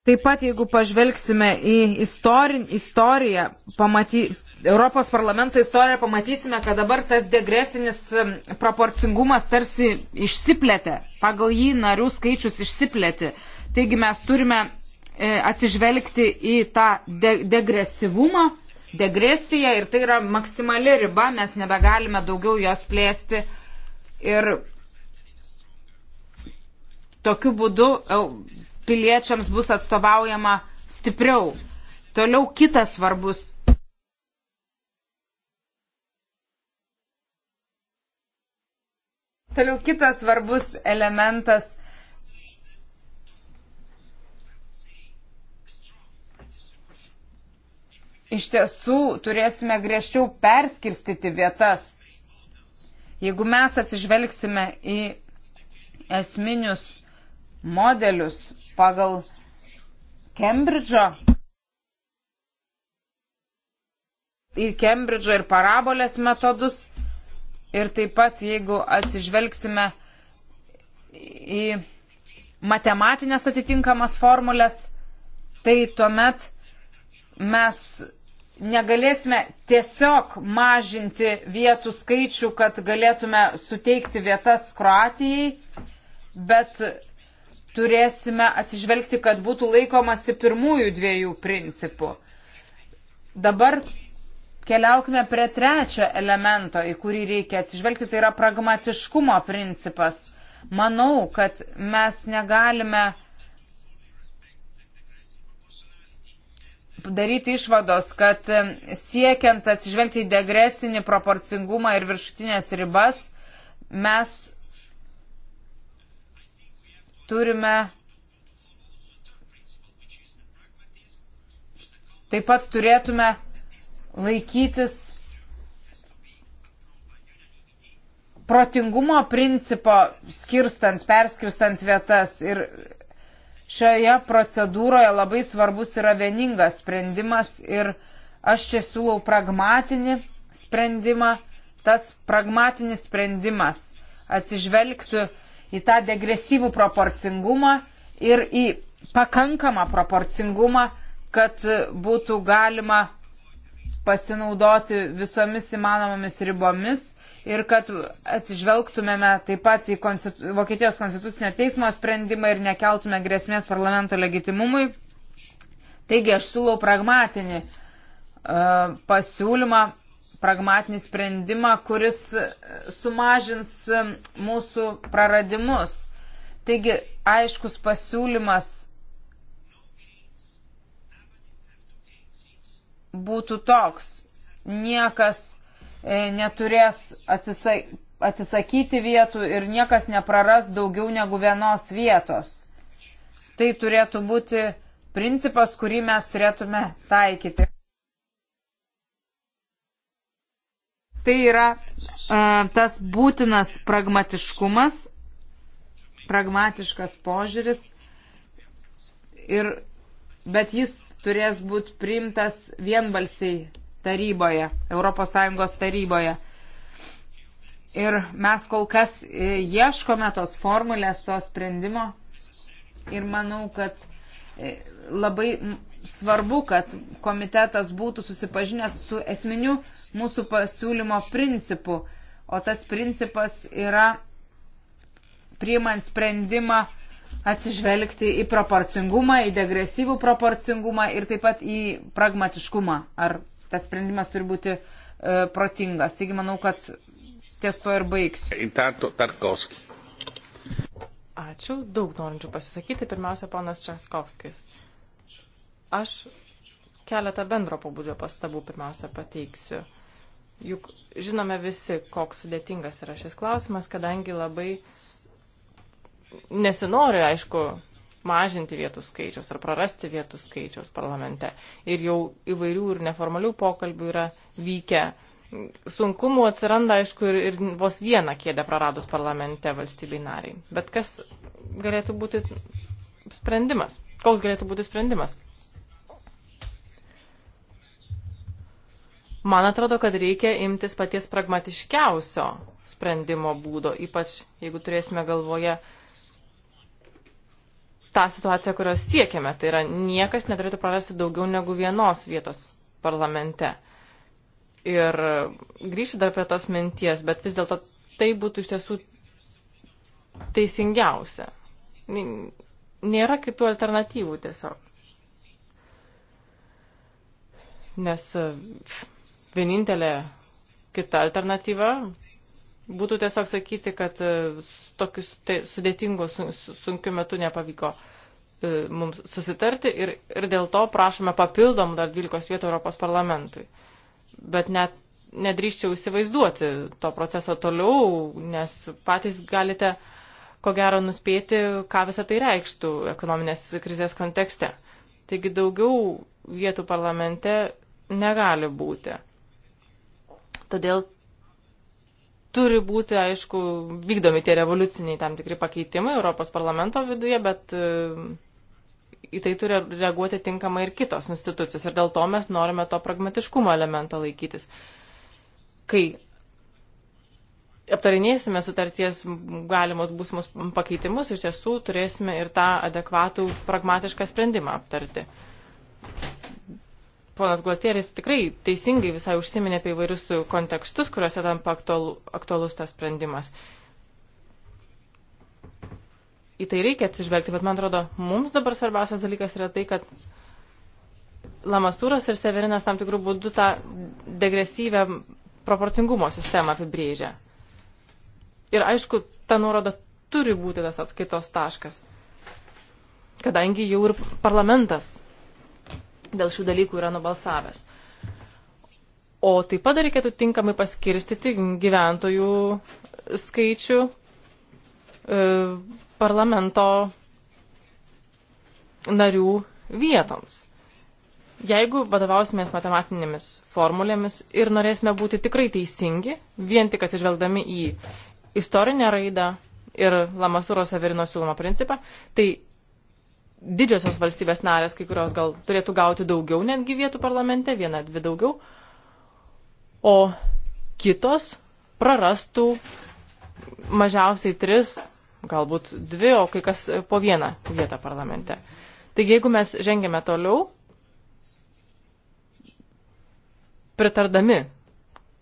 Taip pat, jeigu pažvelgsime į istorin, istoriją, pamaty, Europos parlamento istoriją, pamatysime, kad dabar tas degresinis um, proporcingumas tarsi išsiplėtė, pagal jį narių skaičius išsiplėtė. Taigi mes turime e, atsižvelgti į tą de, degresyvumą degresija ir tai yra maksimali riba, mes nebegalime daugiau jos plėsti ir tokiu būdu piliečiams bus atstovaujama stipriau. Toliau kitas svarbus. Toliau kitas svarbus elementas iš tiesų turėsime griežčiau perskirstyti vietas. Jeigu mes atsižvelgsime į esminius modelius pagal Kembridžo, į Kembridžo ir parabolės metodus, ir taip pat jeigu atsižvelgsime į matematinės atitinkamas formulės, tai tuomet mes negalėsime tiesiog mažinti vietų skaičių, kad galėtume suteikti vietas Kroatijai, bet turėsime atsižvelgti, kad būtų laikomasi pirmųjų dviejų principų. Dabar keliaukime prie trečio elemento, į kurį reikia atsižvelgti, tai yra pragmatiškumo principas. Manau, kad mes negalime daryti išvados, kad siekiant atsižvelgti į degresinį proporcingumą ir viršutinės ribas, mes turime taip pat turėtume laikytis protingumo principo skirstant, perskirstant vietas ir šioje procedūroje labai svarbus yra vieningas sprendimas ir aš čia siūlau pragmatinį sprendimą. Tas pragmatinis sprendimas atsižvelgtų į tą degresyvų proporcingumą ir į pakankamą proporcingumą, kad būtų galima pasinaudoti visomis įmanomomis ribomis ir kad atsižvelgtumėme taip pat į konstitu Vokietijos konstitucinio teismo sprendimą ir nekeltume grėsmės parlamento legitimumui. Taigi aš siūlau pragmatinį uh, pasiūlymą, pragmatinį sprendimą, kuris e, sumažins e, mūsų praradimus. Taigi aiškus pasiūlymas būtų toks. Niekas E, neturės atsisakyti vietų ir niekas nepraras daugiau negu vienos vietos. Tai turėtų būti principas, kurį mes turėtume taikyti. Tai yra uh, tas būtinas pragmatiškumas, pragmatiškas požiūris, ir, bet jis turės būti priimtas vienbalsiai taryboje, ES taryboje. Ir mes kol kas e, ieškome tos formulės, to sprendimo ir manau, kad e, labai svarbu, kad komitetas būtų susipažinęs su esminiu mūsų pasiūlymo principu, o tas principas yra priimant sprendimą atsižvelgti į proporcingumą, į degresyvų proporcingumą ir taip pat į pragmatiškumą ar tas sprendimas turi būti e, protingas. Taigi manau, kad ties to ir baigsiu. Intanto Tarkovski. Ačiū. Daug norinčių pasisakyti. Pirmiausia, ponas Českovskis. Aš keletą bendro pobūdžio pastabų pirmiausia pateiksiu. Juk žinome visi, koks sudėtingas yra šis klausimas, kadangi labai nesinori, aišku, mažinti vietų skaičiaus ar prarasti vietų skaičiaus parlamente. Ir jau įvairių ir neformalių pokalbių yra vykę. Sunkumų atsiranda, aišku, ir, ir vos vieną kėdę praradus parlamente valstybei nariai. Bet kas galėtų būti sprendimas? Koks galėtų būti sprendimas? Man atrodo, kad reikia imtis paties pragmatiškiausio sprendimo būdo, ypač jeigu turėsime galvoje uh, tą situaciją, kurios siekiame. Tai yra, niekas neturėtų prarasti daugiau negu vienos vietos parlamente. Ir grįšiu dar prie tos minties, bet vis dėlto tai būtų iš tiesų teisingiausia. Nėra kitų alternatyvų tiesiog. Nes vienintelė kita alternatyva Būtų tiesiog sakyti, kad e, tokius tai, sudėtingų, sunkių metų nepavyko e, mums susitarti ir, ir dėl to prašome papildomų dar 12 vietų Europos parlamentui. Bet net nedrįščiau įsivaizduoti to proceso toliau, nes patys galite, ko gero, nuspėti, ką visą tai reikštų ekonominės krizės kontekste. Taigi daugiau vietų parlamente negali būti. Todėl turi būti, aišku, vykdomi tie revoliuciniai tam tikri pakeitimai Europos parlamento viduje, bet e, į tai turi reaguoti tinkamai ir kitos institucijos. Ir dėl to mes norime to pragmatiškumo elemento laikytis. Kai aptarinėsime sutarties galimus būsimus pakeitimus, iš tiesų turėsime ir tą adekvatų pragmatišką sprendimą aptarti ponas Gualtieris tikrai teisingai visai užsiminė apie įvairius kontekstus, kuriuose tampa aktualu, aktualus tas sprendimas. Į tai reikia atsižvelgti, bet man atrodo, mums dabar svarbiausias dalykas yra tai, kad Lamasūras ir Severinas tam tikrų būdų tą degresyvę proporcingumo sistemą apibrėžia. Ir aišku, ta nuoroda turi būti tas atskaitos taškas, kadangi jau ir parlamentas dėl šių dalykų yra nubalsavęs. O taip pat reikėtų tinkamai paskirstyti gyventojų skaičių e, parlamento narių vietoms. Jeigu vadovausimės matematinėmis formulėmis ir norėsime būti tikrai teisingi, vien tik atsižvelgdami į istorinę raidą ir Lamasūro Saverino siūlomą principą, tai didžiosios valstybės narės, kai kurios gal turėtų gauti daugiau netgi vietų parlamente, vieną, dvi daugiau, o kitos prarastų mažiausiai tris, galbūt dvi, o kai kas po vieną vietą parlamente. Taigi, jeigu mes žengėme toliau, pritardami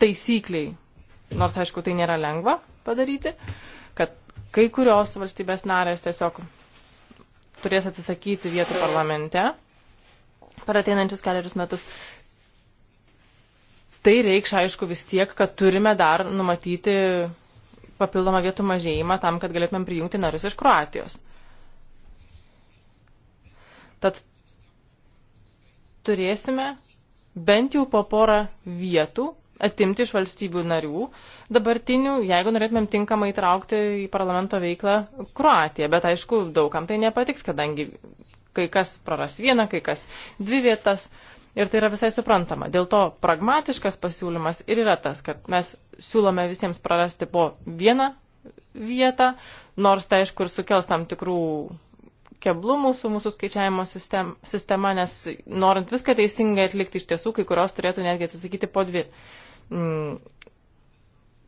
taisykliai, nors aišku, tai nėra lengva padaryti, kad kai kurios valstybės narės tiesiog turės atsisakyti vietų parlamente per ateinančius keliarius metus. Tai reikš, aišku, vis tiek, kad turime dar numatyti papildomą vietų mažėjimą tam, kad galėtumėm prijungti narius iš Kroatijos. Tad turėsime bent jau po porą vietų atimti iš valstybių narių dabartinių, jeigu norėtumėm tinkamai įtraukti į parlamento veiklą Kroatiją. Bet aišku, daugam tai nepatiks, kadangi kai kas praras vieną, kai kas dvi vietas. Ir tai yra visai suprantama. Dėl to pragmatiškas pasiūlymas ir yra tas, kad mes siūlome visiems prarasti po vieną vietą, nors tai aišku ir sukels tam tikrų keblumų su mūsų skaičiavimo sistem, sistema, nes norint viską teisingai atlikti iš tiesų, kai kurios turėtų netgi atsisakyti po dvi m, mm,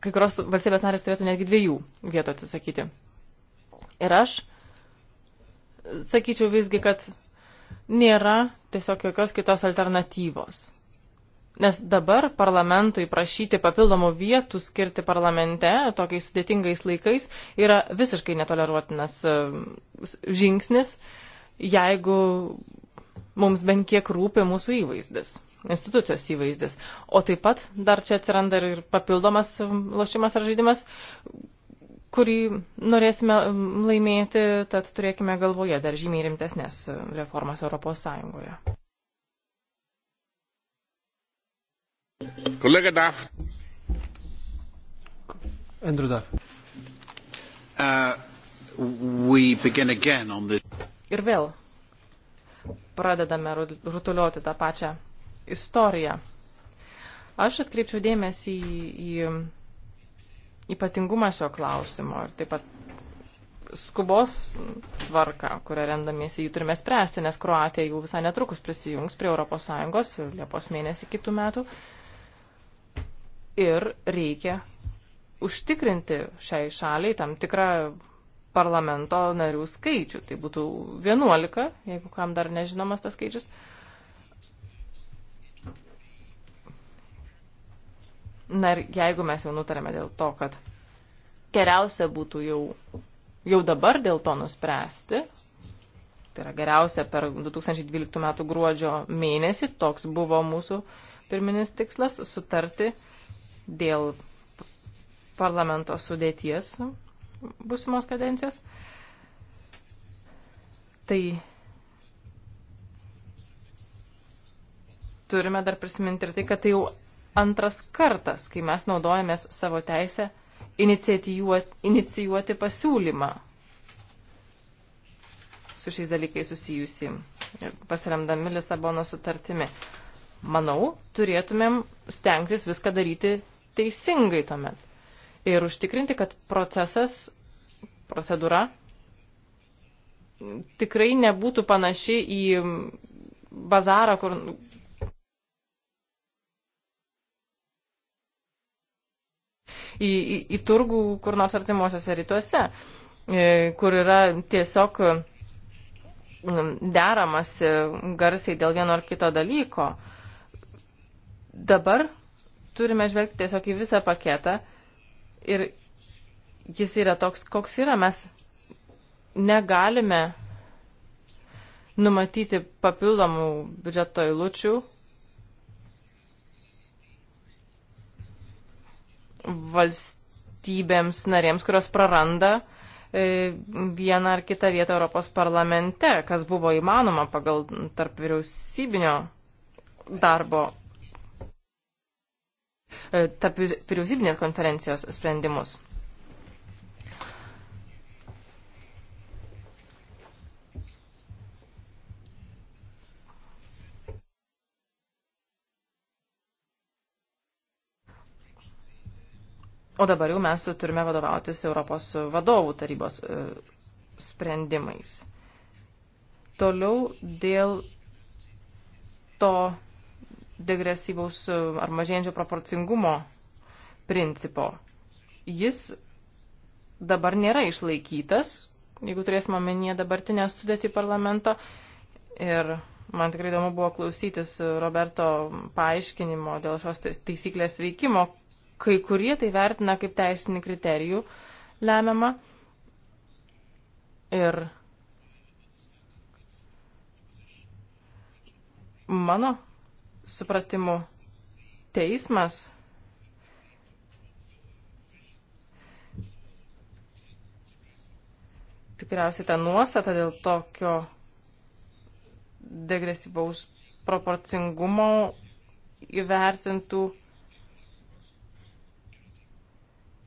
kai kurios valstybės narės turėtų netgi dviejų vietų atsisakyti. Ir aš sakyčiau visgi, kad nėra tiesiog jokios kitos alternatyvos. Nes dabar parlamentui prašyti papildomų vietų skirti parlamente tokiais sudėtingais laikais yra visiškai netoleruotinas e, žingsnis, jeigu mums bent kiek rūpi mūsų įvaizdis institucijos įvaizdis. O taip pat dar čia atsiranda ir papildomas um, lošimas ar žaidimas, kurį norėsime um, laimėti, tad turėkime galvoje dar žymiai rimtesnės um, reformas Europos Sąjungoje. Kolega Daf. Andrew Daf. Uh, we begin again on this. Ir vėl pradedame rutulioti tą pačią istoriją. Aš atkreipčiau dėmesį į, į ypatingumą šio klausimo ir taip pat skubos tvarką, kurią rendamiesi jį turime spręsti, nes Kroatija jau visai netrukus prisijungs prie ES Liepos mėnesį kitų metų. Ir reikia užtikrinti šiai šaliai tam tikrą parlamento narių skaičių. Tai būtų 11, jeigu kam dar nežinomas tas skaičius. Uh, Na ir jeigu mes jau nutarėme dėl to, kad geriausia būtų jau, jau dabar dėl to nuspręsti, tai yra geriausia per 2012 m. gruodžio mėnesį, toks buvo mūsų pirminis tikslas - sutarti dėl parlamento sudėties būsimos kadencijos. Tai turime dar prisiminti ir tai, kad tai jau antras kartas, kai mes naudojamės savo teisę inicijuoti, inicijuoti pasiūlymą su šiais dalykais susijusi, pasiremdami Lisabono sutartimi. Manau, turėtumėm stengtis viską daryti teisingai tuomet ir užtikrinti, kad procesas, procedūra tikrai nebūtų panaši į bazarą, kur į, į, į turgų kur nors artimuosiuose rytuose, e, kur yra tiesiog mm, deramasi garsiai dėl vieno ar kito dalyko. Dabar turime žvelgti tiesiog į visą paketą ir jis yra toks, koks yra. Mes negalime numatyti papildomų biudžeto įlučių valstybėms narėms, kurios praranda e, vieną ar kitą vietą Europos parlamente, kas buvo įmanoma pagal tarp vyriausybinio darbo, e, tarp vyriausybinės konferencijos sprendimus. O dabar jau mes turime vadovautis Europos vadovų tarybos e, sprendimais. Toliau dėl to degresyvaus e, ar mažėjančio proporcingumo principo. Jis dabar nėra išlaikytas, jeigu turėsime omenyje dabartinę sudėtį parlamento. Ir man tikrai įdomu buvo klausytis Roberto paaiškinimo dėl šios taisyklės veikimo, kai kurie tai vertina kaip teisinį kriterijų lemiamą. Ir mano supratimu teismas tikriausiai tą nuostatą dėl tokio degresyvaus proporcingumo įvertintų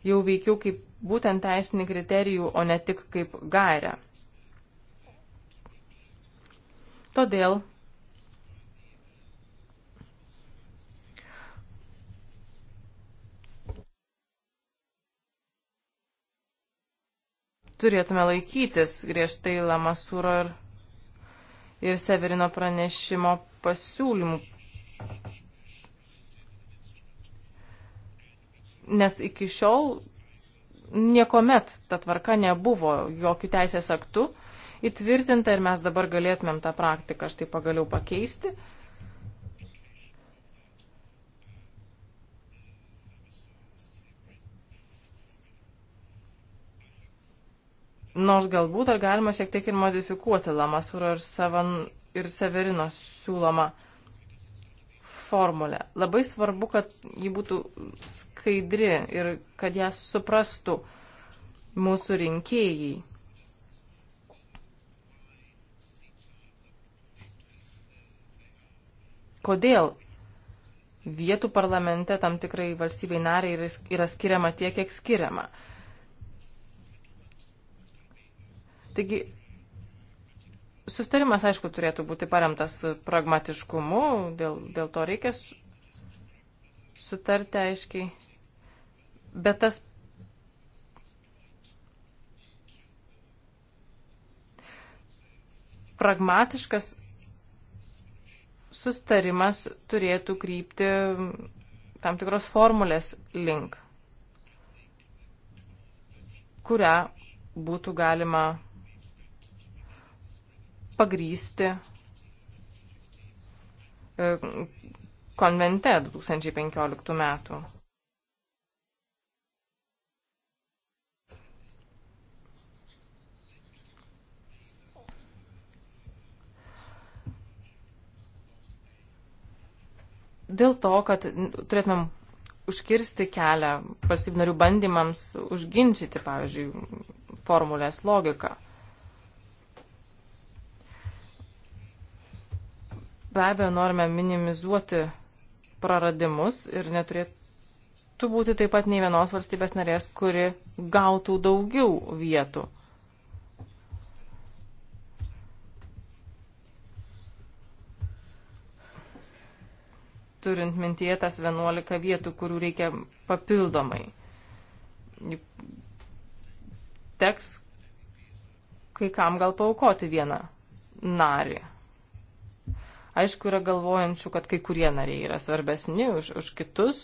jau veikiau kaip būtent teisinį kriterijų, o ne tik kaip gairę. Todėl turėtume laikytis griežtai Lamasūro ir, ir Severino pranešimo pasiūlymų nes iki šiol niekuomet ta tvarka nebuvo jokių teisės aktų įtvirtinta ir mes dabar galėtumėm tą praktiką štai pagaliau pakeisti. Nors galbūt ar galima šiek tiek ir modifikuoti Lamasūro ir, savan, ir Severino siūlomą formulę. Labai svarbu, kad ji būtų skaidri ir kad ją suprastų mūsų rinkėjai. Kodėl vietų parlamente tam tikrai valstybei nariai yra skiriama tiek, kiek skiriama. Taigi Sustarimas, aišku, turėtų būti paremtas pragmatiškumu, dėl, dėl to reikia sutarti aiškiai. Bet tas. Pragmatiškas sustarimas turėtų krypti tam tikros formulės link, kurią būtų galima pagrysti e, konvente 2015 metų. Dėl to, kad turėtumėm užkirsti kelią valstybių narių bandymams užginčyti, pavyzdžiui, formulės logiką. be abejo norime minimizuoti praradimus ir neturėtų būti taip pat nei vienos valstybės narės, kuri gautų daugiau vietų. Turint mintyje tas 11 vietų, kurių reikia papildomai. Teks kai kam gal paukoti vieną narį. Aišku, yra galvojančių, kad kai kurie nariai yra svarbesni už, už kitus.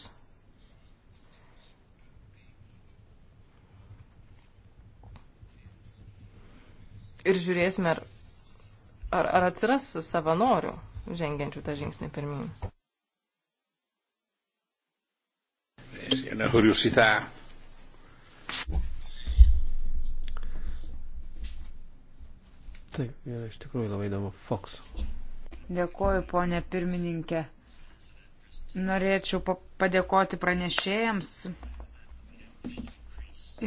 Ir žiūrėsime, ar, ar, ar atsiras savanorių žengiančių tą žingsnį pirmin. Una curiosità. Taip, yra iš tikrųjų labai įdomu. Fox. Dėkoju, ponė pirmininkė. Norėčiau padėkoti pranešėjams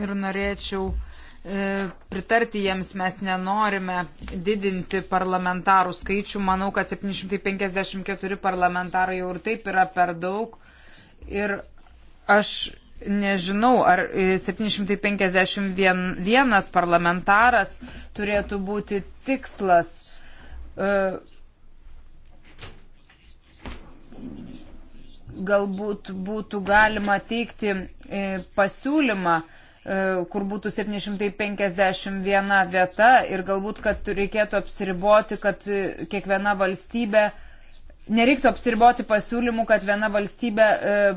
ir norėčiau e, pritarti jiems, mes nenorime didinti parlamentarų skaičių. Manau, kad 754 parlamentarai jau ir taip yra per daug. Ir aš nežinau, ar 751 e, parlamentaras turėtų būti tikslas. E, galbūt būtų galima teikti e, pasiūlymą, e, kur būtų 751 vieta ir galbūt, kad reikėtų apsiriboti, kad e, kiekviena valstybė nereiktų apsiriboti pasiūlymų, kad viena valstybė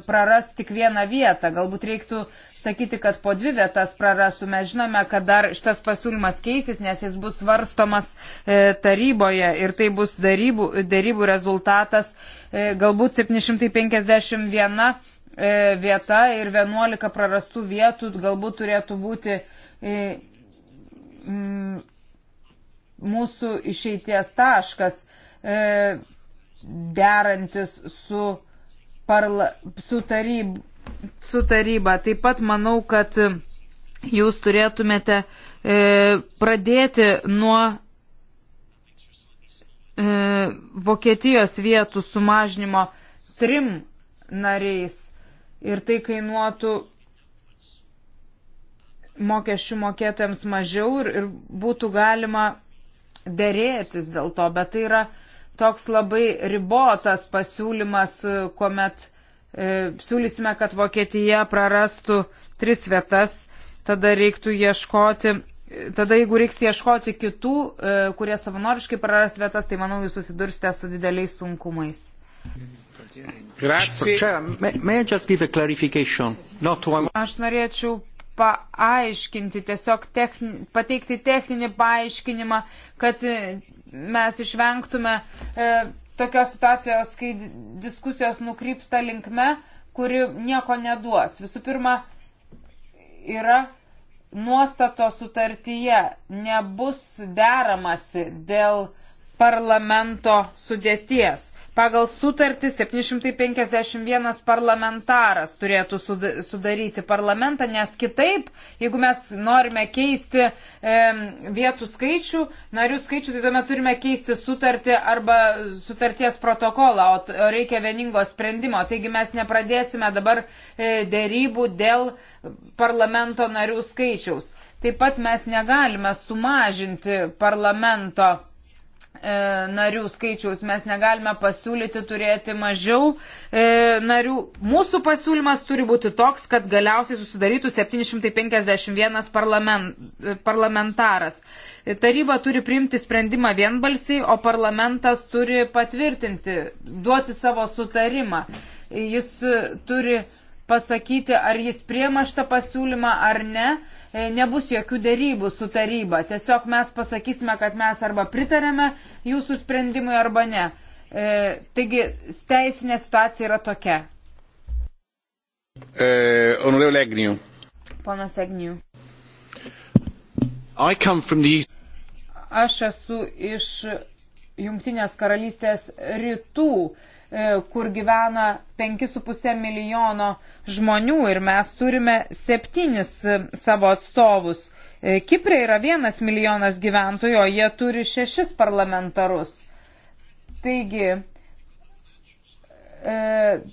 praras tik vieną vietą. Galbūt reiktų sakyti, kad po dvi vietas prarasume. Žinome, kad dar šitas pasiūlymas keisis, nes jis bus svarstomas e, taryboje ir tai bus darybų, darybų rezultatas. E, galbūt 751 e, vieta ir 11 prarastų vietų galbūt turėtų būti. E, m, mūsų išeities taškas e, derantis su, parla, su taryb, su taryba. Taip pat manau, kad jūs turėtumėte e, pradėti nuo e, Vokietijos vietų sumažinimo trim nariais ir tai kainuotų mokesčių mokėtojams mažiau ir, ir būtų galima dėrėtis dėl to, bet tai yra toks labai ribotas pasiūlymas, kuomet e, E, siūlysime, kad Vokietija prarastų tris vietas, tada reiktų ieškoti, tada jeigu reiks ieškoti kitų, e, kurie savanoriškai praras vietas, tai manau, jūs susidursite su dideliais sunkumais. Aš norėčiau paaiškinti, tiesiog techni, pateikti techninį paaiškinimą, kad e, mes išvengtume e, tokios situacijos, kai diskusijos nukrypsta linkme, kuri nieko neduos. Visų pirma, yra nuostato sutartyje, nebus deramasi dėl parlamento sudėties. Pagal sutartį 751 parlamentaras turėtų sudaryti parlamentą, nes kitaip, jeigu mes norime keisti e, vietų skaičių, narių skaičių, tai tuomet turime keisti sutartį arba sutarties protokolą, o reikia vieningo sprendimo. Taigi mes nepradėsime dabar e, dėrybų dėl parlamento narių skaičiaus. Taip pat mes negalime sumažinti parlamento E, narių skaičiaus. Mes negalime pasiūlyti turėti mažiau e, narių. Mūsų pasiūlymas turi būti toks, kad galiausiai susidarytų 751 parlament, e, parlamentaras. E, taryba turi priimti sprendimą vienbalsiai, o parlamentas turi patvirtinti, duoti savo sutarimą. Jis turi pasakyti, ar jis priema šitą pasiūlymą ar ne. E, nebus jokių dėrybų su taryba. Tiesiog mes pasakysime, kad mes arba pritarėme jūsų sprendimui arba ne. E, taigi, teisinė situacija yra tokia. E, Honorable Agnew. Ponas Agnew. The... Aš esu iš Jungtinės karalystės rytų. E, E, kur gyvena 5,5 milijono žmonių ir mes turime septynis e, savo atstovus. E, Kiprė yra vienas milijonas gyventojų, o jie turi šešis parlamentarus. Taigi,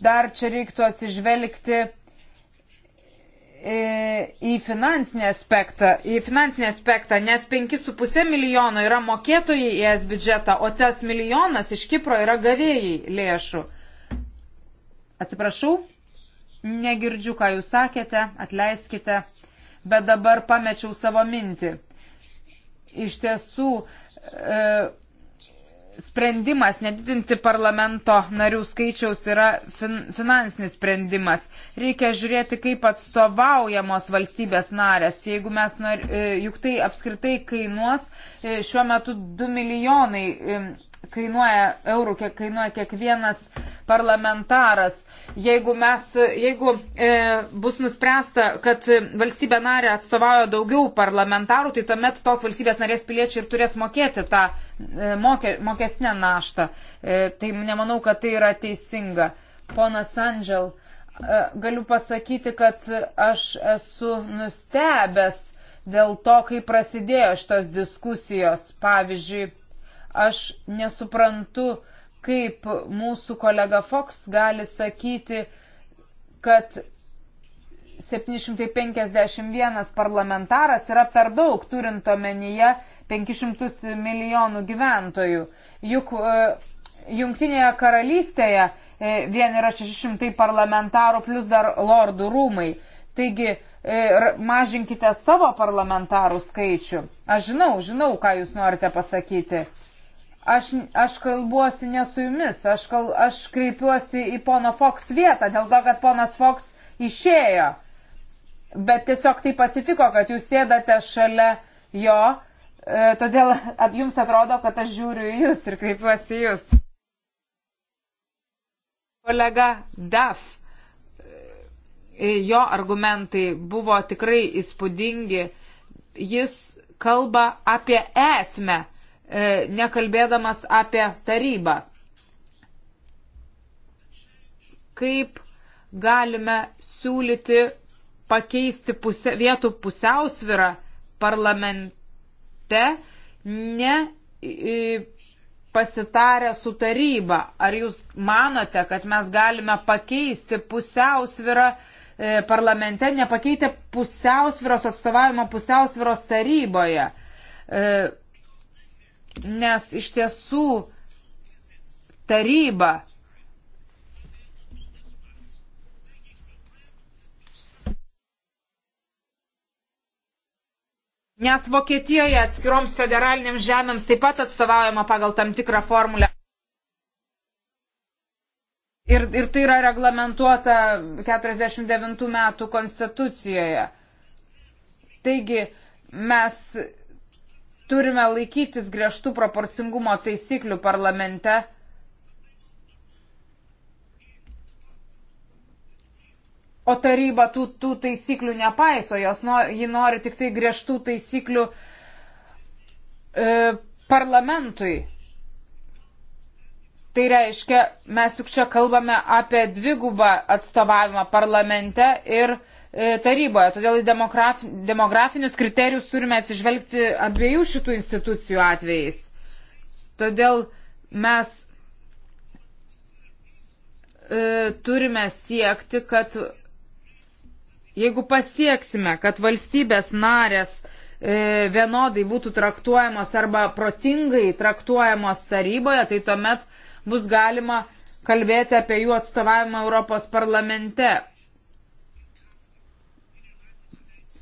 dar čia reiktų atsižvelgti į finansinį aspektą, į finansinį aspektą nes 5,5 milijono yra mokėtojai į es biudžetą, o tas milijonas iš Kipro yra gavėjai lėšų. Atsiprašau, negirdžiu, ką jūs sakėte, atleiskite, bet dabar pamečiau savo mintį. Iš tiesų, e, sprendimas nedidinti parlamento narių skaičiaus yra fin, finansinis sprendimas. Reikia žiūrėti, kaip atstovaujamos valstybės narės. Jeigu mes nor, e, juk tai apskritai kainuos, e, šiuo metu 2 milijonai e, kainuoja eurų, kiek kainuoja kiekvienas parlamentaras jeigu, mes, jeigu e, bus nuspręsta, kad valstybė narė atstovauja daugiau parlamentarų, tai tuomet tos valstybės narės piliečiai ir turės mokėti tą e, mokė, mokestinę naštą. E, tai nemanau, kad tai yra teisinga. Ponas Andžel, e, galiu pasakyti, kad aš esu nustebęs dėl to, kai prasidėjo šitos diskusijos. Pavyzdžiui, aš nesuprantu, kaip mūsų kolega Fox gali sakyti, kad 751 parlamentaras yra per daug, turint omenyje 500 milijonų gyventojų. Juk e, Jungtinėje karalystėje e, vien yra 600 parlamentarų plus dar lordų rūmai. Taigi e, mažinkite savo parlamentarų skaičių. Aš žinau, žinau, ką jūs norite pasakyti. Aš, aš kalbuosi ne su jumis, aš, kal, aš kreipiuosi į pono Fox vietą, dėl to, kad ponas Fox išėjo. Bet tiesiog taip atsitiko, kad jūs sėdate šalia jo, e, todėl at, jums atrodo, kad aš žiūriu į jūs ir kreipiuosi į jūs. Kolega Daf, e, jo argumentai buvo tikrai įspūdingi. Jis kalba apie esmę E, nekalbėdamas apie tarybą. Kaip galime siūlyti pakeisti pusė, vietų pusiausvirą parlamente, ne pasitarę su taryba. Ar jūs manote, kad mes galime pakeisti pusiausvirą e, parlamente, nepakeitę pusiausviros atstovavimo pusiausviros taryboje? E, nes iš tiesų taryba Nes Vokietijoje atskiroms federaliniams žemėms taip pat atstovaujama pagal tam tikrą formulę. Ir, ir tai yra reglamentuota 49 metų konstitucijoje. Taigi mes turime laikytis griežtų proporcingumo taisyklių parlamente. O taryba tų, tų taisyklių nepaiso, jos no, ji nori tik tai griežtų taisyklių e, parlamentui. Tai reiškia, mes juk čia kalbame apie dvigubą atstovavimą parlamente ir e, E, taryboje. Todėl į demograf, demografinius kriterijus turime atsižvelgti abiejų šitų institucijų atvejais. Todėl mes e, turime siekti, kad jeigu pasieksime, kad valstybės narės e, vienodai būtų traktuojamos arba protingai traktuojamos taryboje, tai tuomet bus galima kalbėti apie jų atstovavimą Europos parlamente.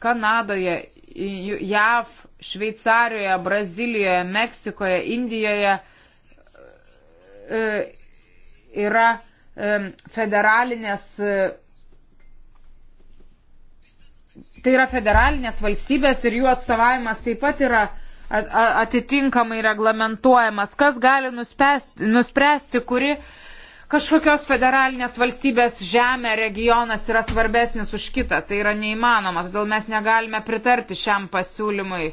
Kanadoje, JAV, Šveicarijoje, Brazilijoje, Meksikoje, Indijoje e, yra e, federalinės. E, tai yra federalinės valstybės ir jų atstovavimas taip pat yra atitinkamai reglamentuojamas. Kas gali nuspręsti, nuspręsti kuri uh, kažkokios federalinės valstybės žemė, regionas yra svarbesnis už kitą. Tai yra neįmanoma, todėl mes negalime pritarti šiam pasiūlymui.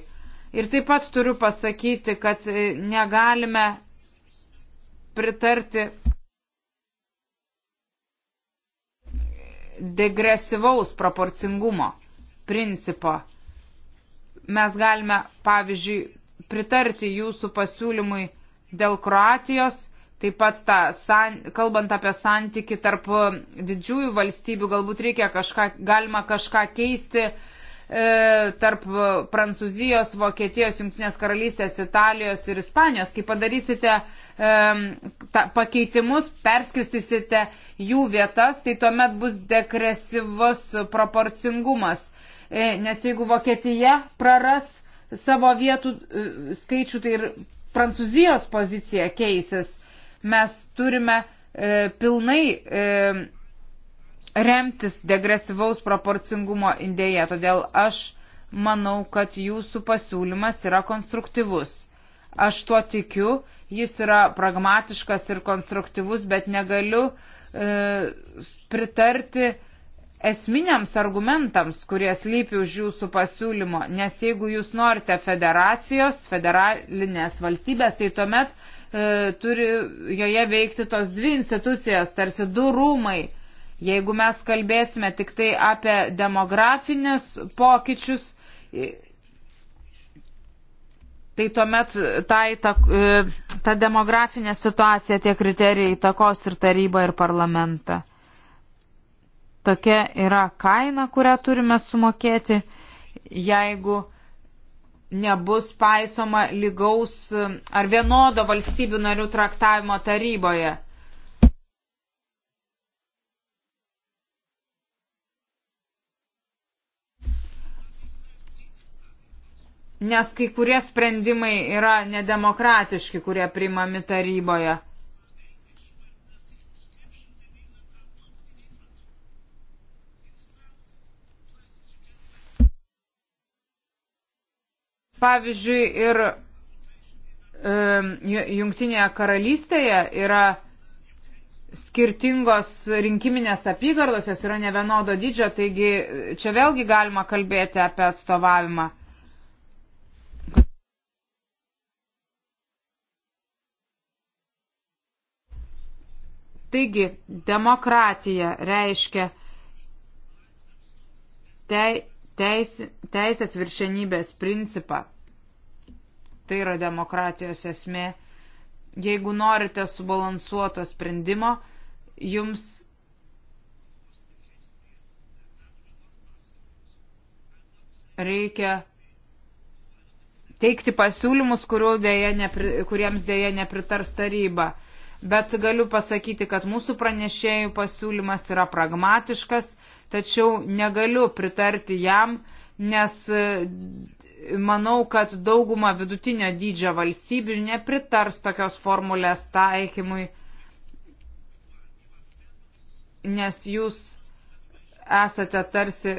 Ir taip pat turiu pasakyti, kad e, negalime pritarti degresyvaus proporcingumo principo. Mes galime, pavyzdžiui, pritarti jūsų pasiūlymui dėl Kroatijos, Taip pat tą, san, kalbant apie santyki tarp e, didžiųjų valstybių, galbūt reikia kažką, galima kažką keisti e, tarp Prancūzijos, Vokietijos, Junktinės karalystės, Italijos ir Ispanijos. Kai padarysite e, ta, pakeitimus, perskirstysite jų vietas, tai tuomet bus dekresyvus proporcingumas. E, nes jeigu Vokietija praras savo vietų e, skaičių, tai ir Prancūzijos pozicija keisis mes turime e, pilnai e, remtis degresyvaus proporcingumo idėja. Todėl aš manau, kad jūsų pasiūlymas yra konstruktyvus. Aš tuo tikiu, jis yra pragmatiškas ir konstruktyvus, bet negaliu e, pritarti esminiams argumentams, kurie slypi už jūsų pasiūlymo. Nes jeigu jūs norite federacijos, federalinės valstybės, tai tuomet E, turi joje veikti tos dvi institucijos, tarsi du rūmai. Jeigu mes kalbėsime tik tai apie demografinius pokyčius, tai tuomet ta, ta, e, ta demografinė situacija, tie kriterijai įtakos ir tarybą, ir parlamentą. Tokia yra kaina, kurią turime sumokėti, jeigu uh, nebus paisoma lygaus ar vienodo valstybių narių traktavimo taryboje. Nes kai kurie sprendimai yra nedemokratiški, kurie priimami taryboje. Pavyzdžiui, ir e, Jungtinėje karalystėje yra skirtingos rinkiminės apygardos, jos yra ne vienodo dydžio, taigi e, čia vėlgi galima kalbėti apie atstovavimą. Taigi, demokratija reiškia tei, teis, teisės viršenybės principą. Tai yra demokratijos esmė. Jeigu norite subalansuoto sprendimo, jums reikia teikti pasiūlymus, dėja nepri, kuriems dėja nepritars taryba. Bet galiu pasakyti, kad mūsų pranešėjų pasiūlymas yra pragmatiškas tačiau negaliu pritarti jam, nes e, manau, kad dauguma vidutinio dydžio valstybių nepritars tokios formulės taikymui, nes jūs esate tarsi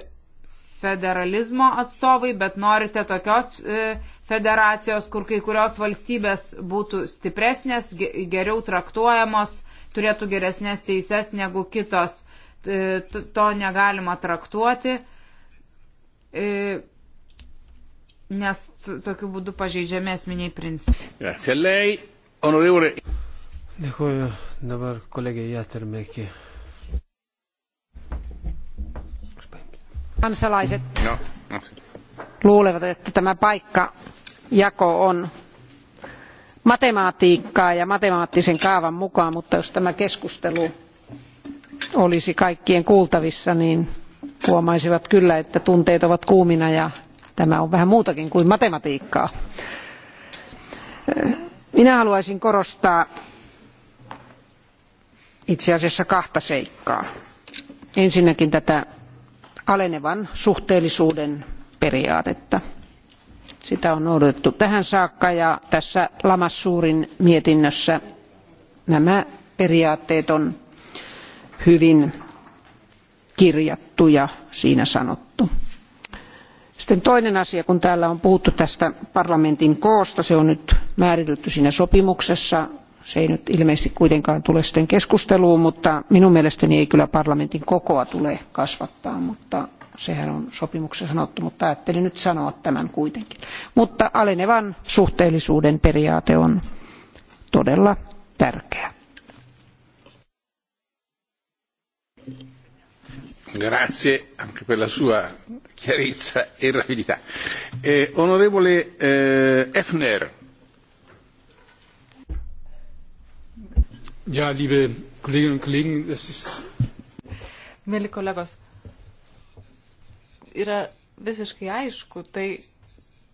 federalizmo atstovai, bet norite tokios e, federacijos, kur kai kurios valstybės būtų stipresnės, geriau traktuojamos, turėtų geresnės teises negu kitos. E, to negalima traktuoti, e, nes tokiu būdu pažeidžiami esminiai principai. Dėkuoju dabar kolegė Jatermeki. Kansalaiset no, no. luulevat, että tämä paikkajako on matematiikkaa ja matemaattisen kaavan mukaan, mutta jos tämä keskustelu olisi kaikkien kuultavissa niin huomaisivat kyllä että tunteet ovat kuumina ja tämä on vähän muutakin kuin matematiikkaa. minä haluaisin korostaa itse asiassa kahta seikkaa ensinnäkin tätä alenevan suhteellisuuden periaatetta. sitä on noudatettu tähän saakka ja tässä lamassuurin mietinnössä nämä periaatteet on hyvin kirjattu ja siinä sanottu. Sitten toinen asia, kun täällä on puhuttu tästä parlamentin koosta, se on nyt määritelty siinä sopimuksessa. Se ei nyt ilmeisesti kuitenkaan tule sitten keskusteluun, mutta minun mielestäni ei kyllä parlamentin kokoa tule kasvattaa, mutta sehän on sopimuksessa sanottu, mutta ajattelin nyt sanoa tämän kuitenkin. Mutta alenevan suhteellisuuden periaate on todella tärkeä Grazie anche per la sua chiarezza e rapidità. Eh, onorevole eh, Effner. Ja, liebe Kolleginnen und Kollegen, das ist. Mėly kolegos, yra visiškai aišku tai,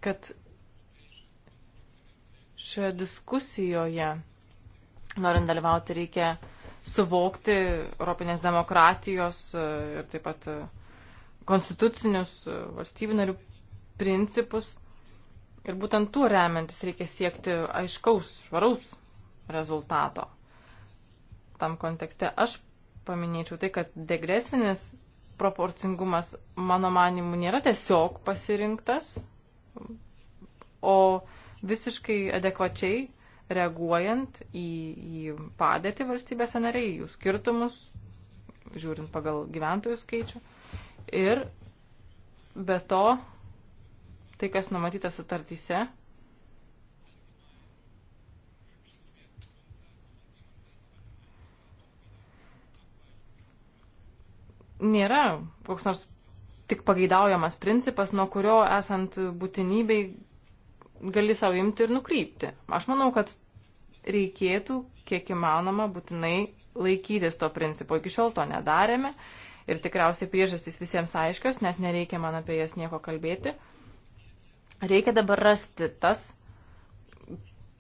kad šioje diskusijoje, norint dalyvauti, reikia uh, suvokti Europinės demokratijos e, ir taip pat e, konstitucinius e, valstybių narių principus. Ir būtent tuo remiantis reikia siekti aiškaus, švaraus rezultato. Tam kontekste aš paminėčiau tai, kad degresinis proporcingumas, mano manimu, nėra tiesiog pasirinktas, o visiškai adekvačiai reaguojant į, į padėtį valstybės nariai, jų skirtumus, žiūrint pagal gyventojų skaičių. Ir be to, tai kas numatyta sutartyse, nėra koks nors tik pageidaujamas principas, nuo kurio esant būtinybei gali savo imti ir nukrypti. Aš manau, kad reikėtų kiek įmanoma būtinai laikytis to principo. Iki šiol to nedarėme ir tikriausiai priežastys visiems aiškios, net nereikia man apie jas nieko kalbėti. Reikia dabar rasti tas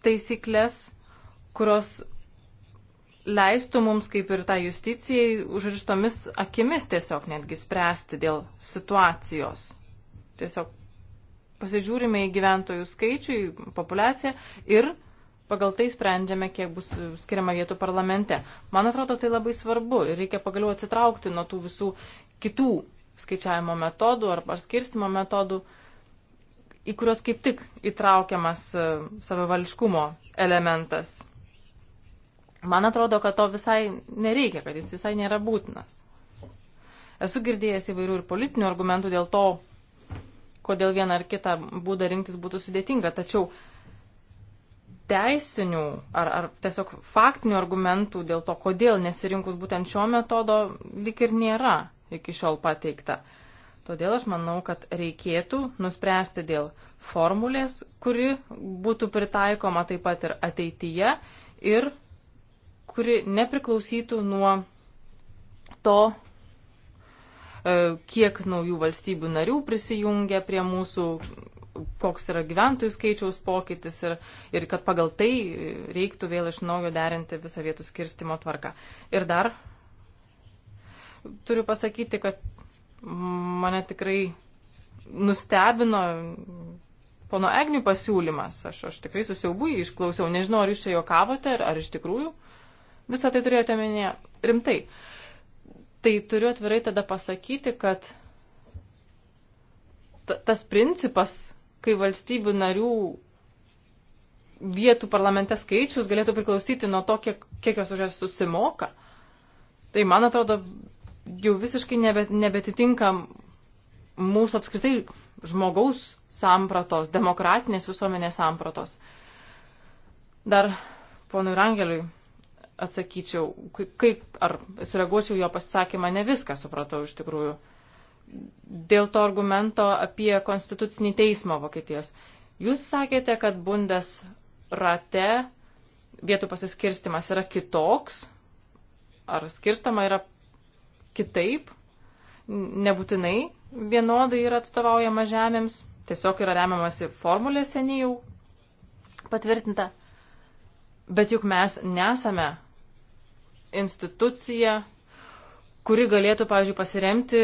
taisyklės, kurios leistų mums kaip ir tą tai justicijai užrištomis akimis tiesiog netgi spręsti dėl situacijos. Tiesiog pasižiūrime į gyventojų skaičių, į populaciją ir pagal tai sprendžiame, kiek bus skiriama vietų parlamente. Man atrodo, tai labai svarbu ir reikia pagaliau atsitraukti nuo tų visų kitų skaičiavimo metodų ar, ar skirstimo metodų, į kuriuos kaip tik įtraukiamas e, savavališkumo elementas. Man atrodo, kad to visai nereikia, kad jis visai nėra būtinas. Esu girdėjęs įvairių ir politinių argumentų dėl to, kodėl vieną ar kitą būdą rinktis būtų sudėtinga. Tačiau teisinių ar, ar tiesiog faktinių argumentų dėl to, kodėl nesirinkus būtent šio metodo, lik ir nėra iki šiol pateikta. Todėl aš manau, kad reikėtų nuspręsti dėl formulės, kuri būtų pritaikoma taip pat ir ateityje ir kuri nepriklausytų nuo to, E, kiek naujų valstybių narių prisijungia prie mūsų, koks yra gyventojų skaičiaus pokytis ir, ir kad pagal tai reiktų vėl iš naujo derinti visą vietų skirstimo tvarką. Ir dar turiu pasakyti, kad mane tikrai nustebino pono Egnių pasiūlymas. Aš, aš tikrai susiaubu jį išklausiau. Nežinau, ar jūs čia jokavote, ar, ar iš tikrųjų visą tai turėjote omenyje rimtai. Uh, Tai turiu atvirai tada pasakyti, kad tas principas, kai valstybių narių vietų parlamente skaičius galėtų priklausyti nuo to, kiek, kiek jos už jas susimoka, tai man atrodo, jau visiškai nebet, nebetitinka mūsų apskritai žmogaus sampratos, demokratinės visuomenės sampratos. Dar ponui Rangeliui atsakyčiau, kaip, ar sureaguočiau jo pasisakymą, ne viską supratau iš tikrųjų. Dėl to argumento apie konstitucinį teismą Vokietijos. Jūs sakėte, kad bundes rate vietų pasiskirstimas yra kitoks, ar skirstama yra kitaip, nebūtinai vienodai yra atstovaujama žemėms, tiesiog yra remiamasi formulė seniai jau patvirtinta. Bet juk mes nesame institucija, kuri galėtų, pavyzdžiui, pasiremti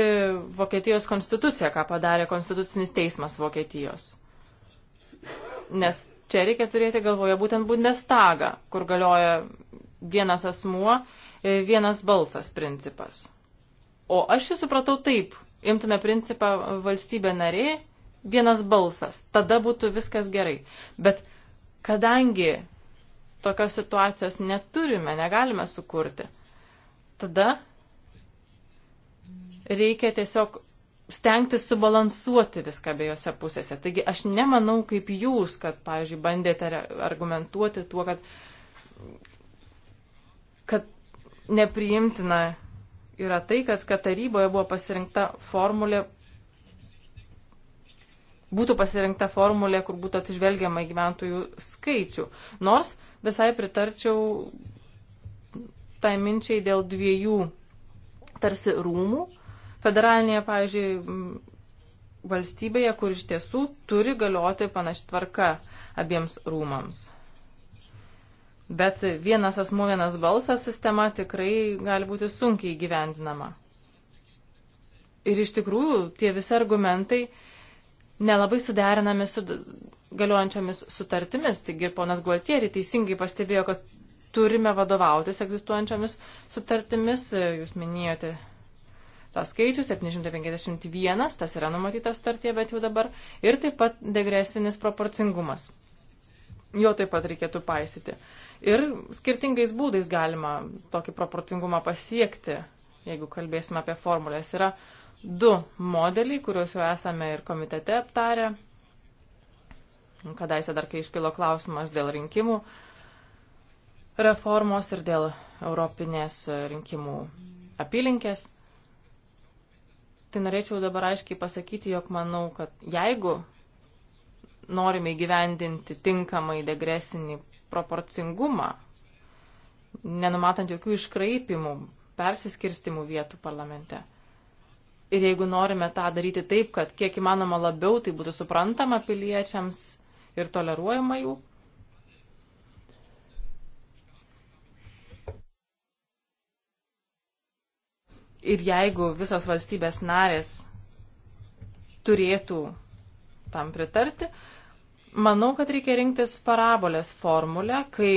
Vokietijos konstituciją, ką padarė Konstitucinis teismas Vokietijos. Nes čia reikia turėti galvoje būtent Bundestagą, kur galioja vienas asmuo, e, vienas balsas principas. O aš jį supratau taip, imtume principą valstybė narė, vienas balsas, tada būtų viskas gerai. Bet kadangi tokios situacijos neturime, negalime sukurti. Tada reikia tiesiog stengtis subalansuoti viską abiejose pusėse. Taigi aš nemanau kaip jūs, kad, pavyzdžiui, bandėte argumentuoti tuo, kad, kad nepriimtina yra tai, kad, kad taryboje buvo pasirinkta formulė, būtų pasirinkta formulė, kur būtų atsižvelgiama į gyventojų skaičių. Nors visai pritarčiau tai minčiai dėl dviejų tarsi rūmų. Federalinėje, pavyzdžiui, valstybėje, kur iš tiesų turi galioti panaši tvarka abiems rūmams. Bet vienas asmuo, vienas balsas sistema tikrai gali būti sunkiai gyvendinama. Ir iš tikrųjų tie visi argumentai nelabai suderinami su galiojančiomis sutartimis. Taigi ir ponas Gualtieri teisingai pastebėjo, kad turime vadovautis egzistuojančiomis sutartimis. Jūs minėjote tą skaičių 751, tas yra numatytas sutartie, bet jau dabar. Ir taip pat degresinis proporcingumas. Jo taip pat reikėtų paisyti. Ir skirtingais būdais galima tokį proporcingumą pasiekti, jeigu kalbėsime apie formulės. Yra du modeliai, kuriuos jau esame ir komitete aptarę Kadaise dar, kai iškilo klausimas dėl rinkimų reformos ir dėl Europinės rinkimų apylinkės, tai norėčiau dabar aiškiai pasakyti, jog manau, kad jeigu norime įgyvendinti tinkamai degresinį proporcingumą, nenumatant jokių iškraipimų, persiskirstimų vietų parlamente. Ir jeigu norime tą daryti taip, kad kiek įmanoma labiau tai būtų suprantama piliečiams ir toleruojama jų. Ir jeigu visos valstybės narės turėtų tam pritarti, manau, kad reikia rinktis parabolės formulę, kai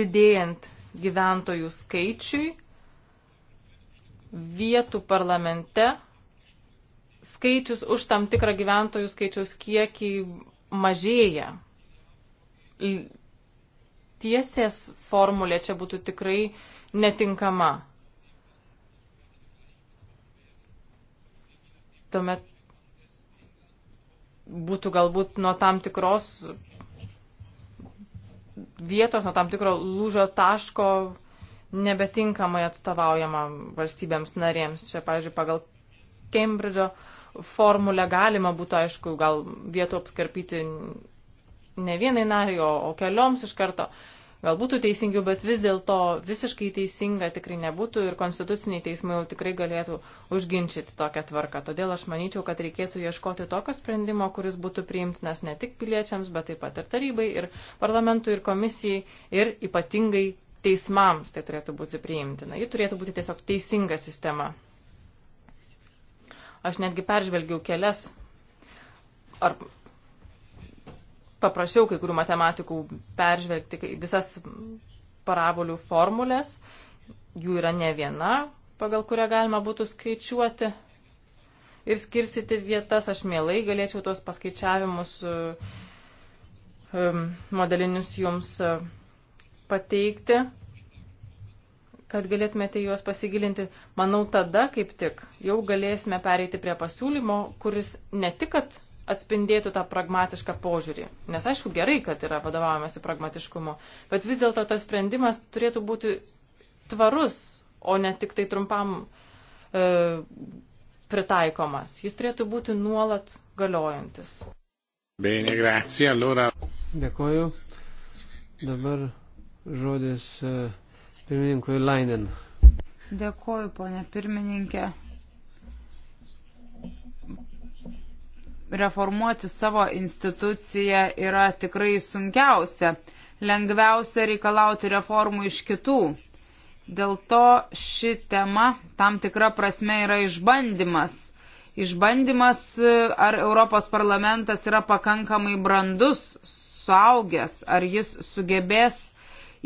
didėjant gyventojų skaičiui vietų parlamente skaičius už tam tikrą gyventojų skaičiaus kiekį mažėja. Tiesės formulė čia būtų tikrai netinkama. Tuomet būtų galbūt nuo tam tikros vietos, nuo tam tikro lūžio taško nebetinkamai atstovaujama valstybėms narėms. Čia, pavyzdžiui, pagal Kembridžo uh, formulę galima būtų, aišku, gal vietų apskarpyti ne vienai nariai, o, o kelioms iš karto. Gal būtų teisingiau, bet vis dėlto visiškai teisinga tikrai nebūtų ir konstituciniai teismai jau tikrai galėtų užginčyti tokią tvarką. Todėl aš manyčiau, kad reikėtų ieškoti tokio sprendimo, kuris būtų priimtinas ne tik piliečiams, bet taip pat ir tarybai, ir parlamentui, ir komisijai, ir ypatingai teismams tai turėtų būti priimtina. Ji turėtų būti tiesiog teisinga sistema. Aš netgi peržvelgiau kelias ar paprašiau kai kurių matematikų peržvelgti visas parabolių formulės. Jų yra ne viena, pagal kurią galima būtų skaičiuoti ir skirstyti vietas. Aš mielai galėčiau tuos paskaičiavimus um, modelinius jums uh, pateikti kad galėtumėte juos pasigilinti, manau, tada kaip tik jau galėsime pereiti prie pasiūlymo, kuris ne tik atspindėtų tą pragmatišką požiūrį, nes aišku gerai, kad yra vadovaujamasi pragmatiškumo, bet vis dėlto tas sprendimas turėtų būti tvarus, o ne tik tai trumpam e, pritaikomas. Jis turėtų būti nuolat galiojantis. Bene, grazie, allora. Dėkoju. Dabar žodis. E pirmininkui Lainin. Dėkoju, ponė pirmininkė. Reformuoti savo instituciją yra tikrai sunkiausia. Lengviausia reikalauti reformų iš kitų. Dėl to ši tema tam tikra prasme yra išbandymas. Išbandymas, ar Europos parlamentas yra pakankamai brandus, suaugęs, ar jis sugebės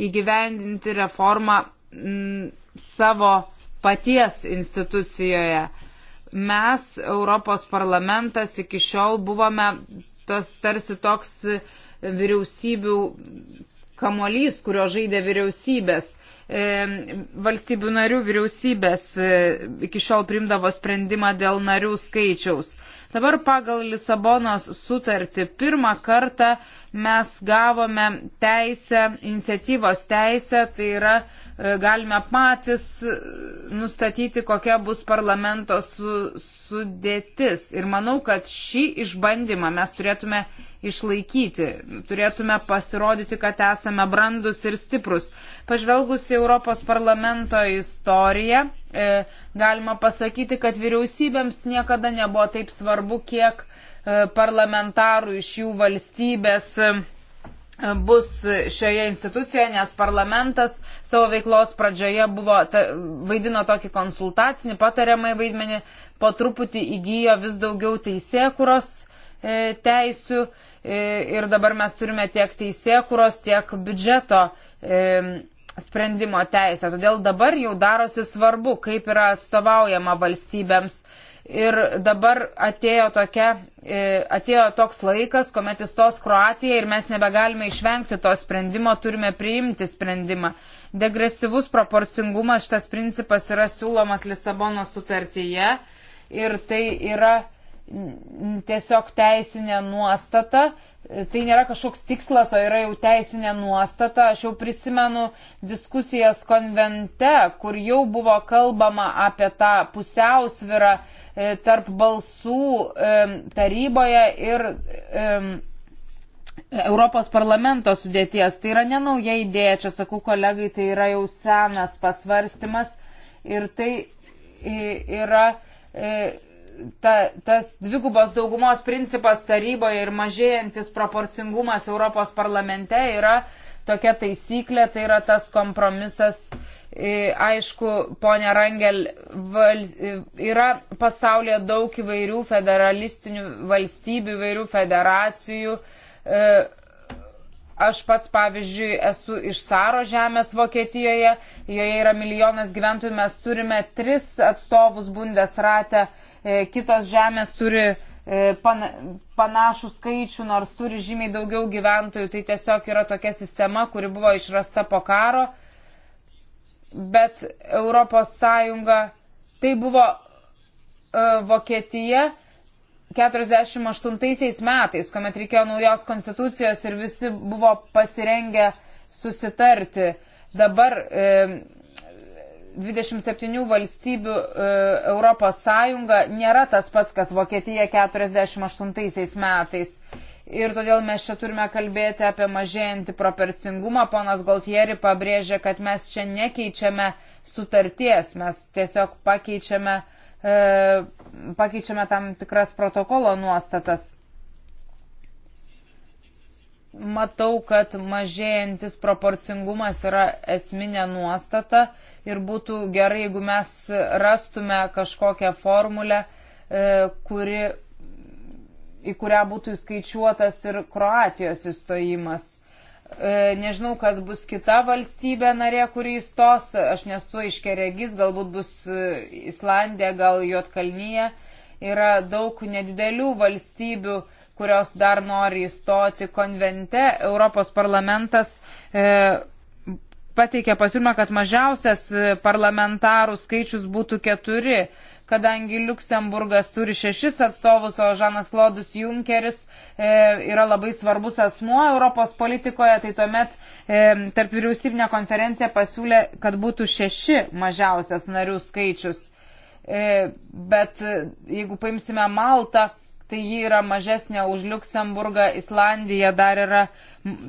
įgyvendinti reformą m, mm, savo paties institucijoje. Mes, Europos parlamentas, iki šiol buvome tas tarsi toks vyriausybių kamolys, kurio žaidė vyriausybės e, valstybių narių vyriausybės e, iki šiol primdavo sprendimą dėl narių skaičiaus. Dabar pagal Lisabonos sutartį pirmą kartą mes gavome teisę, iniciatyvos teisę, tai yra E, galime patys e, nustatyti, kokia bus parlamento su, sudėtis. Ir manau, kad šį išbandymą mes turėtume išlaikyti, turėtume pasirodyti, kad esame brandus ir stiprus. Pažvelgus į Europos parlamento istoriją, e, galima pasakyti, kad vyriausybėms niekada nebuvo taip svarbu, kiek e, parlamentarų iš jų valstybės e, bus šioje institucijoje, nes parlamentas e, savo veiklos pradžioje buvo, ta, vaidino tokį konsultacinį, patariamai vaidmenį, po truputį įgyjo vis daugiau teisėkuros e, teisių e, ir dabar mes turime tiek teisėkuros, tiek biudžeto e, sprendimo teisę. Todėl dabar jau darosi svarbu, kaip yra atstovaujama valstybėms Ir dabar atėjo, tokia, e, atėjo toks laikas, kuomet įstos Kroatija ir mes nebegalime išvengti to sprendimo, turime priimti sprendimą. Degresyvus proporcingumas, šitas principas yra siūlomas Lisabono sutartyje ir tai yra tiesiog teisinė nuostata. Tai nėra kažkoks tikslas, o yra jau teisinė nuostata. Aš jau prisimenu diskusijas konvente, kur jau buvo kalbama apie tą pusiausvirą tarp balsų taryboje ir Europos parlamento sudėties. Tai yra nenauja idėja, čia sakau kolegai, tai yra jau senas pasvarstimas ir tai yra e, ta, tas dvigubos daugumos principas taryboje ir mažėjantis proporcingumas Europos parlamente yra e, tokia taisyklė, tai yra tas kompromisas. E, aišku, ponė Rangel, val, e, yra pasaulyje daug įvairių federalistinių valstybių, įvairių federacijų. E, aš pats, pavyzdžiui, esu iš Saro žemės Vokietijoje, joje yra milijonas gyventojų, mes turime tris atstovus Bundesrate, kitos žemės turi E, panašų skaičių, nors turi žymiai daugiau gyventojų. Tai tiesiog yra tokia sistema, kuri buvo išrasta po karo. Bet Europos Sąjunga, tai buvo e, Vokietija 48 metais, kuomet reikėjo naujos konstitucijos ir visi buvo pasirengę susitarti. Dabar e, 27 valstybių e, Europos Sąjunga nėra tas pats, kas Vokietija 48 metais. Ir todėl mes čia turime kalbėti apie mažėjantį proporcingumą. Ponas Galtieri pabrėžė, kad mes čia nekeičiame sutarties, mes tiesiog pakeičiame, e, pakeičiame tam tikras protokolo nuostatas. Matau, kad mažėjantis proporcingumas yra esminė nuostata ir būtų gerai, jeigu mes rastume kažkokią formulę, e, kuri, į kurią būtų įskaičiuotas ir Kroatijos įstojimas. E, nežinau, kas bus kita valstybė narė, kuri įstos, aš nesu iškeregis, galbūt bus e, Islandija, gal Jotkalnyje. Yra daug nedidelių valstybių, kurios dar nori įstoti konvente. Europos parlamentas e, pateikė pasiūlymą, kad mažiausias e, parlamentarų skaičius būtų keturi, kadangi Luksemburgas turi šešis atstovus, o Žanas Klodus Junkeris e, yra labai svarbus asmuo Europos politikoje, tai tuomet e, tarp vyriausybinė konferencija pasiūlė, kad būtų šeši mažiausias narių skaičius. E, bet e, jeigu paimsime Maltą, tai ji yra mažesnė už Luksemburgą, Islandija dar yra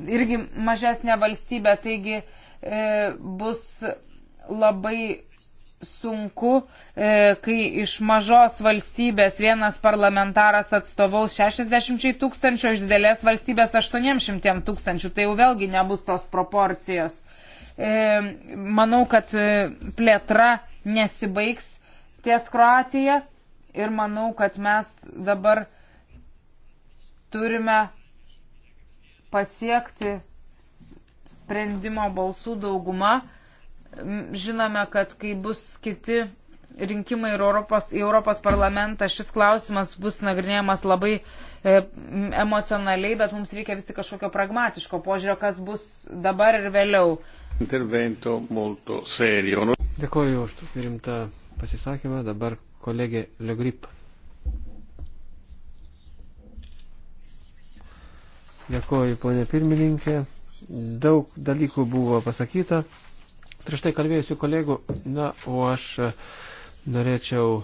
irgi mažesnė valstybė, taigi e, E, bus labai sunku, e, kai iš mažos valstybės vienas parlamentaras atstovaus 60 tūkstančių, iš didelės valstybės 800 tūkstančių. Tai jau vėlgi nebus tos proporcijos. E, manau, kad plėtra nesibaigs ties Kroatija ir manau, kad mes dabar turime pasiekti sprendimo balsų dauguma. Žinome, kad kai bus kiti rinkimai Europos, į Europos parlamentą, šis klausimas bus nagrinėjamas labai e, emocionaliai, bet mums reikia vis tik kažkokio pragmatiško požiūrio, kas bus dabar ir vėliau. Dėkuoju už tokį rimtą pasisakymą. Dabar kolegė Legrip. Dėkuoju, ponė pirmininkė. Daug dalykų buvo pasakyta. Prieš tai kalbėjusių kolegų, na, o aš norėčiau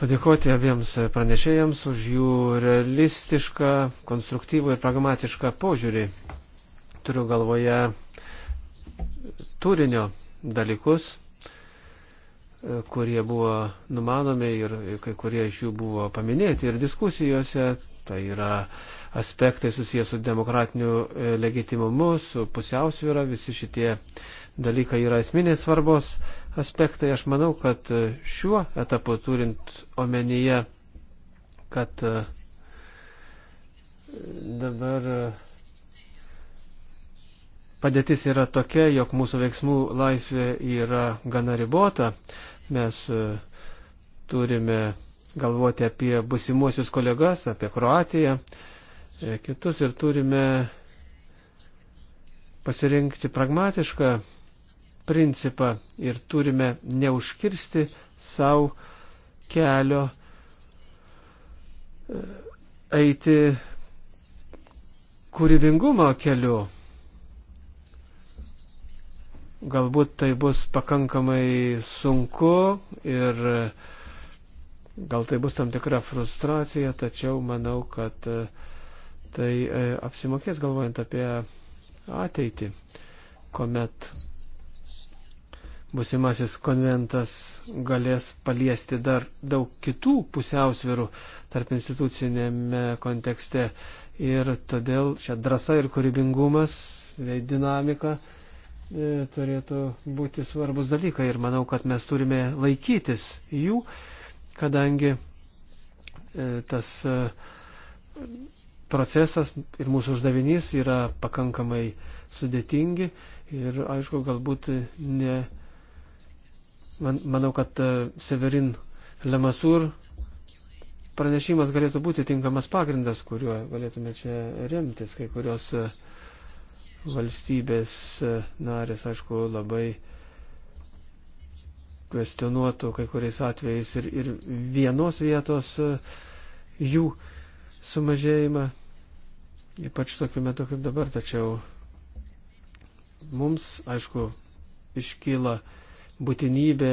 padėkoti abiems pranešėjams už jų realistišką, konstruktyvų ir pragmatišką požiūrį. Turiu galvoje turinio dalykus, kurie buvo numanomi ir kai kurie iš jų buvo paminėti ir diskusijose Tai yra aspektai susijęs su demokratiniu e, legitimumu, su pusiausvyra, visi šitie dalykai yra esminės svarbos aspektai. Aš manau, kad e, šiuo etapu turint omenyje, kad e, dabar padėtis yra tokia, jog mūsų veiksmų laisvė yra gana ribota. Mes turime galvoti apie busimuosius kolegas, apie Kroatiją, e, kitus ir turime pasirinkti pragmatišką principą ir turime neužkirsti savo kelio e, eiti kūrybingumo keliu. Galbūt tai bus pakankamai sunku ir uh, Gal tai bus tam tikra frustracija, tačiau manau, kad e, tai e, apsimokės galvojant apie ateitį, kuomet busimasis konventas galės paliesti dar daug kitų pusiausvirų tarp institucinėme kontekste. Ir todėl čia drąsa ir kūrybingumas, e, dinamika turėtų būti svarbus dalykai ir manau, kad mes turime laikytis jų kadangi e, tas e, procesas ir mūsų uždavinys yra pakankamai sudėtingi ir, aišku, galbūt ne. Man, manau, kad e, Severin Lemasur pranešimas galėtų būti tinkamas pagrindas, kuriuo galėtume čia remtis. Kai kurios valstybės narės, aišku, labai kvestionuotų kai kuriais atvejais ir, ir vienos vietos e, jų sumažėjimą, ypač tokiu metu kaip dabar, tačiau mums, aišku, iškyla būtinybė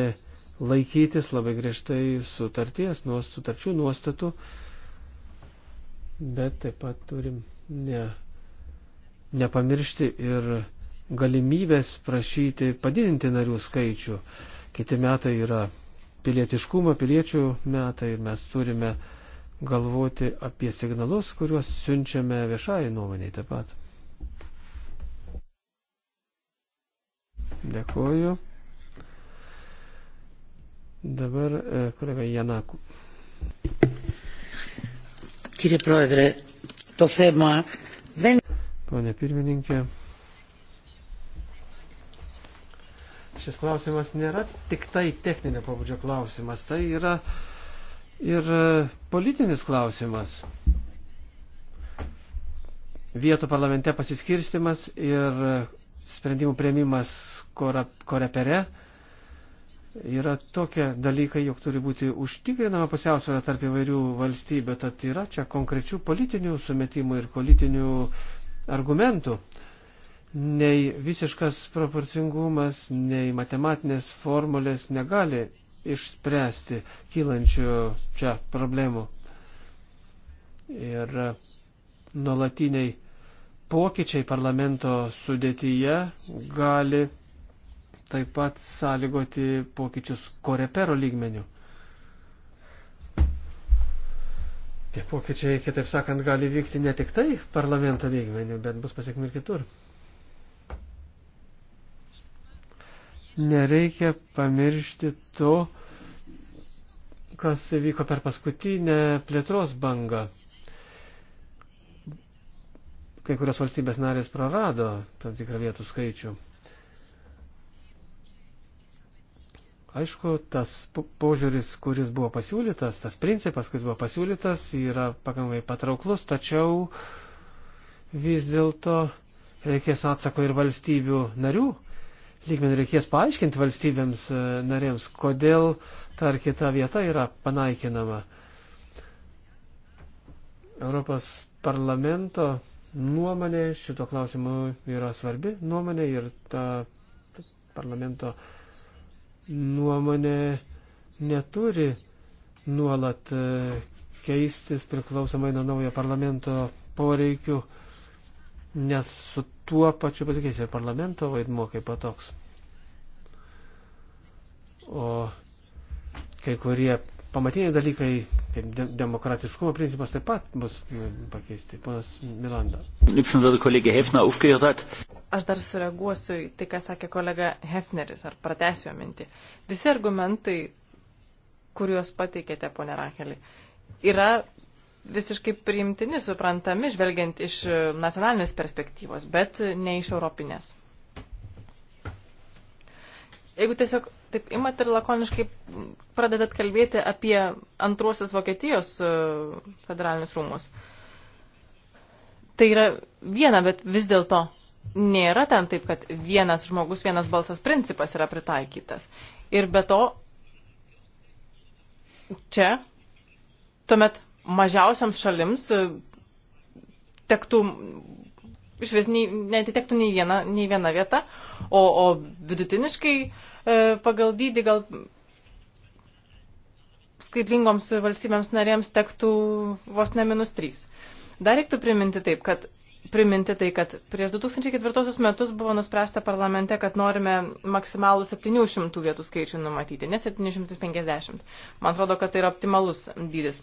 laikytis labai griežtai sutarties, nuo sutarčių nuostatų, bet taip pat turim ne, nepamiršti ir galimybės prašyti padidinti narių skaičių. Uh, Kiti metai yra pilietiškumo, piliečių metai ir mes turime galvoti apie signalus, kuriuos siunčiame viešai nuomoniai taip pat. Dėkuoju. Dabar e, kolega Janaku. Κύριε Πρόεδρε, το θέμα δεν... Πάνε πυρμηνίνκε. šis klausimas nėra tik tai techninio pabudžio klausimas, tai yra ir e, politinis klausimas. Vietų parlamente pasiskirstimas ir e, sprendimų prieimimas korepere yra tokie dalykai, jog turi būti užtikrinama pusiausvėra tarp įvairių valstybių, tad yra čia konkrečių politinių sumetimų ir politinių argumentų. Uh, nei visiškas proporcingumas, nei matematinės formulės negali išspręsti kylančių čia problemų. Ir nuolatiniai pokyčiai parlamento sudėtyje gali taip pat sąlygoti pokyčius korepero lygmenių. Tie pokyčiai, kitaip sakant, gali vykti ne tik tai parlamento lygmenių, bet bus pasiekmi ir kitur. nereikia pamiršti to, kas vyko per paskutinę plėtros bangą. Kai kurios valstybės narės prarado tam tikrą vietų skaičių. Aišku, tas požiūris, kuris buvo pasiūlytas, tas principas, kuris buvo pasiūlytas, yra pakankamai patrauklus, tačiau vis dėlto reikės atsako ir valstybių narių lygmenį reikės paaiškinti valstybėms e, narėms, kodėl ta ar kita vieta yra panaikinama. Europos parlamento nuomonė šito klausimu yra svarbi nuomonė ir ta, ta parlamento nuomonė neturi nuolat e, keistis priklausomai nuo naujo parlamento poreikių, nes su tuo pačiu pasikeis ir parlamento vaidmuo kaip patoks. O kai kurie pamatiniai dalykai, kaip de demokratiškumo principas, taip pat bus pakeisti. Ponas Milanda. Aš dar sureaguosiu į tai, ką sakė kolega Hefneris, ar pratesiu mintį. Visi argumentai, kuriuos pateikėte, ponė Rakelį, yra visiškai priimtini, suprantami, žvelgiant iš e, nacionalinės perspektyvos, bet ne iš europinės. Jeigu tiesiog taip imat ir lakoniškai pradedat kalbėti apie antrosios Vokietijos e, federalinius rūmus, tai yra viena, bet vis dėlto nėra ten taip, kad vienas žmogus, vienas balsas principas yra pritaikytas. Ir be to, čia tuomet mažiausiams šalims e, tektų iš vis nei, netitektų nei viena, nei viena vieta, o, o vidutiniškai e, pagal dydį gal skaitlingoms valstybėms narėms tektų vos ne minus 3. Dar reiktų priminti taip, kad priminti tai, kad prieš 2004 metus buvo nuspręsta parlamente, kad norime maksimalų 700 vietų skaičių numatyti, ne 750. Man atrodo, kad tai yra optimalus dydis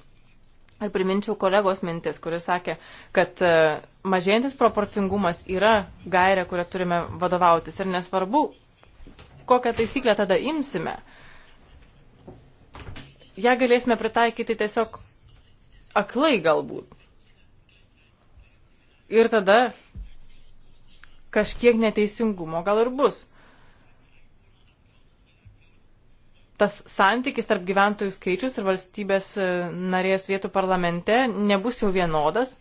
Ir priminčiau kolegos mintis, kuris sakė, kad e, mažėjantis proporcingumas yra gairė, kurią turime vadovautis. Ir nesvarbu, kokią taisyklę tada imsime, ją galėsime pritaikyti tiesiog aklai galbūt. Ir tada kažkiek neteisingumo gal ir bus. tas santykis tarp gyventojų skaičius ir valstybės e, narės vietų parlamente nebus jau vienodas.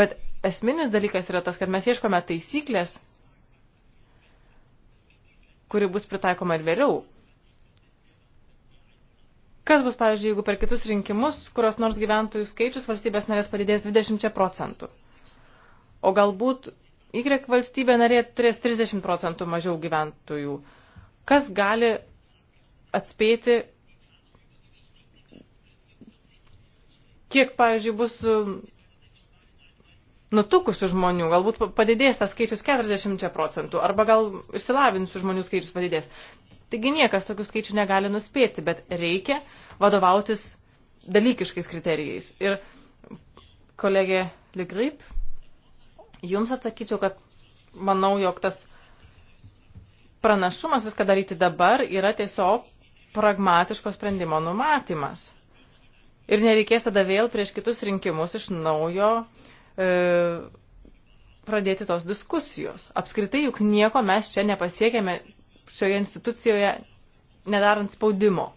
Bet esminis dalykas yra tas, kad mes ieškome taisyklės, kuri bus pritaikoma ir vėliau. Kas bus, pavyzdžiui, jeigu per kitus rinkimus, kurios nors gyventojų skaičius valstybės narės padidės 20 procentų, o galbūt Y valstybė narė turės 30 procentų mažiau gyventojų. Kas gali atspėti, kiek, pavyzdžiui, bus um, nutukusių žmonių, galbūt padidės tas skaičius 40 procentų, arba gal išsilavinusių žmonių skaičius padidės. Taigi niekas tokių skaičių negali nuspėti, bet reikia vadovautis dalykiškais kriterijais. Ir kolegė Ligryp, jums atsakyčiau, kad manau, jog tas pranašumas viską daryti dabar yra tiesiog pragmatiško sprendimo numatymas. Ir nereikės tada vėl prieš kitus rinkimus iš naujo e, pradėti tos diskusijos. Apskritai juk nieko mes čia nepasiekėme šioje institucijoje nedarant spaudimo.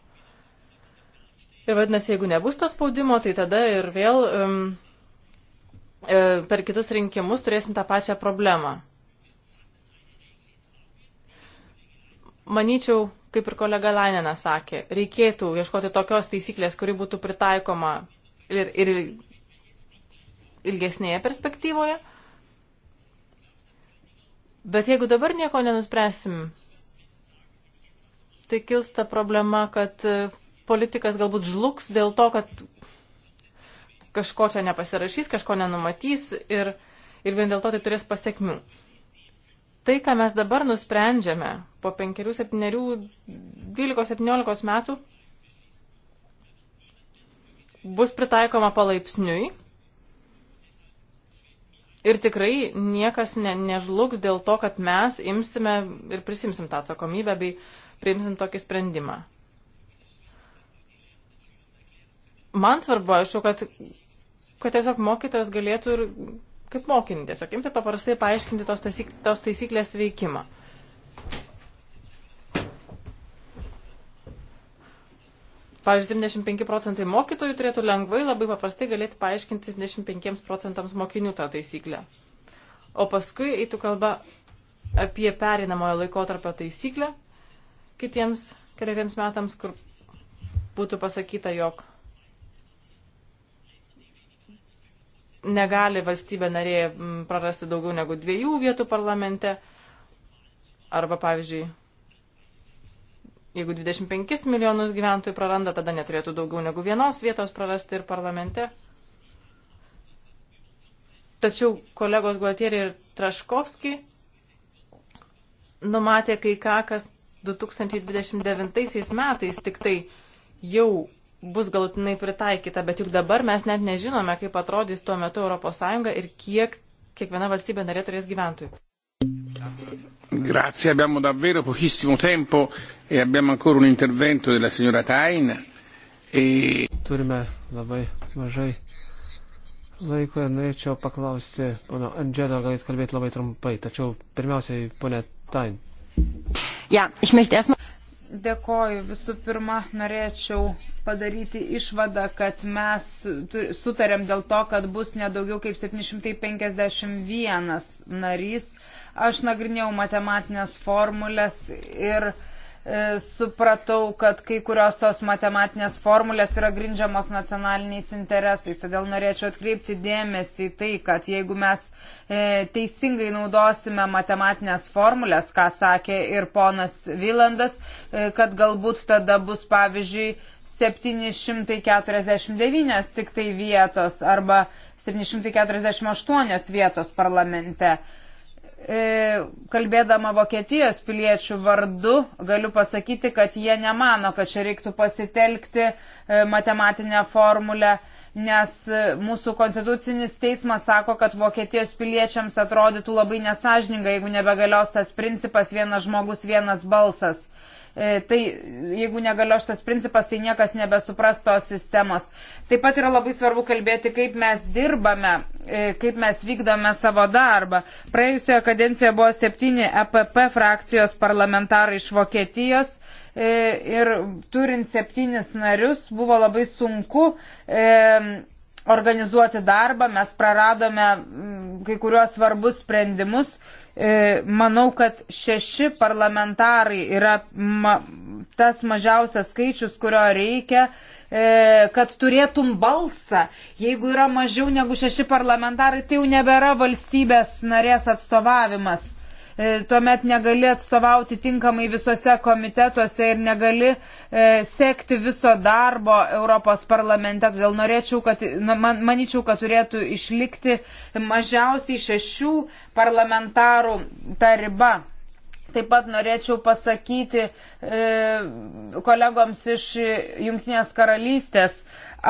Ir vadinasi, jeigu nebus to spaudimo, tai tada ir vėl um, e, per kitus rinkimus turėsim tą pačią problemą. Manyčiau, kaip ir kolega Lainena sakė, reikėtų ieškoti tokios taisyklės, kuri būtų pritaikoma ir, ir ilgesnėje perspektyvoje. Bet jeigu dabar nieko nenuspręsim, tai kils ta problema, kad e, politikas galbūt žlugs dėl to, kad kažko čia nepasirašys, kažko nenumatys ir, ir vien dėl to tai turės pasiekmių tai, ką mes dabar nusprendžiame po penkerių, septyniarių, dvylikos, septyniolikos metų, bus pritaikoma palaipsniui. Ir tikrai niekas ne, nežlugs dėl to, kad mes imsime ir prisimsim tą atsakomybę bei priimsim tokį sprendimą. Man svarbu, aišku, kad, kad tiesiog mokytojas galėtų ir kaip mokinį tiesiog imti paprastai paaiškinti tos, taisyk, tos taisyklės veikimą. Pavyzdžiui, 75 procentai mokytojų turėtų lengvai labai paprastai galėti paaiškinti 75 procentams mokinių tą taisyklę. O paskui eitų kalba apie perinamojo laikotarpio taisyklę kitiems keliariems metams, kur būtų pasakyta, jog negali valstybė narė prarasti daugiau negu dviejų vietų parlamente. Arba, pavyzdžiui, jeigu 25 milijonus gyventojų praranda, tada neturėtų daugiau negu vienos vietos prarasti ir parlamente. Tačiau kolegos Guatieri ir Traškovski numatė kai ką, kas 2029 metais tik tai jau bus galutinai pritaikyta, bet juk dabar mes net nežinome, kaip atrodys tuo metu ES ir kiek kiekviena valstybė narė turės gyventojų. Grazie, abbiamo davvero pochissimo tempo e abbiamo ancora un intervento della signora Tain. E... Turime labai mažai laiko ir norėčiau paklausti, pono Angelo, galite kalbėti labai trumpai, tačiau pirmiausiai, ponė Tain. Ja, ich möchte erstmal. Dėkoju. Visų pirma, norėčiau padaryti išvadą, kad mes sutarėm dėl to, kad bus nedaugiau kaip 751 narys. Aš nagrinėjau matematinės formulės ir E, supratau, kad kai kurios tos matematinės formulės yra grindžiamos nacionaliniais interesais. Todėl norėčiau atkreipti dėmesį į tai, kad jeigu mes e, teisingai naudosime matematinės formulės, ką sakė ir ponas Vilandas, e, kad galbūt tada bus, pavyzdžiui, 749 tik tai vietos arba 748 vietos parlamente. E, kalbėdama Vokietijos piliečių vardu, galiu pasakyti, kad jie nemano, kad čia reiktų pasitelkti e, matematinę formulę, nes e, mūsų konstitucinis teismas sako, kad Vokietijos piliečiams atrodytų labai nesažininga, jeigu nebegalios tas principas vienas žmogus, vienas balsas. E, tai jeigu negalios šitas principas, tai niekas nebesupras tos sistemos. Taip pat yra labai svarbu kalbėti, kaip mes dirbame, e, kaip mes vykdome savo darbą. Praėjusioje kadencijoje buvo septyni EPP frakcijos parlamentarai iš Vokietijos e, ir turint septynis narius buvo labai sunku organizuoti darbą, mes praradome kai kuriuos svarbus sprendimus. E, manau, kad šeši parlamentarai yra ma tas mažiausias skaičius, kurio reikia, e, kad turėtum balsą. Jeigu yra mažiau negu šeši parlamentarai, tai jau nebėra valstybės narės atstovavimas e, tuomet negali atstovauti tinkamai visose komitetuose ir negali e, sekti viso darbo Europos parlamente. Todėl norėčiau, kad, man, manyčiau, kad turėtų išlikti mažiausiai šešių parlamentarų ta riba. Taip pat norėčiau pasakyti e, kolegoms iš Junktinės karalystės,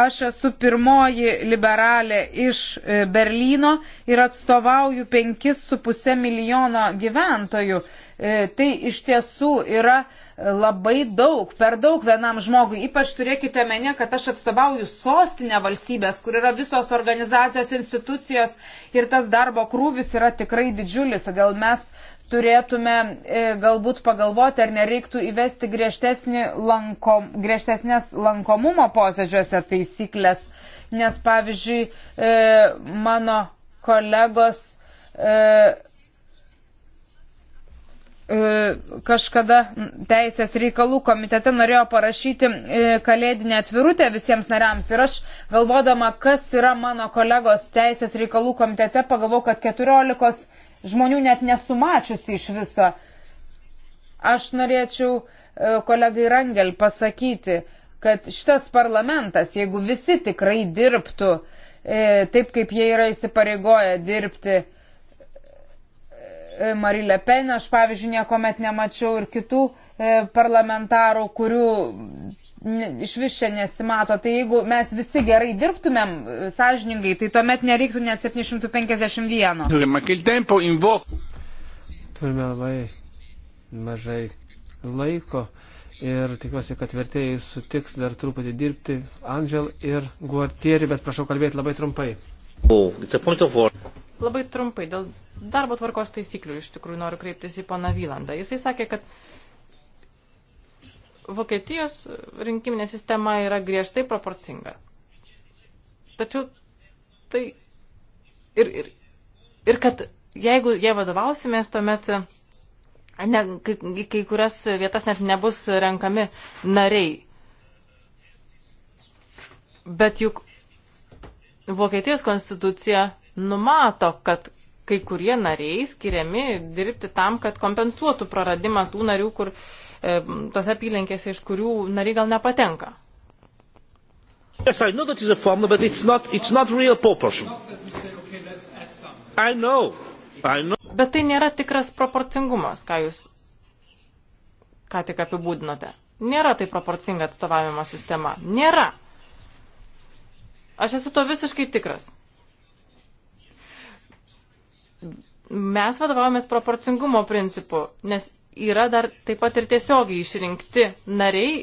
aš esu pirmoji liberalė iš e, Berlyno ir atstovauju 5,5 milijono gyventojų. E, tai iš tiesų yra e, labai daug, per daug vienam žmogui. Ypač turėkite menė, kad aš atstovauju sostinę valstybės, kur yra visos organizacijos, institucijos ir tas darbo krūvis yra tikrai didžiulis. Gal mes turėtume e, galbūt pagalvoti, ar nereiktų įvesti lankom, griežtesnės lankomumo posėdžiuose taisyklės. Nes pavyzdžiui, e, mano kolegos e, E, kažkada Teisės reikalų komitete norėjo parašyti e, kalėdinę atvirutę visiems nariams. Ir aš galvodama, kas yra mano kolegos Teisės reikalų komitete, pagalvojau, kad 14 žmonių net nesumačiusi iš viso. Aš norėčiau e, kolegai Rangel pasakyti, kad šitas parlamentas, jeigu visi tikrai dirbtų taip, kaip jie yra įsipareigoję dirbti, E, Marie Le Pen, aš pavyzdžiui niekuomet nemačiau ir kitų e, parlamentarų, kurių iš vis čia nesimato. Tai jeigu mes visi gerai dirbtumėm e, sąžiningai, tai tuomet nereiktų net 751. Turime labai mažai laiko ir tikiuosi, kad vertėjai sutiks dar truputį dirbti. Angel ir Guartieri, bet prašau kalbėti labai trumpai. Oh, Labai trumpai, dėl darbo tvarkos taisyklių iš tikrųjų noriu kreiptis į poną Vylandą. Jisai sakė, kad Vokietijos rinkiminė sistema yra griežtai proporcinga. Tačiau tai ir, ir, ir kad jeigu jie vadovausimės, tuomet ne, kai, kai kurias vietas net nebus renkami nariai. Bet juk Vokietijos konstitucija numato, kad kai kurie nariai skiriami dirbti tam, kad kompensuotų praradimą tų narių, kur e, tose apylinkėse, iš kurių nariai gal nepatenka. Yes, I know that is a formula, but it's not, it's not real proportion. I know. I know. Bet tai nėra tikras proporcingumas, ką jūs ką tik apibūdinote. Nėra tai proporcinga atstovavimo sistema. Nėra. Aš esu to visiškai tikras. Mes vadovavomės proporcingumo principu, nes yra dar taip pat ir tiesiogiai išrinkti nariai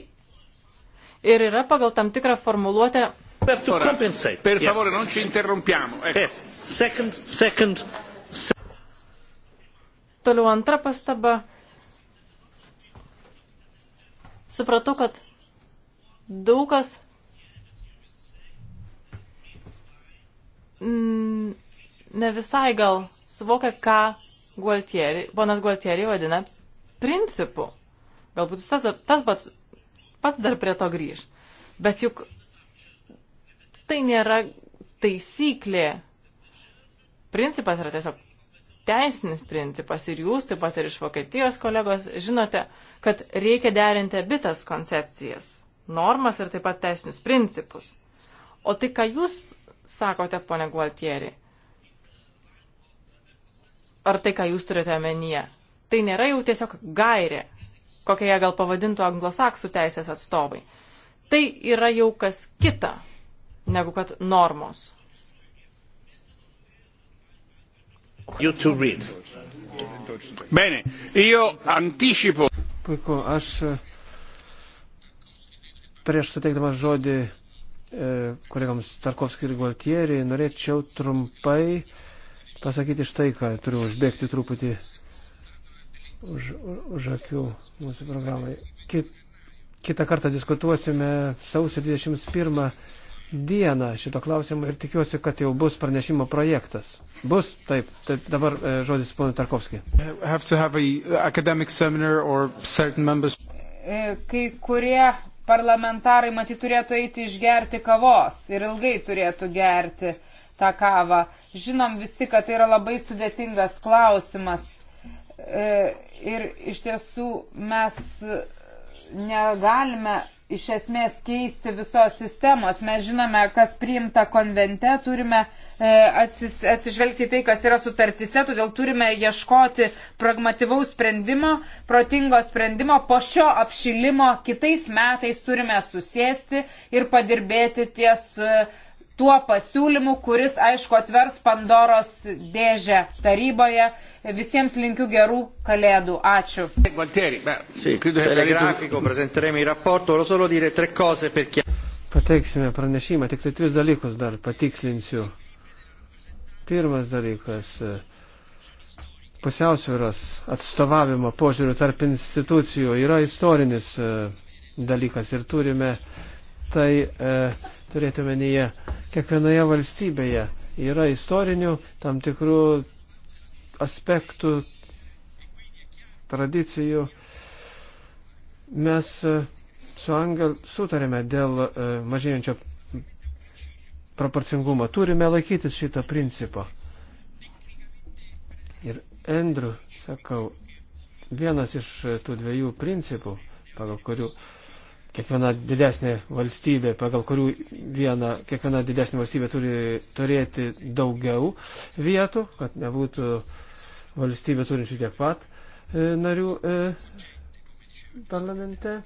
ir yra pagal tam tikrą formuluotę. Per, per favore, yes. non ci interrompiamo. Ecco. Yes. Second, second, second. Toliau antra pastaba. Supratau, kad daug kas ne visai gal suvokia, ką Gualtieri, ponas Gualtieri vadina principu. Galbūt tas, tas pats, pats dar prie to grįž. Bet juk tai nėra taisyklė. Principas yra tiesiog teisinis principas ir jūs, taip pat ir iš Vokietijos kolegos, žinote, kad reikia derinti abitas koncepcijas - normas ir taip pat teisinius principus. O tai, ką jūs sakote, ponė Gualtieri, ar tai, ką jūs turite omenyje, tai nėra jau tiesiog gairė, kokią ją gal pavadintų anglosaksų teisės atstovai. Tai yra jau kas kita negu kad normos. Bene, io anticipo. Puiku, aš e, prieš suteikdamas žodį e, kolegams Tarkovskį ir Gualtierį norėčiau trumpai uh, pasakyti štai, ką turiu užbėgti truputį už, už akių mūsų programai. Kit, kitą kartą diskutuosime sausio 21 dieną šito klausimo ir tikiuosi, kad jau bus pranešimo projektas. Bus, taip, taip dabar e, žodis ponui Tarkovskijai. Uh, uh, e, kai kurie parlamentarai matyt turėtų eiti išgerti kavos ir ilgai turėtų gerti tą kavą. Žinom visi, kad tai yra labai sudėtingas klausimas. E, ir iš tiesų mes negalime iš esmės keisti visos sistemos. Mes žinome, kas priimta konvente, turime e, atsis, atsižvelgti tai, kas yra sutartise, todėl turime ieškoti pragmatyvaus sprendimo, protingo sprendimo. Po šio apšilimo kitais metais turime susėsti ir padirbėti ties. E, tuo pasiūlymu, kuris, aišku, atvers Pandoros dėžę taryboje. Visiems linkiu gerų kalėdų. Ačiū. Mm. Pateiksime pranešimą, tik tai tris dalykus dar patikslinsiu. Pirmas dalykas e, - pusiausvėros atstovavimo požiūrių tarp institucijų yra istorinis e, dalykas ir turime tai e, turėti omenyje. Kiekvienoje valstybėje yra istorinių tam tikrų aspektų, tradicijų. Mes e, su Angel sutarėme dėl e, mažėjančio proporcingumo. Turime laikytis šito principo. Ir Andrew, sakau, vienas iš tų dviejų principų, pagal kurių e, kiekviena didesnė valstybė, pagal kurių viena, kiekviena didesnė valstybė turi turėti daugiau vietų, kad nebūtų valstybė turinčių tiek pat e, narių e, parlamente.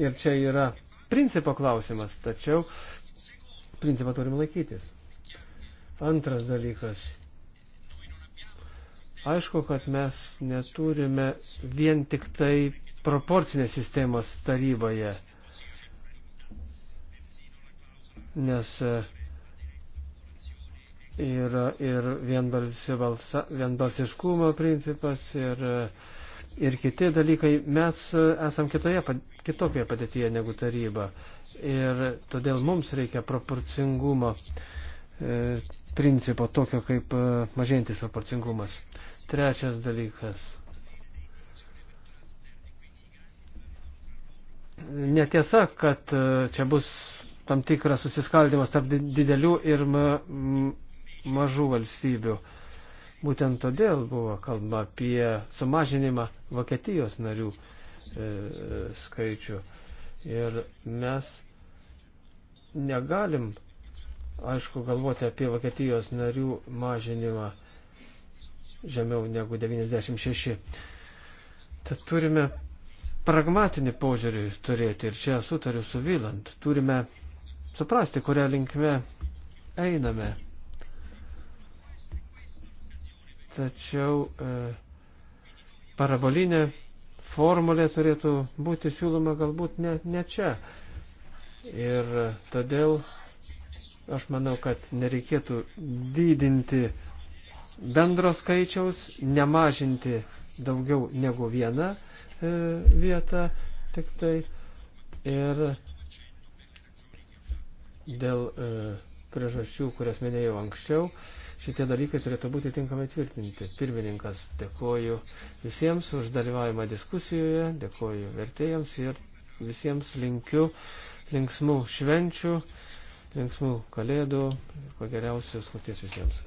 Ir čia yra principo klausimas, tačiau principą turim laikytis. Antras dalykas. Aišku, kad mes neturime vien tik tai proporcinės sistemos taryboje. nes e, yra ir vienbalsiškumo principas ir, e, ir kiti dalykai. Mes e, esam kitoje, kitokioje padėtyje negu taryba ir todėl mums reikia proporcingumo principo, tokio kaip mažėjantis proporcingumas. Trečias dalykas. Netiesa, kad čia bus tam tikras susiskaldimas tarp didelių ir ma, mažų valstybių. Būtent todėl buvo kalba apie sumažinimą Vokietijos narių e, skaičių. Ir mes negalim, aišku, galvoti apie Vokietijos narių mažinimą žemiau negu 96. Tad turime pragmatinį požiūrį turėti ir čia sutariu su Vyland. Turime suprasti, kurią linkme einame. Tačiau e, parabolinė formulė turėtų būti siūloma galbūt ne, ne čia. Ir todėl aš manau, kad nereikėtų didinti bendro skaičiaus, nemažinti daugiau negu vieną e, vietą tik tai. Ir dėl e, priežasčių, kurias minėjau anksčiau, šitie dalykai turėtų būti tinkamai tvirtinti. Pirmininkas, dėkoju visiems už dalyvavimą diskusijoje, dėkoju vertėjams ir visiems linkiu linksmų švenčių, linksmų kalėdų ir ko geriausios nakties visiems.